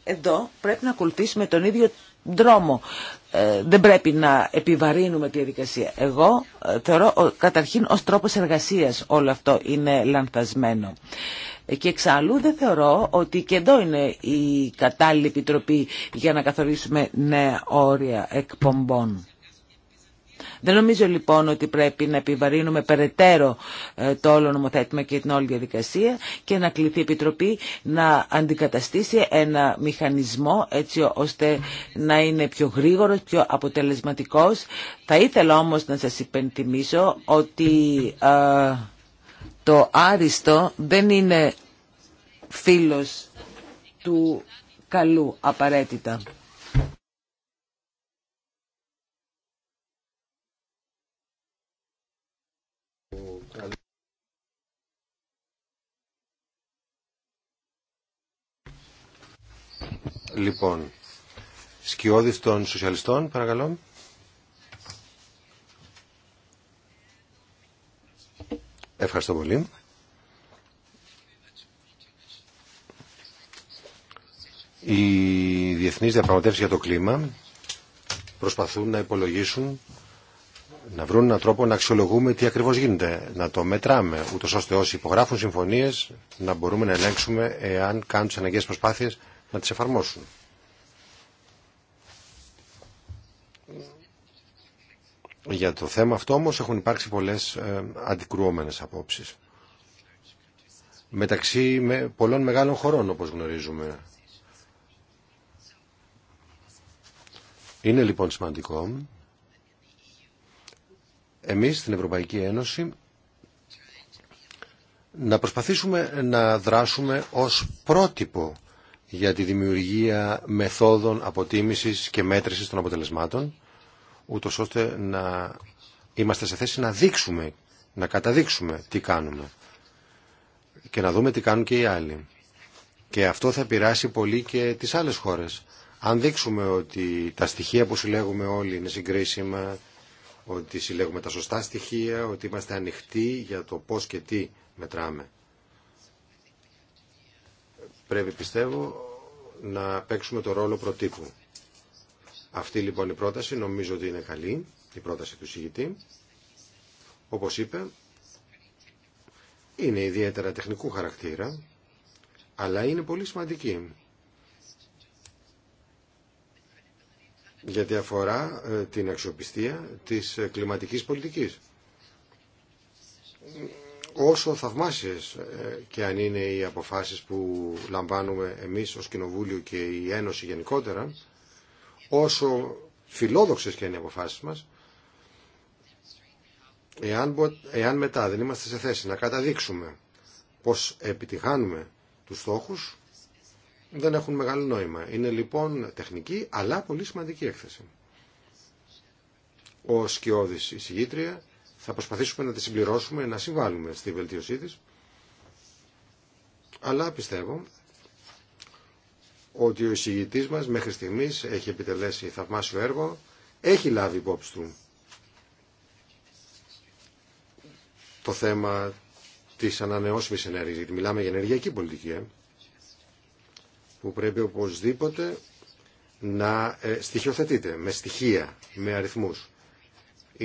εδώ πρέπει να ακολουθήσουμε τον ίδιο δρόμο ε, δεν πρέπει να επιβαρύνουμε τη διαδικασία. Εγώ ε, θεωρώ καταρχήν ως τρόπος εργασίας όλο αυτό είναι λανθασμένο. Ε, και εξάλλου δεν θεωρώ ότι και εδώ είναι η κατάλληλη επιτροπή για να καθορίσουμε νέα όρια εκπομπών. Δεν νομίζω λοιπόν ότι πρέπει να επιβαρύνουμε περαιτέρω ε, το όλο νομοθέτημα και την όλη διαδικασία και να κληθεί η Επιτροπή να αντικαταστήσει ένα μηχανισμό έτσι ώστε να είναι πιο γρήγορος, πιο αποτελεσματικός. Θα ήθελα όμως να σας υπενθυμίσω ότι ε, το άριστο δεν είναι φίλος του καλού απαραίτητα. Λοιπόν, Σκιώδη των σοσιαλιστών, παρακαλώ. Ευχαριστώ πολύ. Οι διεθνείς διαπραγματεύσεις για το κλίμα προσπαθούν να υπολογίσουν, να βρουν έναν τρόπο να αξιολογούμε τι ακριβώς γίνεται, να το μετράμε, ούτως ώστε όσοι υπογράφουν συμφωνίες να μπορούμε να ελέγξουμε εάν κάνουν τις αναγκαίες προσπάθειες να τις εφαρμόσουν. Για το θέμα αυτό όμως έχουν υπάρξει πολλές ε, αντικρουόμενες απόψεις. Μεταξύ με πολλών μεγάλων χωρών όπως γνωρίζουμε. Είναι λοιπόν σημαντικό εμείς στην Ευρωπαϊκή Ένωση να προσπαθήσουμε να δράσουμε ως πρότυπο για τη δημιουργία μεθόδων αποτίμησης και μέτρησης των αποτελεσμάτων, ούτως ώστε να είμαστε σε θέση να δείξουμε, να καταδείξουμε τι κάνουμε και να δούμε τι κάνουν και οι άλλοι. Και αυτό θα πειράσει πολύ και τις άλλες χώρες. Αν δείξουμε ότι τα στοιχεία που συλλέγουμε όλοι είναι συγκρίσιμα, ότι συλλέγουμε τα σωστά στοιχεία, ότι είμαστε ανοιχτοί για το πώς και τι μετράμε. Πρέπει πιστεύω να παίξουμε το ρόλο προτύπου. Αυτή λοιπόν η πρόταση νομίζω ότι είναι καλή, η πρόταση του συγητή. Όπως είπε, είναι ιδιαίτερα τεχνικού χαρακτήρα, αλλά είναι πολύ σημαντική. Γιατί αφορά ε, την αξιοπιστία της ε, κλιματικής πολιτικής όσο θαυμάσιες ε, και αν είναι οι αποφάσεις που λαμβάνουμε εμείς ως Κοινοβούλιο και η Ένωση γενικότερα, όσο φιλόδοξες και είναι οι αποφάσεις μας, εάν, μετά δεν είμαστε σε θέση να καταδείξουμε πως επιτυχάνουμε τους στόχους, δεν έχουν μεγάλο νόημα. Είναι λοιπόν τεχνική αλλά πολύ σημαντική έκθεση. Ο Σκιώδης εισηγήτρια θα προσπαθήσουμε να τη συμπληρώσουμε, να συμβάλλουμε στη βελτίωσή της. Αλλά πιστεύω ότι ο εισηγητής μας μέχρι στιγμής έχει επιτελέσει θαυμάσιο έργο, έχει λάβει υπόψη του το θέμα της ανανεώσιμης ενέργειας, γιατί μιλάμε για ενεργειακή πολιτική, ε, που πρέπει οπωσδήποτε να ε, στοιχειοθετείται με στοιχεία, με αριθμούς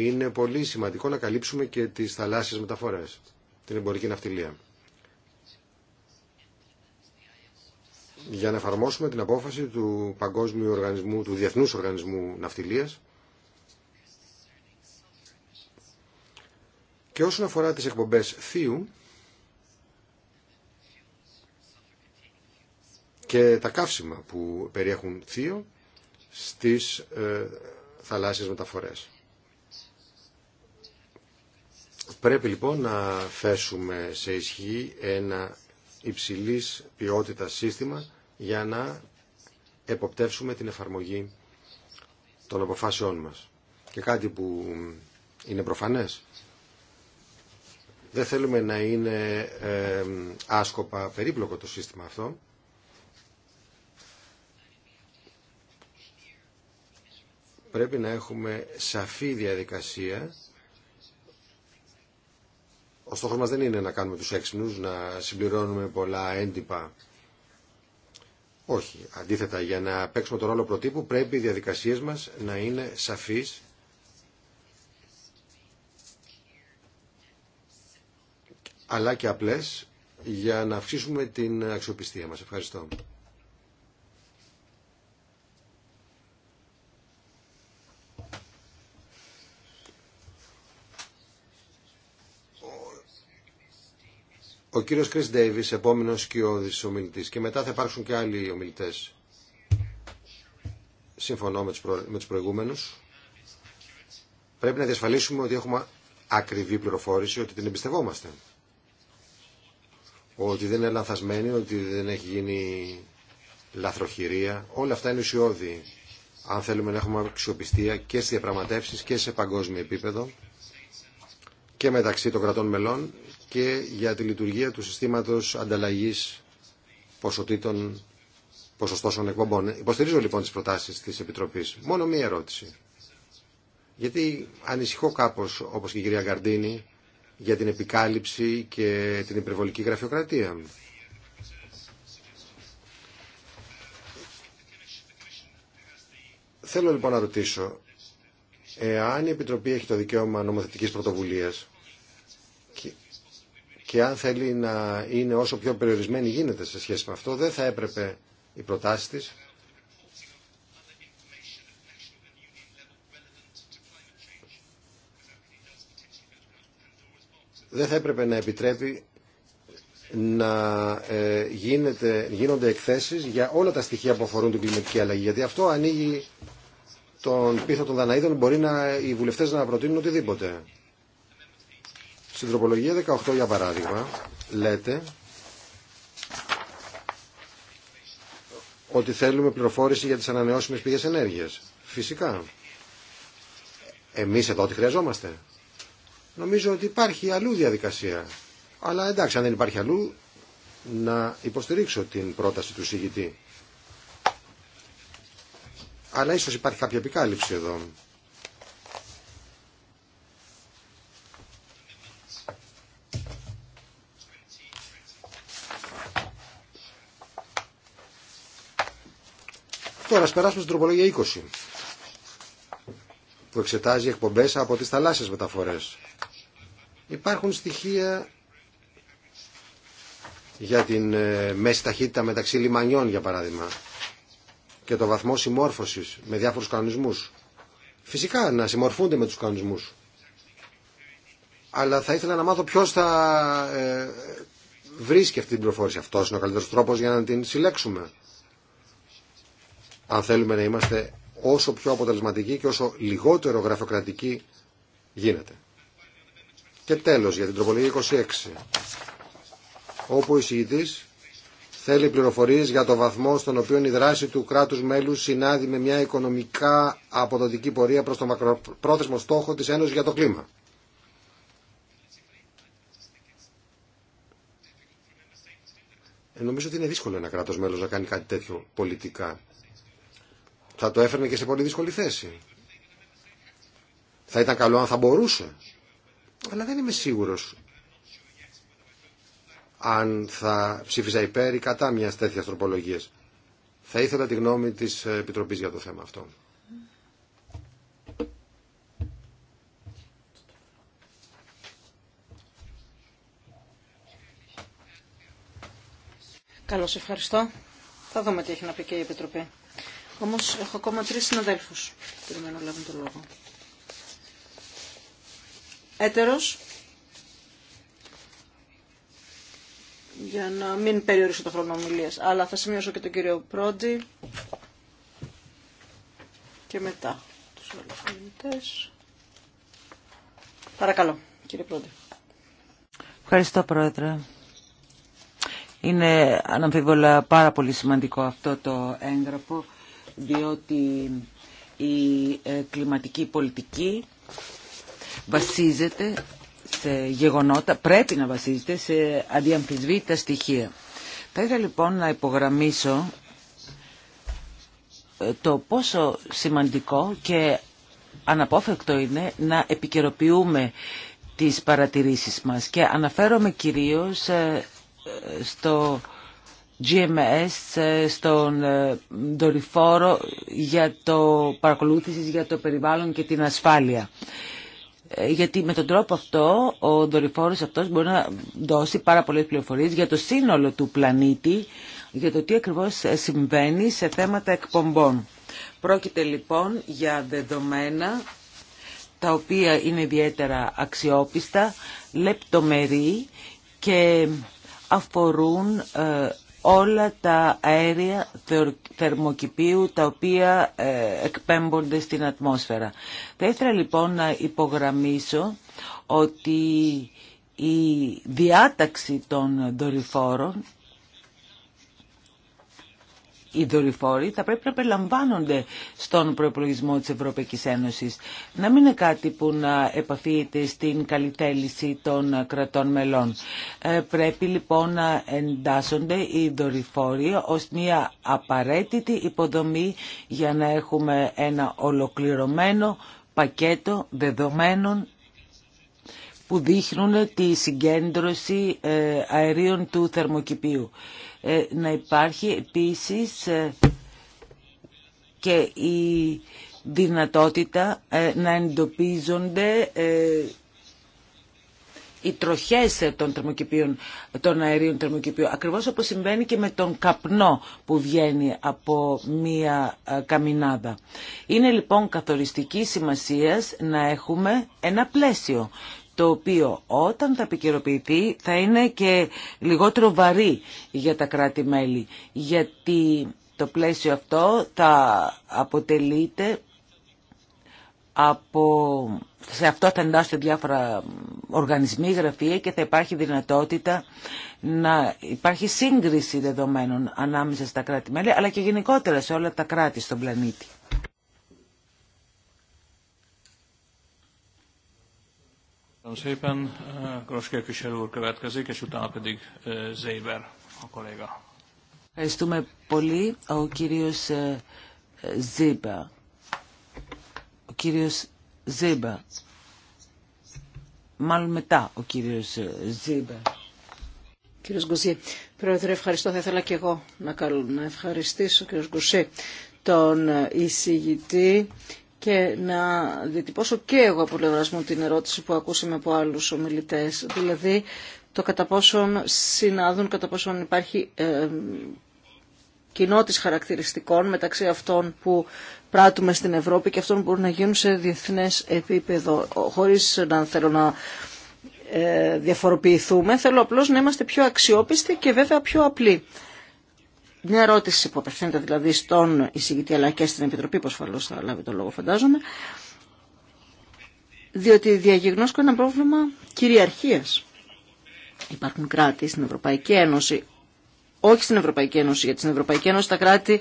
είναι πολύ σημαντικό να καλύψουμε και τις θαλάσσιες μεταφορές, την εμπορική ναυτιλία. Για να εφαρμόσουμε την απόφαση του Παγκόσμιου Οργανισμού, του Διεθνούς Οργανισμού Ναυτιλίας και όσον αφορά τις εκπομπές θείου και τα καύσιμα που περιέχουν θείο στις ε, θαλάσσιες μεταφορές. Πρέπει λοιπόν να θέσουμε σε ισχύ ένα υψηλής ποιότητας σύστημα για να εποπτεύσουμε την εφαρμογή των αποφάσεών μας. Και κάτι που είναι προφανές. Δεν θέλουμε να είναι άσκοπα περίπλοκο το σύστημα αυτό. Πρέπει να έχουμε σαφή διαδικασία ο στόχος μας δεν είναι να κάνουμε τους έξυπνους, να συμπληρώνουμε πολλά έντυπα. Όχι. Αντίθετα, για να παίξουμε τον ρόλο προτύπου πρέπει οι διαδικασίες μας να είναι σαφείς αλλά και απλές για να αυξήσουμε την αξιοπιστία μας. Ευχαριστώ. Ο κύριος Κρίς Ντέιβις, επόμενος ο ομιλητής και μετά θα υπάρξουν και άλλοι ομιλητές. Συμφωνώ με τους, προ... με τους προηγούμενους. Πρέπει να διασφαλίσουμε ότι έχουμε ακριβή πληροφόρηση, ότι την εμπιστευόμαστε. Ότι δεν είναι λανθασμένη, ότι δεν έχει γίνει λαθροχειρία. Όλα αυτά είναι ουσιώδη. Αν θέλουμε να έχουμε αξιοπιστία και στις διαπραγματεύσεις και σε παγκόσμιο επίπεδο και μεταξύ των κρατών μελών και για τη λειτουργία του συστήματος ανταλλαγής ποσοτήτων ποσοστώσεων εκπομπών. Υποστηρίζω λοιπόν τις προτάσεις της Επιτροπής. Μόνο μία ερώτηση. Γιατί ανησυχώ κάπως, όπως και η κυρία Γκαρντίνη, για την επικάλυψη και την υπερβολική γραφειοκρατία. Θέλω λοιπόν να ρωτήσω, εάν η Επιτροπή έχει το δικαίωμα νομοθετικής πρωτοβουλίας, και αν θέλει να είναι όσο πιο περιορισμένη γίνεται σε σχέση με αυτό, δεν θα έπρεπε οι προτάση της δεν θα έπρεπε να επιτρέπει να ε, γίνονται εκθέσεις για όλα τα στοιχεία που αφορούν την κλιματική αλλαγή. Γιατί αυτό ανοίγει τον πίθο των Δαναίδων, μπορεί να, οι βουλευτές να προτείνουν οτιδήποτε. Στην τροπολογία 18 για παράδειγμα λέτε ότι θέλουμε πληροφόρηση για τις ανανεώσιμες πηγές ενέργειας. Φυσικά. Εμείς εδώ τι χρειαζόμαστε. Νομίζω ότι υπάρχει αλλού διαδικασία. Αλλά εντάξει, αν δεν υπάρχει αλλού, να υποστηρίξω την πρόταση του συγητή. Αλλά ίσως υπάρχει κάποια επικάλυψη εδώ. Τώρα, α περάσουμε στην τροπολογία 20 που εξετάζει εκπομπέ από τις θαλάσσιες μεταφορές. Υπάρχουν στοιχεία για την ε, μέση ταχύτητα μεταξύ λιμανιών, για παράδειγμα, και το βαθμό συμμόρφωσης με διάφορους κανονισμούς. Φυσικά να συμμορφούνται με τους κανονισμούς. Αλλά θα ήθελα να μάθω ποιο θα ε, βρίσκει αυτή την πληροφόρηση. Αυτός είναι ο καλύτερο τρόπο για να την συλλέξουμε αν θέλουμε να είμαστε όσο πιο αποτελεσματικοί και όσο λιγότερο γραφειοκρατικοί γίνεται. Και τέλος για την τροπολογία 26, όπου ο εισηγητής θέλει πληροφορίες για το βαθμό στον οποίο η δράση του κράτους μέλους συνάδει με μια οικονομικά αποδοτική πορεία προς το μακροπρόθεσμο στόχο της Ένωσης για το κλίμα. Ε, νομίζω ότι είναι δύσκολο ένα κράτος μέλος να κάνει κάτι τέτοιο πολιτικά θα το έφερνε και σε πολύ δύσκολη θέση. Θα ήταν καλό αν θα μπορούσε. Αλλά δεν είμαι σίγουρος αν θα ψήφιζα υπέρ ή κατά μια τέτοια τροπολογία. Θα ήθελα τη γνώμη της Επιτροπής για το θέμα αυτό. Καλώς ευχαριστώ. Θα δούμε τι έχει να πει και η Επιτροπή. Όμως έχω ακόμα τρεις συναδέλφους περιμένω να λάβουν το λόγο. Έτερος, για να μην περιορίσω το χρόνο ομιλίας, αλλά θα σημειώσω και τον κύριο Πρόντι και μετά τους άλλους Παρακαλώ, κύριε Πρόντι. Ευχαριστώ, Πρόεδρε. Είναι αναμφίβολα πάρα πολύ σημαντικό αυτό το έγγραφο διότι η ε, κλιματική πολιτική βασίζεται σε γεγονότα, πρέπει να βασίζεται σε αδιαμφισβήτητα στοιχεία. Θα ήθελα λοιπόν να υπογραμμίσω ε, το πόσο σημαντικό και αναπόφευκτο είναι να επικαιροποιούμε τις παρατηρήσεις μας και αναφέρομαι κυρίως ε, στο GMS ε, στον ε, δορυφόρο για το παρακολούθησης για το περιβάλλον και την ασφάλεια. Ε, γιατί με τον τρόπο αυτό ο δορυφόρος αυτός μπορεί να δώσει πάρα πολλές πληροφορίες για το σύνολο του πλανήτη, για το τι ακριβώς συμβαίνει σε θέματα εκπομπών. Πρόκειται λοιπόν για δεδομένα τα οποία είναι ιδιαίτερα αξιόπιστα, λεπτομερή και αφορούν όλα τα αέρια θερμοκηπίου τα οποία ε, εκπέμπονται στην ατμόσφαιρα. Θα ήθελα λοιπόν να υπογραμμίσω ότι η διάταξη των δορυφόρων οι δορυφόροι θα πρέπει να περιλαμβάνονται στον προπολογισμό της Ευρωπαϊκής Ένωσης. Να μην είναι κάτι που να επαφείται στην καλυτέληση των κρατών μελών. Ε, πρέπει λοιπόν να εντάσσονται οι δορυφόροι ως μια απαραίτητη υποδομή για να έχουμε ένα ολοκληρωμένο πακέτο δεδομένων που δείχνουν τη συγκέντρωση ε, αερίων του θερμοκηπίου. Ε, να υπάρχει επίσης ε, και η δυνατότητα ε, να εντοπίζονται οι τροχές των, των αερίων θερμοκηπίου, ακριβώς όπως συμβαίνει και με τον καπνό που βγαίνει από μία καμινάδα. Είναι λοιπόν καθοριστική σημασίας να έχουμε ένα πλαίσιο το οποίο όταν θα επικαιροποιηθεί θα είναι και λιγότερο βαρύ για τα κράτη-μέλη, γιατί το πλαίσιο αυτό θα αποτελείται από... σε αυτό θα εντάσσονται διάφορα οργανισμοί, γραφεία και θα υπάρχει δυνατότητα να υπάρχει σύγκριση δεδομένων ανάμεσα στα κράτη-μέλη, αλλά και γενικότερα σε όλα τα κράτη στον πλανήτη. Ευχαριστούμε πολύ. Ο κύριος Ζήμπα. Ε, ο κύριος Ζήμπα. Μάλλον μετά ο κύριος Ζήμπα. Ε, κύριος Γκουζή, Πρόεδρε, ευχαριστώ. Θα ήθελα και εγώ να, καλώ, να ευχαριστήσω, κύριος Γκουσί, τον ε, εισηγητή και να διατυπώσω και εγώ από μου την ερώτηση που ακούσαμε από άλλους ομιλητές. Δηλαδή το κατά πόσον συνάδουν, κατά πόσον υπάρχει ε, της χαρακτηριστικών μεταξύ αυτών που πράττουμε στην Ευρώπη και αυτών που μπορούν να γίνουν σε διεθνές επίπεδο. Χωρίς να θέλω να ε, διαφοροποιηθούμε, θέλω απλώς να είμαστε πιο αξιόπιστοι και βέβαια πιο απλοί μια ερώτηση που απευθύνεται δηλαδή στον εισηγητή αλλά και στην Επιτροπή που ασφαλώ θα λάβει το λόγο φαντάζομαι διότι διαγνώσκω ένα πρόβλημα κυριαρχίας. Υπάρχουν κράτη στην Ευρωπαϊκή Ένωση, όχι στην Ευρωπαϊκή Ένωση, γιατί στην Ευρωπαϊκή Ένωση τα κράτη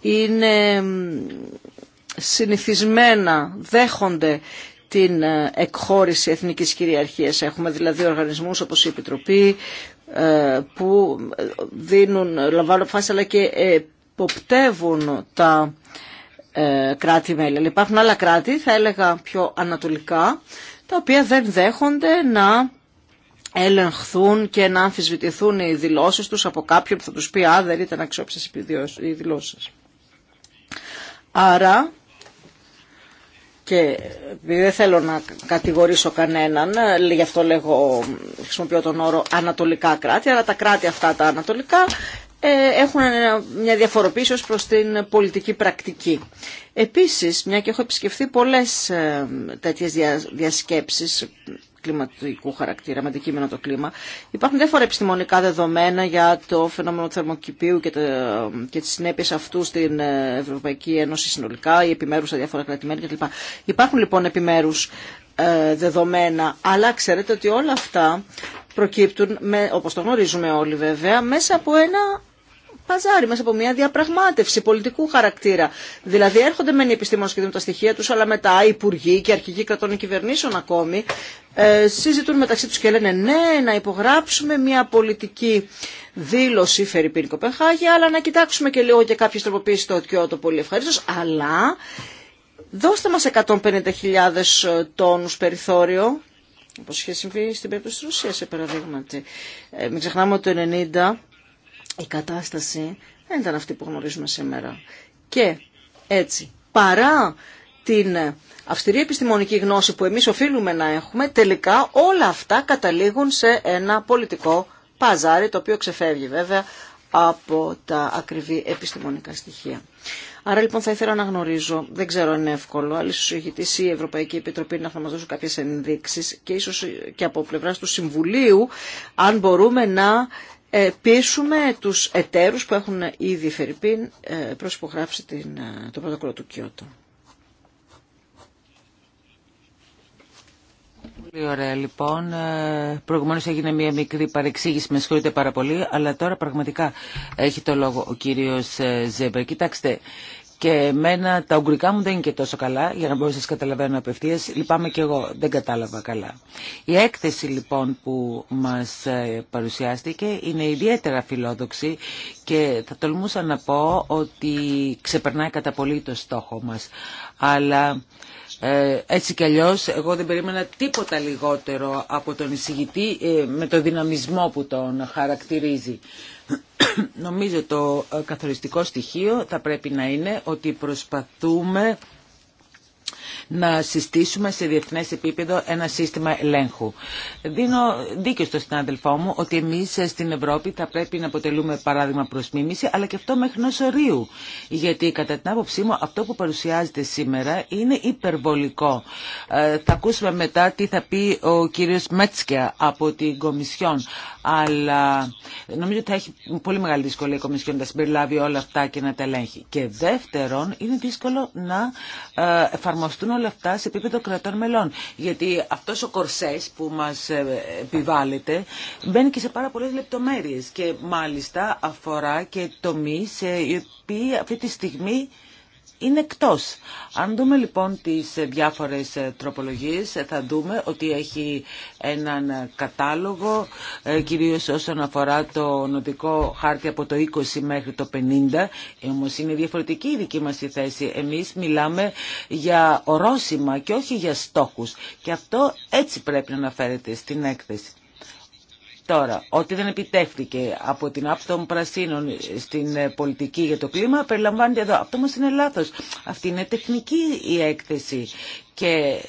είναι συνηθισμένα, δέχονται την ε, εκχώρηση εθνικής κυριαρχίας. Έχουμε δηλαδή οργανισμούς όπως η Επιτροπή ε, που δίνουν, λαμβάνουν φάση αλλά και εποπτεύουν τα ε, κράτη-μέλη. υπάρχουν άλλα κράτη, θα έλεγα πιο ανατολικά, τα οποία δεν δέχονται να ελεγχθούν και να αμφισβητηθούν οι δηλώσεις τους από κάποιον που θα τους πει «Α, δεν ήταν αξιόπιστες οι δηλώσεις». Άρα και δεν θέλω να κατηγορήσω κανέναν, γι' αυτό λέγω, χρησιμοποιώ τον όρο ανατολικά κράτη, αλλά τα κράτη αυτά τα ανατολικά ε, έχουν μια διαφοροποίηση ως προς την πολιτική πρακτική. Επίσης, μια και έχω επισκεφθεί πολλές ε, τέτοιες διασκέψεις κλιματικού χαρακτήρα, με αντικείμενο το κλίμα. Υπάρχουν διάφορα επιστημονικά δεδομένα για το φαινόμενο του θερμοκηπίου και, το, και τις συνέπειες αυτού στην ε, Ευρωπαϊκή Ένωση συνολικά, ή επιμέρους στα διάφορα κρατημένα κλπ. Υπάρχουν λοιπόν επιμέρους ε, δεδομένα, αλλά ξέρετε ότι όλα αυτά προκύπτουν, με, όπως το γνωρίζουμε όλοι βέβαια, μέσα από ένα παζάρι, μέσα από μια διαπραγμάτευση πολιτικού χαρακτήρα. Δηλαδή έρχονται μεν οι επιστήμονε και δίνουν τα στοιχεία του, αλλά μετά οι υπουργοί και αρχηγοί κρατών κυβερνήσεων ακόμη ε, συζητούν μεταξύ του και λένε ναι, να υπογράψουμε μια πολιτική δήλωση Φερρυπίν Κοπεχάγη, αλλά να κοιτάξουμε και λίγο και κάποιε τροποποίησει στο Κιώτο πολύ ευχαρίστω, αλλά δώστε μας 150.000 ε, τόνους περιθώριο, όπω είχε συμβεί στην περίπτωση της Ρωσίας, σε παραδείγματι. Ε, μην ξεχνάμε ότι το 90 η κατάσταση δεν ήταν αυτή που γνωρίζουμε σήμερα. Και έτσι, παρά την αυστηρή επιστημονική γνώση που εμείς οφείλουμε να έχουμε, τελικά όλα αυτά καταλήγουν σε ένα πολιτικό παζάρι, το οποίο ξεφεύγει βέβαια από τα ακριβή επιστημονικά στοιχεία. Άρα λοιπόν θα ήθελα να γνωρίζω, δεν ξέρω αν είναι εύκολο, αλλά ίσω η Ευρωπαϊκή Επιτροπή να θα μα δώσουν κάποιε ενδείξει και ίσως και από πλευρά του Συμβουλίου, αν μπορούμε να πείσουμε τους εταίρους που έχουν ήδη φερειπίν ε, υπογράψει την, ε, το πρωτοκόλλο του Κιώτο. Πολύ ωραία λοιπόν. Ε, προηγουμένως έγινε μια μικρή παρεξήγηση, με συγχωρείτε πάρα πολύ, αλλά τώρα πραγματικά έχει το λόγο ο κύριος Ζέμπερ. Κοιτάξτε, και εμένα τα ουγγρικά μου δεν είναι και τόσο καλά, για να μπορώ να σας καταλαβαίνω απευθείας. Λυπάμαι και εγώ, δεν κατάλαβα καλά. Η έκθεση λοιπόν που μας ε, παρουσιάστηκε είναι ιδιαίτερα φιλόδοξη και θα τολμούσα να πω ότι ξεπερνάει κατά πολύ το στόχο μας. Αλλά ε, έτσι κι αλλιώ, εγώ δεν περίμενα τίποτα λιγότερο από τον εισηγητή ε, με το δυναμισμό που τον χαρακτηρίζει. Νομίζω το ε, καθοριστικό στοιχείο θα πρέπει να είναι ότι προσπαθούμε να συστήσουμε σε διεθνές επίπεδο ένα σύστημα ελέγχου. Δίνω δίκιο στον συνάδελφό μου ότι εμείς στην Ευρώπη θα πρέπει να αποτελούμε παράδειγμα προς μίμηση, αλλά και αυτό μέχρι ενός ορίου. Γιατί κατά την άποψή μου αυτό που παρουσιάζεται σήμερα είναι υπερβολικό. Ε, θα ακούσουμε μετά τι θα πει ο κύριος Μέτσκια από την Κομισιόν αλλά νομίζω ότι θα έχει πολύ μεγάλη δυσκολία η Κομισιόν να συμπεριλάβει όλα αυτά και να τα ελέγχει. Και δεύτερον, είναι δύσκολο να ε, εφαρμοστούν όλα αυτά σε επίπεδο κρατών μελών. Γιατί αυτός ο κορσές που μας ε, επιβάλλεται μπαίνει και σε πάρα πολλές λεπτομέρειες και μάλιστα αφορά και τομεί ε, οι οποίοι αυτή τη στιγμή είναι εκτός. Αν δούμε λοιπόν τις διάφορες ε, τροπολογίες ε, θα δούμε ότι έχει έναν κατάλογο ε, κυρίως όσον αφορά το νοτικό χάρτη από το 20 μέχρι το 50 όμως είναι διαφορετική η δική μας η θέση. Εμείς μιλάμε για ορόσημα και όχι για στόχους και αυτό έτσι πρέπει να αναφέρεται στην έκθεση. Τώρα, ό,τι δεν επιτεύχθηκε από την άψη των πρασίνων στην ε, πολιτική για το κλίμα περιλαμβάνεται εδώ. Αυτό όμω είναι λάθος. Αυτή είναι τεχνική η έκθεση και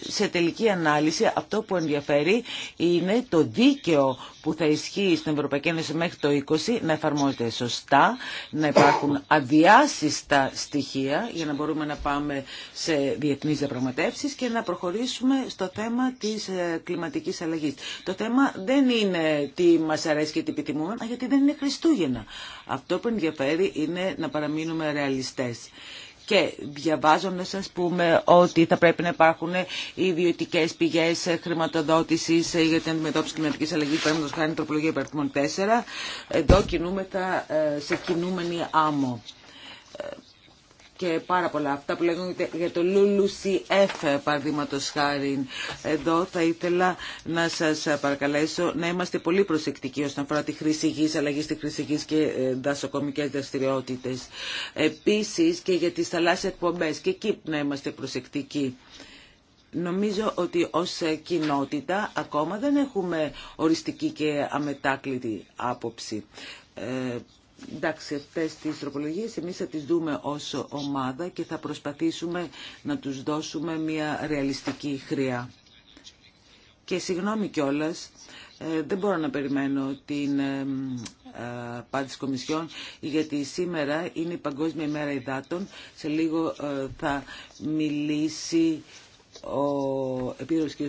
σε τελική ανάλυση αυτό που ενδιαφέρει είναι το δίκαιο που θα ισχύει στην Ευρωπαϊκή Ένωση μέχρι το 20 να εφαρμόζεται σωστά, να υπάρχουν αδιάσυστα στοιχεία για να μπορούμε να πάμε σε διεθνείς διαπραγματεύσεις και να προχωρήσουμε στο θέμα της ε, κλιματικής αλλαγής. Το θέμα δεν είναι τι μας αρέσει και τι επιθυμούμε, γιατί δεν είναι Χριστούγεννα. Αυτό που ενδιαφέρει είναι να παραμείνουμε ρεαλιστές. Και διαβάζοντα, α πούμε, ότι θα πρέπει να υπάρχουν ιδιωτικέ πηγές χρηματοδότησης για την αντιμετώπιση κοινωνικής αλλαγής, κάνει η τροπολογία υπερθυμών 4, εδώ κινούμεθα ε, σε κινούμενη άμμο. Ε, και πάρα πολλά. Αυτά που λέγονται για το LULUCF, παραδείγματο χάρη. Εδώ θα ήθελα να σας παρακαλέσω να είμαστε πολύ προσεκτικοί όσον αφορά τη χρήση γης, αλλαγή στη χρήση γης και ε, δασοκομικές δραστηριότητε. Επίσης και για τις θαλάσσιες εκπομπέ και εκεί να είμαστε προσεκτικοί. Νομίζω ότι ως κοινότητα ακόμα δεν έχουμε οριστική και αμετάκλητη άποψη. Ε, εντάξει, αυτέ τι τροπολογίε, εμεί θα τι δούμε ω ομάδα και θα προσπαθήσουμε να τους δώσουμε μια ρεαλιστική χρειά. Και συγγνώμη κιόλας, ε, δεν μπορώ να περιμένω την ε, ε, απάντηση Κομισιόν, γιατί σήμερα είναι η Παγκόσμια ημέρα υδάτων. Σε λίγο θα μιλήσει ο επίδρομος κ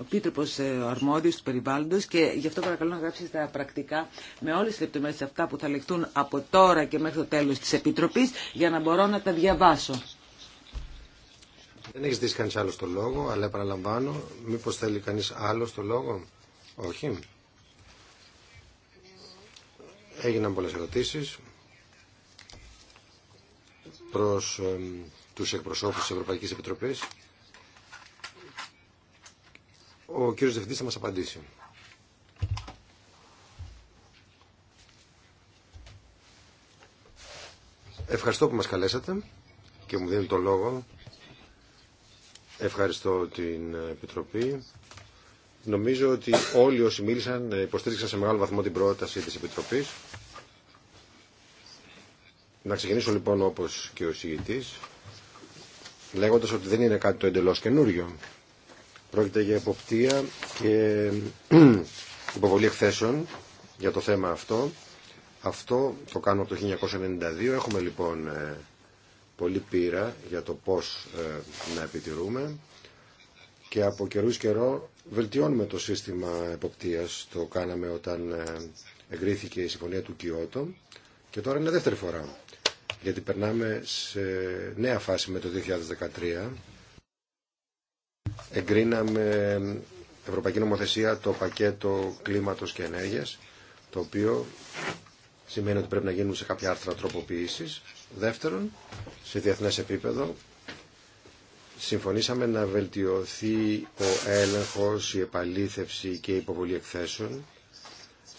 επίτροπο ε, αρμόδιο του περιβάλλοντο και γι' αυτό παρακαλώ να γράψει τα πρακτικά με όλε τι λεπτομέρειε αυτά που θα λεχθούν από τώρα και μέχρι το τέλο τη Επιτροπή για να μπορώ να τα διαβάσω. Δεν έχει δει κανεί άλλο το λόγο, αλλά επαναλαμβάνω, μήπω θέλει κανεί άλλο το λόγο. Όχι. Έγιναν πολλές ερωτήσεις προς τους εκπροσώπους της Ευρωπαϊκής Επιτροπής ο κύριος Δευτής θα μας απαντήσει. Ευχαριστώ που μας καλέσατε και μου δίνετε το λόγο. Ευχαριστώ την Επιτροπή. Νομίζω ότι όλοι όσοι μίλησαν υποστήριξαν σε μεγάλο βαθμό την πρόταση της Επιτροπής. Να ξεκινήσω λοιπόν όπως και ο συγητής, λέγοντας ότι δεν είναι κάτι το εντελώς καινούριο. Πρόκειται για εποπτεία και <clears throat> υποβολή εκθέσεων για το θέμα αυτό. Αυτό το κάνω από το 1992. Έχουμε λοιπόν ε, πολύ πείρα για το πώς ε, να επιτηρούμε και από καιρούς καιρό βελτιώνουμε το σύστημα εποπτείας. Το κάναμε όταν ε, εγκρίθηκε η Συμφωνία του Κιώτο και τώρα είναι δεύτερη φορά γιατί περνάμε σε νέα φάση με το 2013 Εγκρίναμε Ευρωπαϊκή Νομοθεσία το πακέτο κλίματος και ενέργειας, το οποίο σημαίνει ότι πρέπει να γίνουν σε κάποια άρθρα τροποποιήσεις. Δεύτερον, σε διεθνές επίπεδο, συμφωνήσαμε να βελτιωθεί ο έλεγχος, η επαλήθευση και η υποβολή εκθέσεων.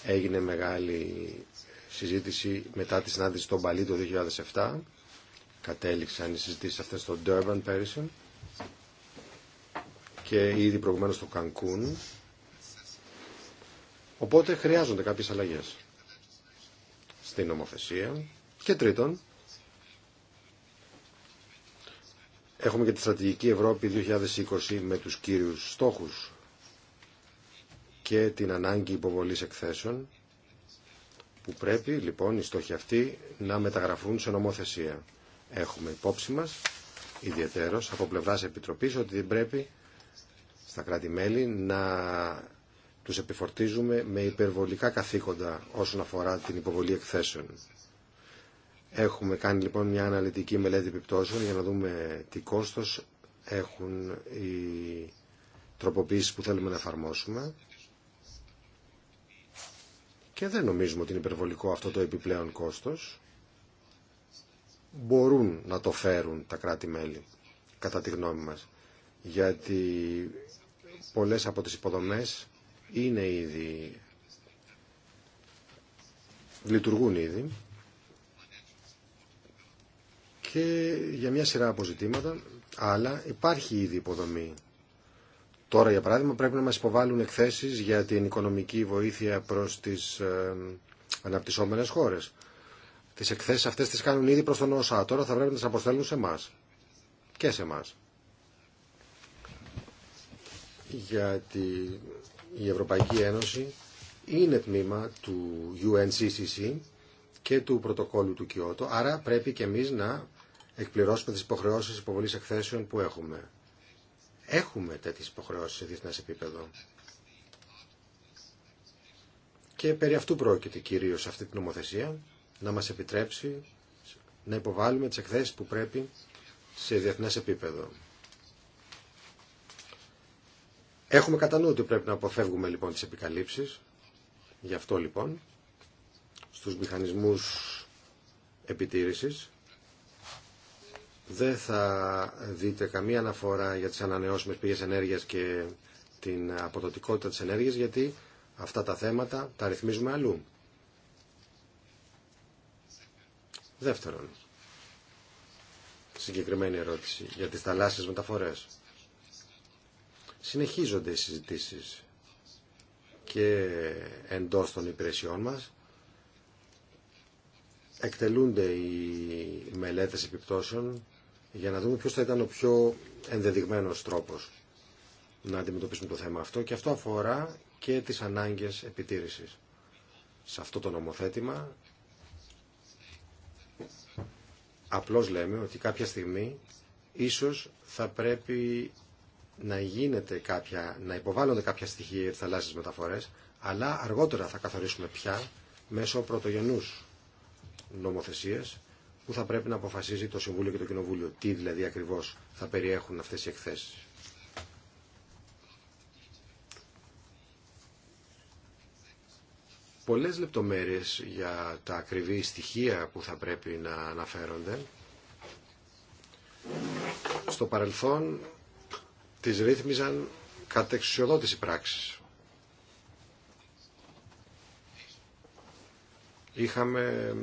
Έγινε μεγάλη συζήτηση μετά τη συνάντηση το Παλί το 2007. Κατέληξαν οι συζητήσει αυτές στο Durban πέρυσι και ήδη προηγουμένως στο Κανκούν. Οπότε χρειάζονται κάποιες αλλαγές στην νομοθεσία. Και τρίτον, έχουμε και τη στρατηγική Ευρώπη 2020 με τους κύριους στόχους και την ανάγκη υποβολής εκθέσεων που πρέπει λοιπόν οι στόχοι αυτοί να μεταγραφούν σε νομοθεσία. Έχουμε υπόψη μας ιδιαίτερος από πλευράς Επιτροπής ότι πρέπει στα κράτη-μέλη να τους επιφορτίζουμε με υπερβολικά καθήκοντα όσον αφορά την υποβολή εκθέσεων. Έχουμε κάνει λοιπόν μια αναλυτική μελέτη επιπτώσεων για να δούμε τι κόστος έχουν οι τροποποιήσεις που θέλουμε να εφαρμόσουμε και δεν νομίζουμε ότι είναι υπερβολικό αυτό το επιπλέον κόστος. Μπορούν να το φέρουν τα κράτη-μέλη, κατά τη γνώμη μας, γιατί Πολλές από τις υποδομές είναι ήδη, λειτουργούν ήδη και για μια σειρά αποζητήματα, αλλά υπάρχει ήδη υποδομή. Τώρα, για παράδειγμα, πρέπει να μας υποβάλουν εκθέσεις για την οικονομική βοήθεια προς τις ε, αναπτυσσόμενες χώρες. Τις εκθέσεις αυτές τις κάνουν ήδη προς τον ΩΣΑ. Τώρα θα πρέπει να τις αποστέλουν σε εμά και σε εμάς γιατί η Ευρωπαϊκή Ένωση είναι τμήμα του UNCCC και του πρωτοκόλλου του Κιώτο, άρα πρέπει και εμείς να εκπληρώσουμε τις υποχρεώσεις υποβολής εκθέσεων που έχουμε. Έχουμε τέτοιες υποχρεώσεις σε διεθνές επίπεδο. Και περί αυτού πρόκειται κυρίως αυτή την νομοθεσία, να μας επιτρέψει να υποβάλουμε τις εκθέσεις που πρέπει σε διεθνές επίπεδο. Έχουμε κατά νου ότι πρέπει να αποφεύγουμε λοιπόν τις επικαλύψεις. Γι' αυτό λοιπόν στους μηχανισμούς επιτήρησης δεν θα δείτε καμία αναφορά για τις ανανεώσιμες πηγές ενέργειας και την αποδοτικότητα της ενέργειας γιατί αυτά τα θέματα τα ρυθμίζουμε αλλού. Δεύτερον, συγκεκριμένη ερώτηση για τις θαλάσσιες μεταφορές. Συνεχίζονται οι συζητήσεις και εντός των υπηρεσιών μας. Εκτελούνται οι μελέτες επιπτώσεων για να δούμε ποιος θα ήταν ο πιο ενδεδειγμένος τρόπος να αντιμετωπίσουμε το θέμα αυτό και αυτό αφορά και τις ανάγκες επιτήρησης. Σε αυτό το νομοθέτημα απλώς λέμε ότι κάποια στιγμή ίσως θα πρέπει να γίνεται κάποια, να υποβάλλονται κάποια στοιχεία για τι μεταφορές, αλλά αργότερα θα καθορίσουμε πια μέσω πρωτογενού νομοθεσίες που θα πρέπει να αποφασίζει το Συμβούλιο και το Κοινοβούλιο. Τι δηλαδή ακριβώ θα περιέχουν αυτές οι εκθέσεις. Πολλές λεπτομέρειες για τα ακριβή στοιχεία που θα πρέπει να αναφέρονται. Στο παρελθόν τις ρύθμιζαν κατ' εξουσιοδότηση πράξης. Είχαμε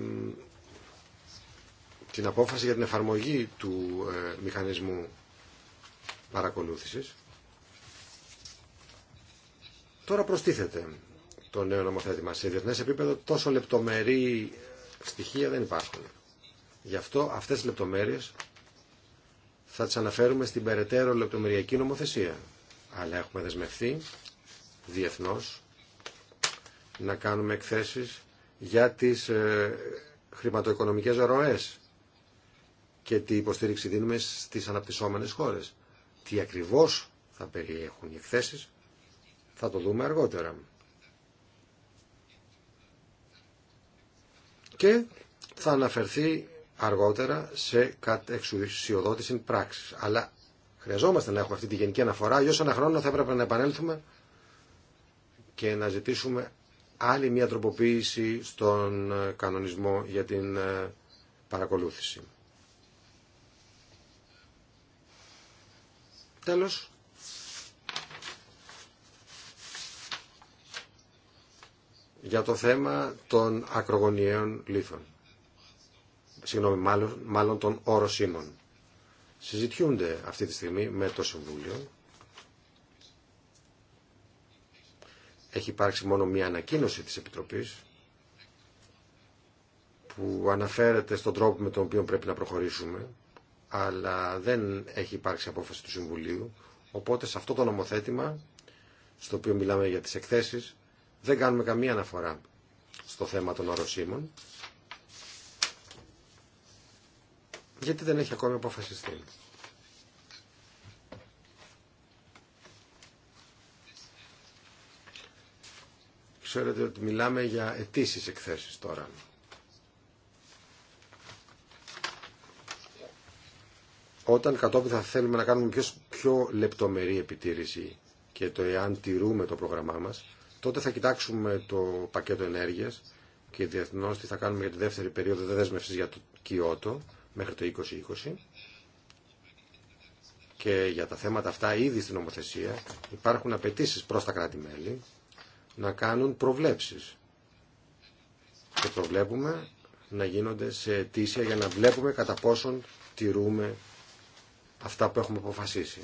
την απόφαση για την εφαρμογή του ε, μηχανισμού παρακολούθησης. Τώρα προστίθεται το νέο νομοθέτημα. Σε διεθνές επίπεδο τόσο λεπτομερή ε, στοιχεία δεν υπάρχουν. Γι' αυτό αυτές οι λεπτομέρειες θα τι αναφέρουμε στην περαιτέρω λεπτομεριακή νομοθεσία. Αλλά έχουμε δεσμευθεί διεθνώς να κάνουμε εκθέσεις για τις ε, χρηματοοικονομικές ροές και τι υποστήριξη δίνουμε στις αναπτυσσόμενες χώρες. Τι ακριβώς θα περιέχουν οι εκθέσεις θα το δούμε αργότερα. Και θα αναφερθεί αργότερα σε κατεξουσιοδότηση πράξη. Αλλά χρειαζόμαστε να έχουμε αυτή τη γενική αναφορά. Για ένα χρόνο θα έπρεπε να επανέλθουμε και να ζητήσουμε άλλη μια τροποποίηση στον ε, κανονισμό για την ε, παρακολούθηση. Τέλος. για το θέμα των ακρογωνιαίων λίθων συγγνώμη, μάλλον, μάλλον των όροσίμων. Συζητιούνται αυτή τη στιγμή με το Συμβούλιο. Έχει υπάρξει μόνο μία ανακοίνωση της Επιτροπής που αναφέρεται στον τρόπο με τον οποίο πρέπει να προχωρήσουμε, αλλά δεν έχει υπάρξει απόφαση του Συμβουλίου, οπότε σε αυτό το νομοθέτημα, στο οποίο μιλάμε για τις εκθέσεις, δεν κάνουμε καμία αναφορά στο θέμα των οροσίμων γιατί δεν έχει ακόμη αποφασιστεί. Ξέρετε ότι μιλάμε για αιτήσει εκθέσεις τώρα. Όταν κατόπιν θα θέλουμε να κάνουμε πιο, πιο λεπτομερή επιτήρηση και το εάν τηρούμε το πρόγραμμά μας, τότε θα κοιτάξουμε το πακέτο ενέργειας και διεθνώς τι θα κάνουμε για τη δεύτερη περίοδο δέσμευσης για το Κιώτο μέχρι το 2020 και για τα θέματα αυτά ήδη στην νομοθεσία υπάρχουν απαιτήσει προς τα κράτη-μέλη να κάνουν προβλέψεις και προβλέπουμε να γίνονται σε αιτήσια για να βλέπουμε κατά πόσον τηρούμε αυτά που έχουμε αποφασίσει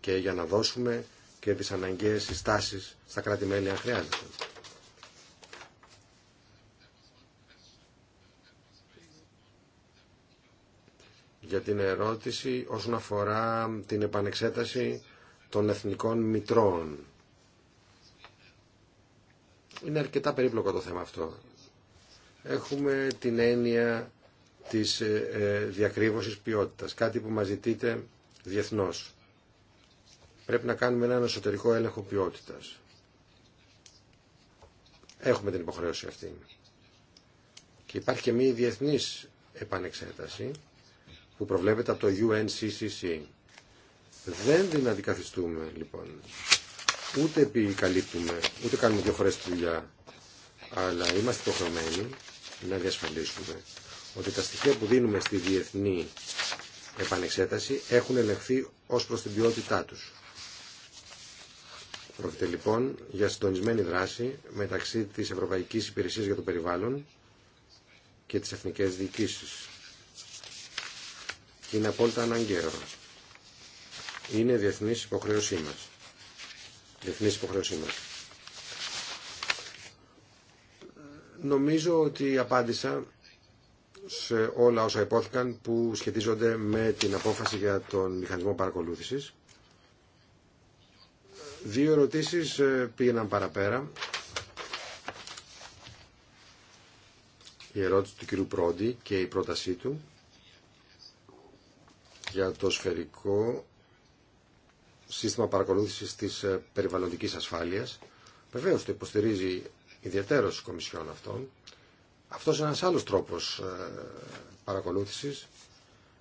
και για να δώσουμε και τις αναγκαίες συστάσεις στα κράτη-μέλη αν χρειάζεται. για την ερώτηση όσον αφορά την επανεξέταση των εθνικών μητρών. Είναι αρκετά περίπλοκο το θέμα αυτό. Έχουμε την έννοια της ε, ε, διακρύβωσης ποιότητας, κάτι που μας ζητείτε διεθνώς. Πρέπει να κάνουμε έναν εσωτερικό έλεγχο ποιότητας. Έχουμε την υποχρέωση αυτή. Και υπάρχει και μία διεθνής επανεξέταση που προβλέπεται από το UNCCC. Δεν την αντικαθιστούμε λοιπόν. Ούτε επικαλύπτουμε, ούτε κάνουμε δύο φορές τη δουλειά. Αλλά είμαστε υποχρεωμένοι να διασφαλίσουμε ότι τα στοιχεία που δίνουμε στη διεθνή επανεξέταση έχουν ελεγχθεί ως προς την ποιότητά τους. Πρόκειται λοιπόν για συντονισμένη δράση μεταξύ της Ευρωπαϊκής Υπηρεσίας για το Περιβάλλον και της Εθνικές Διοικήσεις είναι απόλυτα αναγκαίο. Είναι διεθνής υποχρέωσή μας. Διεθνής υποχρέωσή μας. Νομίζω ότι απάντησα σε όλα όσα υπόθηκαν που σχετίζονται με την απόφαση για τον μηχανισμό παρακολούθησης. Δύο ερωτήσεις ε, πήγαιναν παραπέρα. Η ερώτηση του κ. Πρόντι και η πρότασή του για το σφαιρικό σύστημα παρακολούθησης της ε, περιβαλλοντικής ασφάλειας. Βεβαίω το υποστηρίζει ιδιαίτερο Κομισιόν αυτών. Αυτός είναι ένας άλλος τρόπος ε, παρακολούθησης,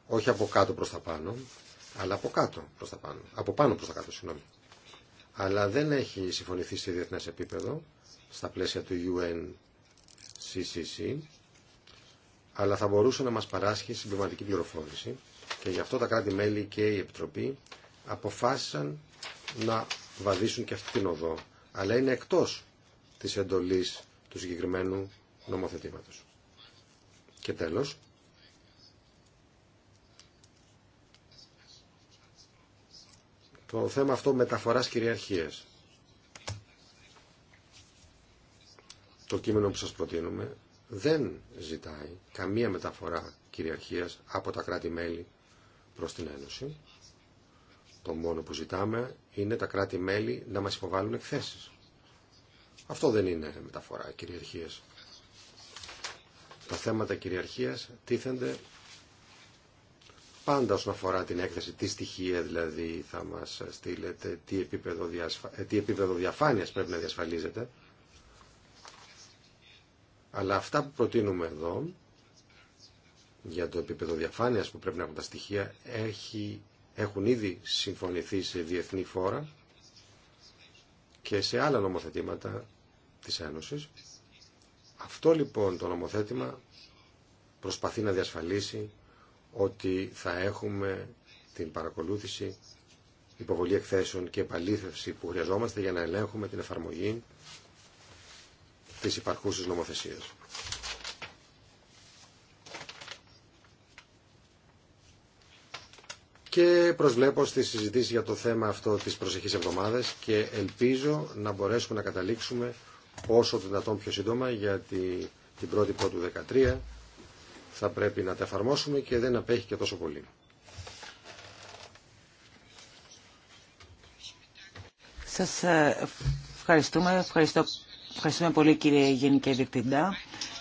όχι από κάτω προς τα πάνω, αλλά από κάτω τα πάνω, από πάνω προς τα κάτω, συγγνώμη. Αλλά δεν έχει συμφωνηθεί σε διεθνές επίπεδο, στα πλαίσια του UNCCC, αλλά θα μπορούσε να μας παράσχει συμπληρωματική πληροφόρηση και γι' αυτό τα κράτη-μέλη και η Επιτροπή αποφάσισαν να βαδίσουν και αυτή την οδό. Αλλά είναι εκτός της εντολής του συγκεκριμένου νομοθετήματος. Και τέλος, το θέμα αυτό μεταφοράς κυριαρχίες. Το κείμενο που σας προτείνουμε δεν ζητάει καμία μεταφορά κυριαρχίας από τα κράτη-μέλη προς την Ένωση. Το μόνο που ζητάμε είναι τα κράτη-μέλη να μας υποβάλουν εκθέσεις. Αυτό δεν είναι μεταφορά κυριαρχίας. Τα θέματα κυριαρχίας τίθενται πάντα όσον αφορά την έκθεση, τι στοιχεία δηλαδή θα μας στείλετε, τι επίπεδο, διασφα... Ε, τι επίπεδο διαφάνειας πρέπει να διασφαλίζετε. Αλλά αυτά που προτείνουμε εδώ για το επίπεδο διαφάνειας που πρέπει να έχουν τα στοιχεία έχει, έχουν ήδη συμφωνηθεί σε διεθνή φόρα και σε άλλα νομοθετήματα της Ένωσης. Αυτό λοιπόν το νομοθέτημα προσπαθεί να διασφαλίσει ότι θα έχουμε την παρακολούθηση, υποβολή εκθέσεων και επαλήθευση που χρειαζόμαστε για να ελέγχουμε την εφαρμογή της υπαρχούσης νομοθεσίας. και προσβλέπω στη συζήτηση για το θέμα αυτό της προσεχής εβδομάδας και ελπίζω να μπορέσουμε να καταλήξουμε όσο το δυνατόν πιο σύντομα γιατί την πρώτη πρώτη του 13 θα πρέπει να τα εφαρμόσουμε και δεν απέχει και τόσο πολύ. Σας ε, ευχαριστούμε. Ευχαριστώ, ευχαριστούμε πολύ κύριε Γενική Διευθυντά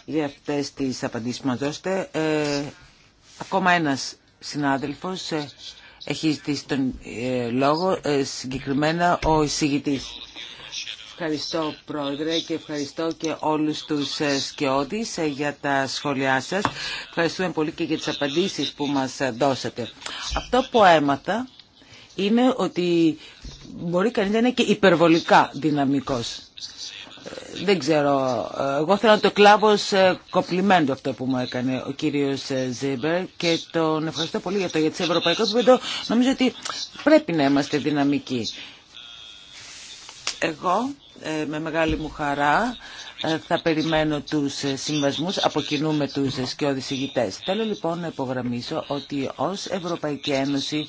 για αυτές τις απαντήσεις που μας δώσετε. Ε, ακόμα ένας συνάδελφος ε, έχει ζητήσει τον ε, λόγο ε, συγκεκριμένα ο εισηγητής. Ευχαριστώ Πρόεδρε και ευχαριστώ και όλους τους ε, σκιώδεις για τα σχόλιά σας. Ευχαριστούμε πολύ και για τις απαντήσεις που μας δώσατε. Αυτό που έμαθα είναι ότι μπορεί κανείς να είναι και υπερβολικά δυναμικός. Ε, δεν ξέρω, ε, εγώ θέλω να το κλάβω σε κοπλιμέντο αυτό που μου έκανε ο κύριος ε, Ζίμπερ και τον ευχαριστώ πολύ για το, γιατί σε ευρωπαϊκό επίπεδο νομίζω ότι πρέπει να είμαστε δυναμικοί. Εγώ ε, με μεγάλη μου χαρά ε, θα περιμένω τους ε, συμβασμούς, αποκοινούμε τους σκιώδης ηγητές. Θέλω λοιπόν να υπογραμμίσω ότι ως Ευρωπαϊκή Ένωση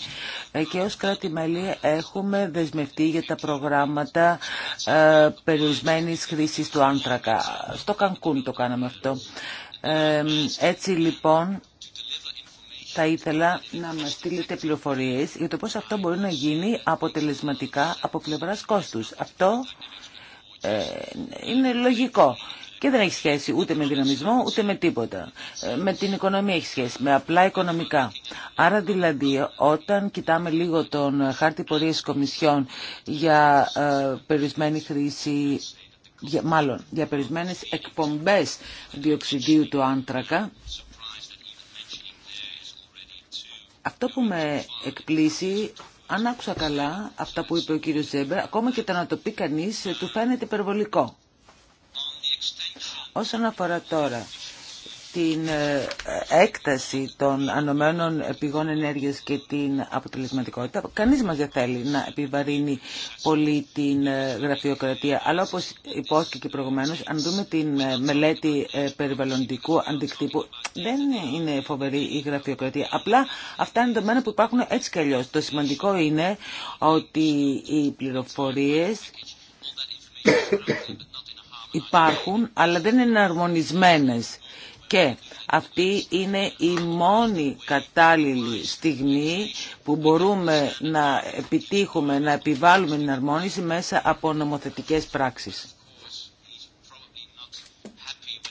και ως κράτη-μέλη έχουμε δεσμευτεί για τα προγράμματα περιορισμένης χρήσης του άνθρακα. Στο Κανκούν το κάναμε αυτό. Έτσι λοιπόν θα ήθελα να μας στείλετε πληροφορίε, για το πώ αυτό μπορεί να γίνει αποτελεσματικά από πλευρά κόστους. Αυτό ε, είναι λογικό και δεν έχει σχέση ούτε με δυναμισμό ούτε με τίποτα. Ε, με την οικονομία έχει σχέση, με απλά οικονομικά. Άρα δηλαδή όταν κοιτάμε λίγο τον χάρτη πορείας κομισιών για ε, περισμένη χρήση για, μάλλον για περισμένες εκπομπές διοξιδίου του άνθρακα αυτό που με εκπλήσει, αν άκουσα καλά αυτά που είπε ο κύριος Ζέμπερ, ακόμα και το να το πει κανείς, ε, του φαίνεται υπερβολικό. Όσον αφορά τώρα την ε, έκταση των ανωμένων πηγών ενέργειας και την αποτελεσματικότητα. Κανείς μας δεν θέλει να επιβαρύνει πολύ την ε, γραφειοκρατία. Αλλά όπως υπόθηκε και προηγουμένως, αν δούμε την ε, μελέτη περιβαλλοντικού αντικτύπου, δεν είναι φοβερή η γραφειοκρατία. Απλά αυτά είναι δεδομένα που υπάρχουν έτσι κι Το σημαντικό είναι ότι οι πληροφορίες <coughs> υπάρχουν, αλλά δεν είναι αρμονισμένες και αυτή είναι η μόνη κατάλληλη στιγμή που μπορούμε να επιτύχουμε, να επιβάλλουμε την αρμόνιση μέσα από νομοθετικές πράξεις.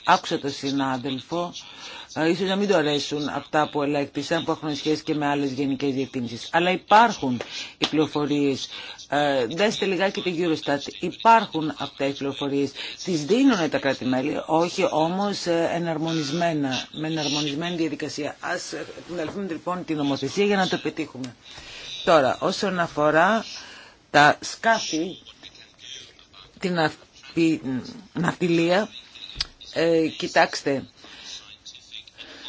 Άκουσα τον συνάδελφο ε, ίσως να μην το αρέσουν αυτά που ελέγχθησαν που έχουν σχέση και με άλλες γενικές διευθύνσεις. Αλλά υπάρχουν οι πληροφορίες. Ε, δέστε λιγάκι την Eurostat. Υπάρχουν αυτές οι πληροφορίες. Τις δίνουν τα κράτη-μέλη, όχι όμως ε, εναρμονισμένα, με εναρμονισμένη διαδικασία. Ας εκμεταλλευτούμε λοιπόν την νομοθεσία για να το πετύχουμε. Τώρα, όσον αφορά τα σκάφη, την ναυτιλία, ε, κοιτάξτε,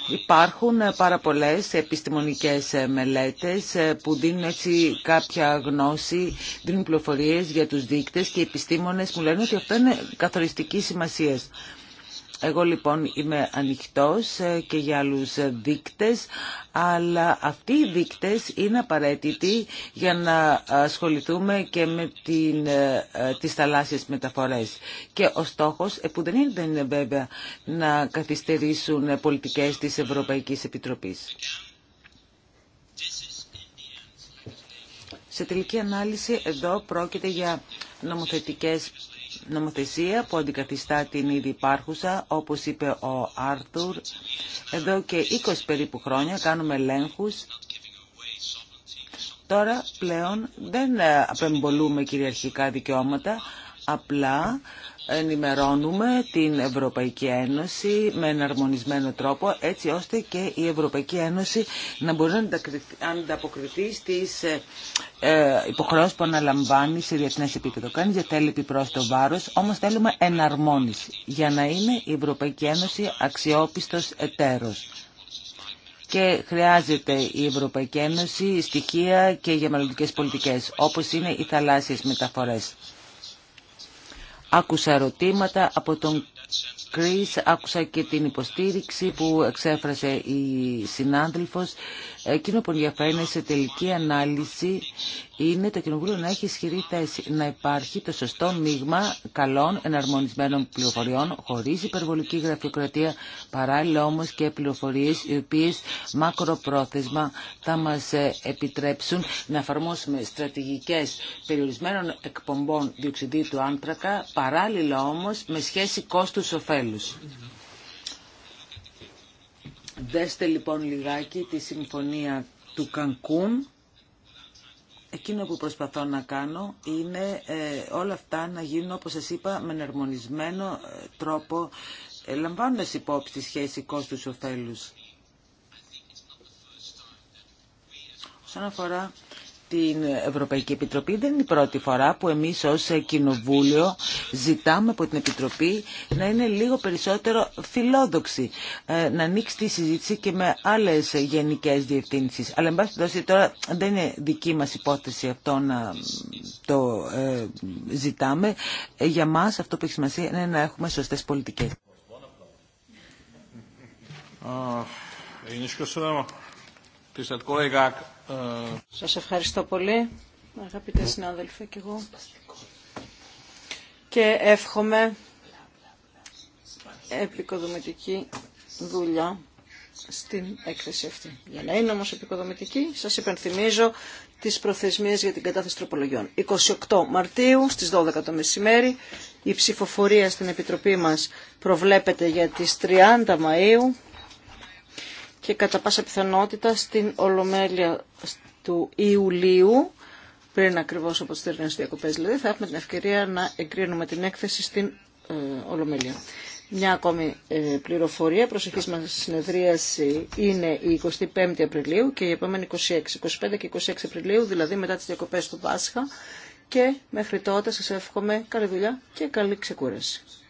Υπάρχουν ε, πάρα πολλές επιστημονικές ε, μελέτες ε, που δίνουν έτσι κάποια γνώση, δίνουν πληροφορίες για τους δείκτες και οι επιστήμονες μου λένε ότι αυτό είναι καθοριστική σημασία. Εγώ λοιπόν είμαι ανοιχτός ε, και για άλλους δείκτες, αλλά αυτοί οι δείκτες είναι απαραίτητοι για να ασχοληθούμε και με την, ε, ε, τις θαλάσσιες μεταφορές. Και ο στόχος, που δεν είναι, βέβαια, να καθυστερήσουν πολιτικές της Ευρωπαϊκής Επιτροπής. Σε τελική ανάλυση εδώ πρόκειται για νομοθετικές νομοθεσία που αντικαθιστά την ήδη υπάρχουσα, όπως είπε ο Άρθουρ. Εδώ και 20 περίπου χρόνια κάνουμε ελέγχου. Τώρα πλέον δεν απεμπολούμε κυριαρχικά δικαιώματα, απλά ενημερώνουμε την Ευρωπαϊκή Ένωση με εναρμονισμένο τρόπο έτσι ώστε και η Ευρωπαϊκή Ένωση να μπορεί να ανταποκριθεί στις ε, ε, υποχρεώσεις που αναλαμβάνει σε διεθνές επίπεδο. Κάνει για τέλη επιπρόσθετο βάρος, όμως θέλουμε εναρμόνιση για να είναι η Ευρωπαϊκή Ένωση αξιόπιστος εταίρος και χρειάζεται η Ευρωπαϊκή Ένωση στοιχεία και για μελλοντικέ πολιτικές, όπως είναι οι θαλάσσιες μεταφορές. Άκουσα ερωτήματα από τον Κρίς, άκουσα και την υποστήριξη που εξέφρασε η συνάδελφος Εκείνο που ενδιαφέρει είναι σε τελική ανάλυση είναι το Κοινοβούλιο να έχει ισχυρή θέση, να υπάρχει το σωστό μείγμα καλών εναρμονισμένων πληροφοριών, χωρί υπερβολική γραφειοκρατία, παράλληλα όμω και πληροφορίε, οι οποίε μακροπρόθεσμα θα μας ε, επιτρέψουν να εφαρμόσουμε στρατηγικές περιορισμένων εκπομπών διοξιδίου του άνθρακα, παράλληλα όμω με σχεση κόστου κόστους-οφέλους. Δέστε λοιπόν λιγάκι τη συμφωνία του Κανκούν. Εκείνο που προσπαθώ να κάνω είναι ε, όλα αυτά να γίνουν, όπως σας είπα, με εναρμονισμένο ε, τρόπο, ε, λαμβάνοντας υπόψη τη σχέση κόστους-οφέλους. Σαν αφορά την Ευρωπαϊκή Επιτροπή. Δεν είναι η πρώτη φορά που εμείς ως Κοινοβούλιο ζητάμε από την Επιτροπή να είναι λίγο περισσότερο φιλόδοξη, ε, να ανοίξει τη συζήτηση και με άλλες γενικές διευθύνσεις. Αλλά εν πάση δώσει, τώρα δεν είναι δική μας υπόθεση αυτό να το ε, ζητάμε. Ε, για μας αυτό που έχει σημασία είναι να έχουμε σωστές πολιτικές. Σας ευχαριστώ πολύ, αγαπητέ συνάδελφοι και εγώ. Και εύχομαι επικοδομητική δουλειά στην έκθεση αυτή. Για να είναι όμως επικοδομητική, σας υπενθυμίζω τις προθεσμίες για την κατάθεση τροπολογιών. 28 Μαρτίου στις 12 το μεσημέρι, η ψηφοφορία στην Επιτροπή μας προβλέπεται για τις 30 Μαΐου και κατά πάσα πιθανότητα στην Ολομέλεια του Ιουλίου, πριν ακριβώς από τις τελευταίες διακοπές δηλαδή, θα έχουμε την ευκαιρία να εγκρίνουμε την έκθεση στην ε, Ολομέλεια. Μια ακόμη ε, πληροφορία, προσεχής μας συνεδρίαση είναι η 25η Απριλίου και η επόμενη 26, 25 και 26 Απριλίου, δηλαδή μετά τις διακοπές του Πάσχα και μέχρι τότε σας εύχομαι καλή δουλειά και καλή ξεκούραση.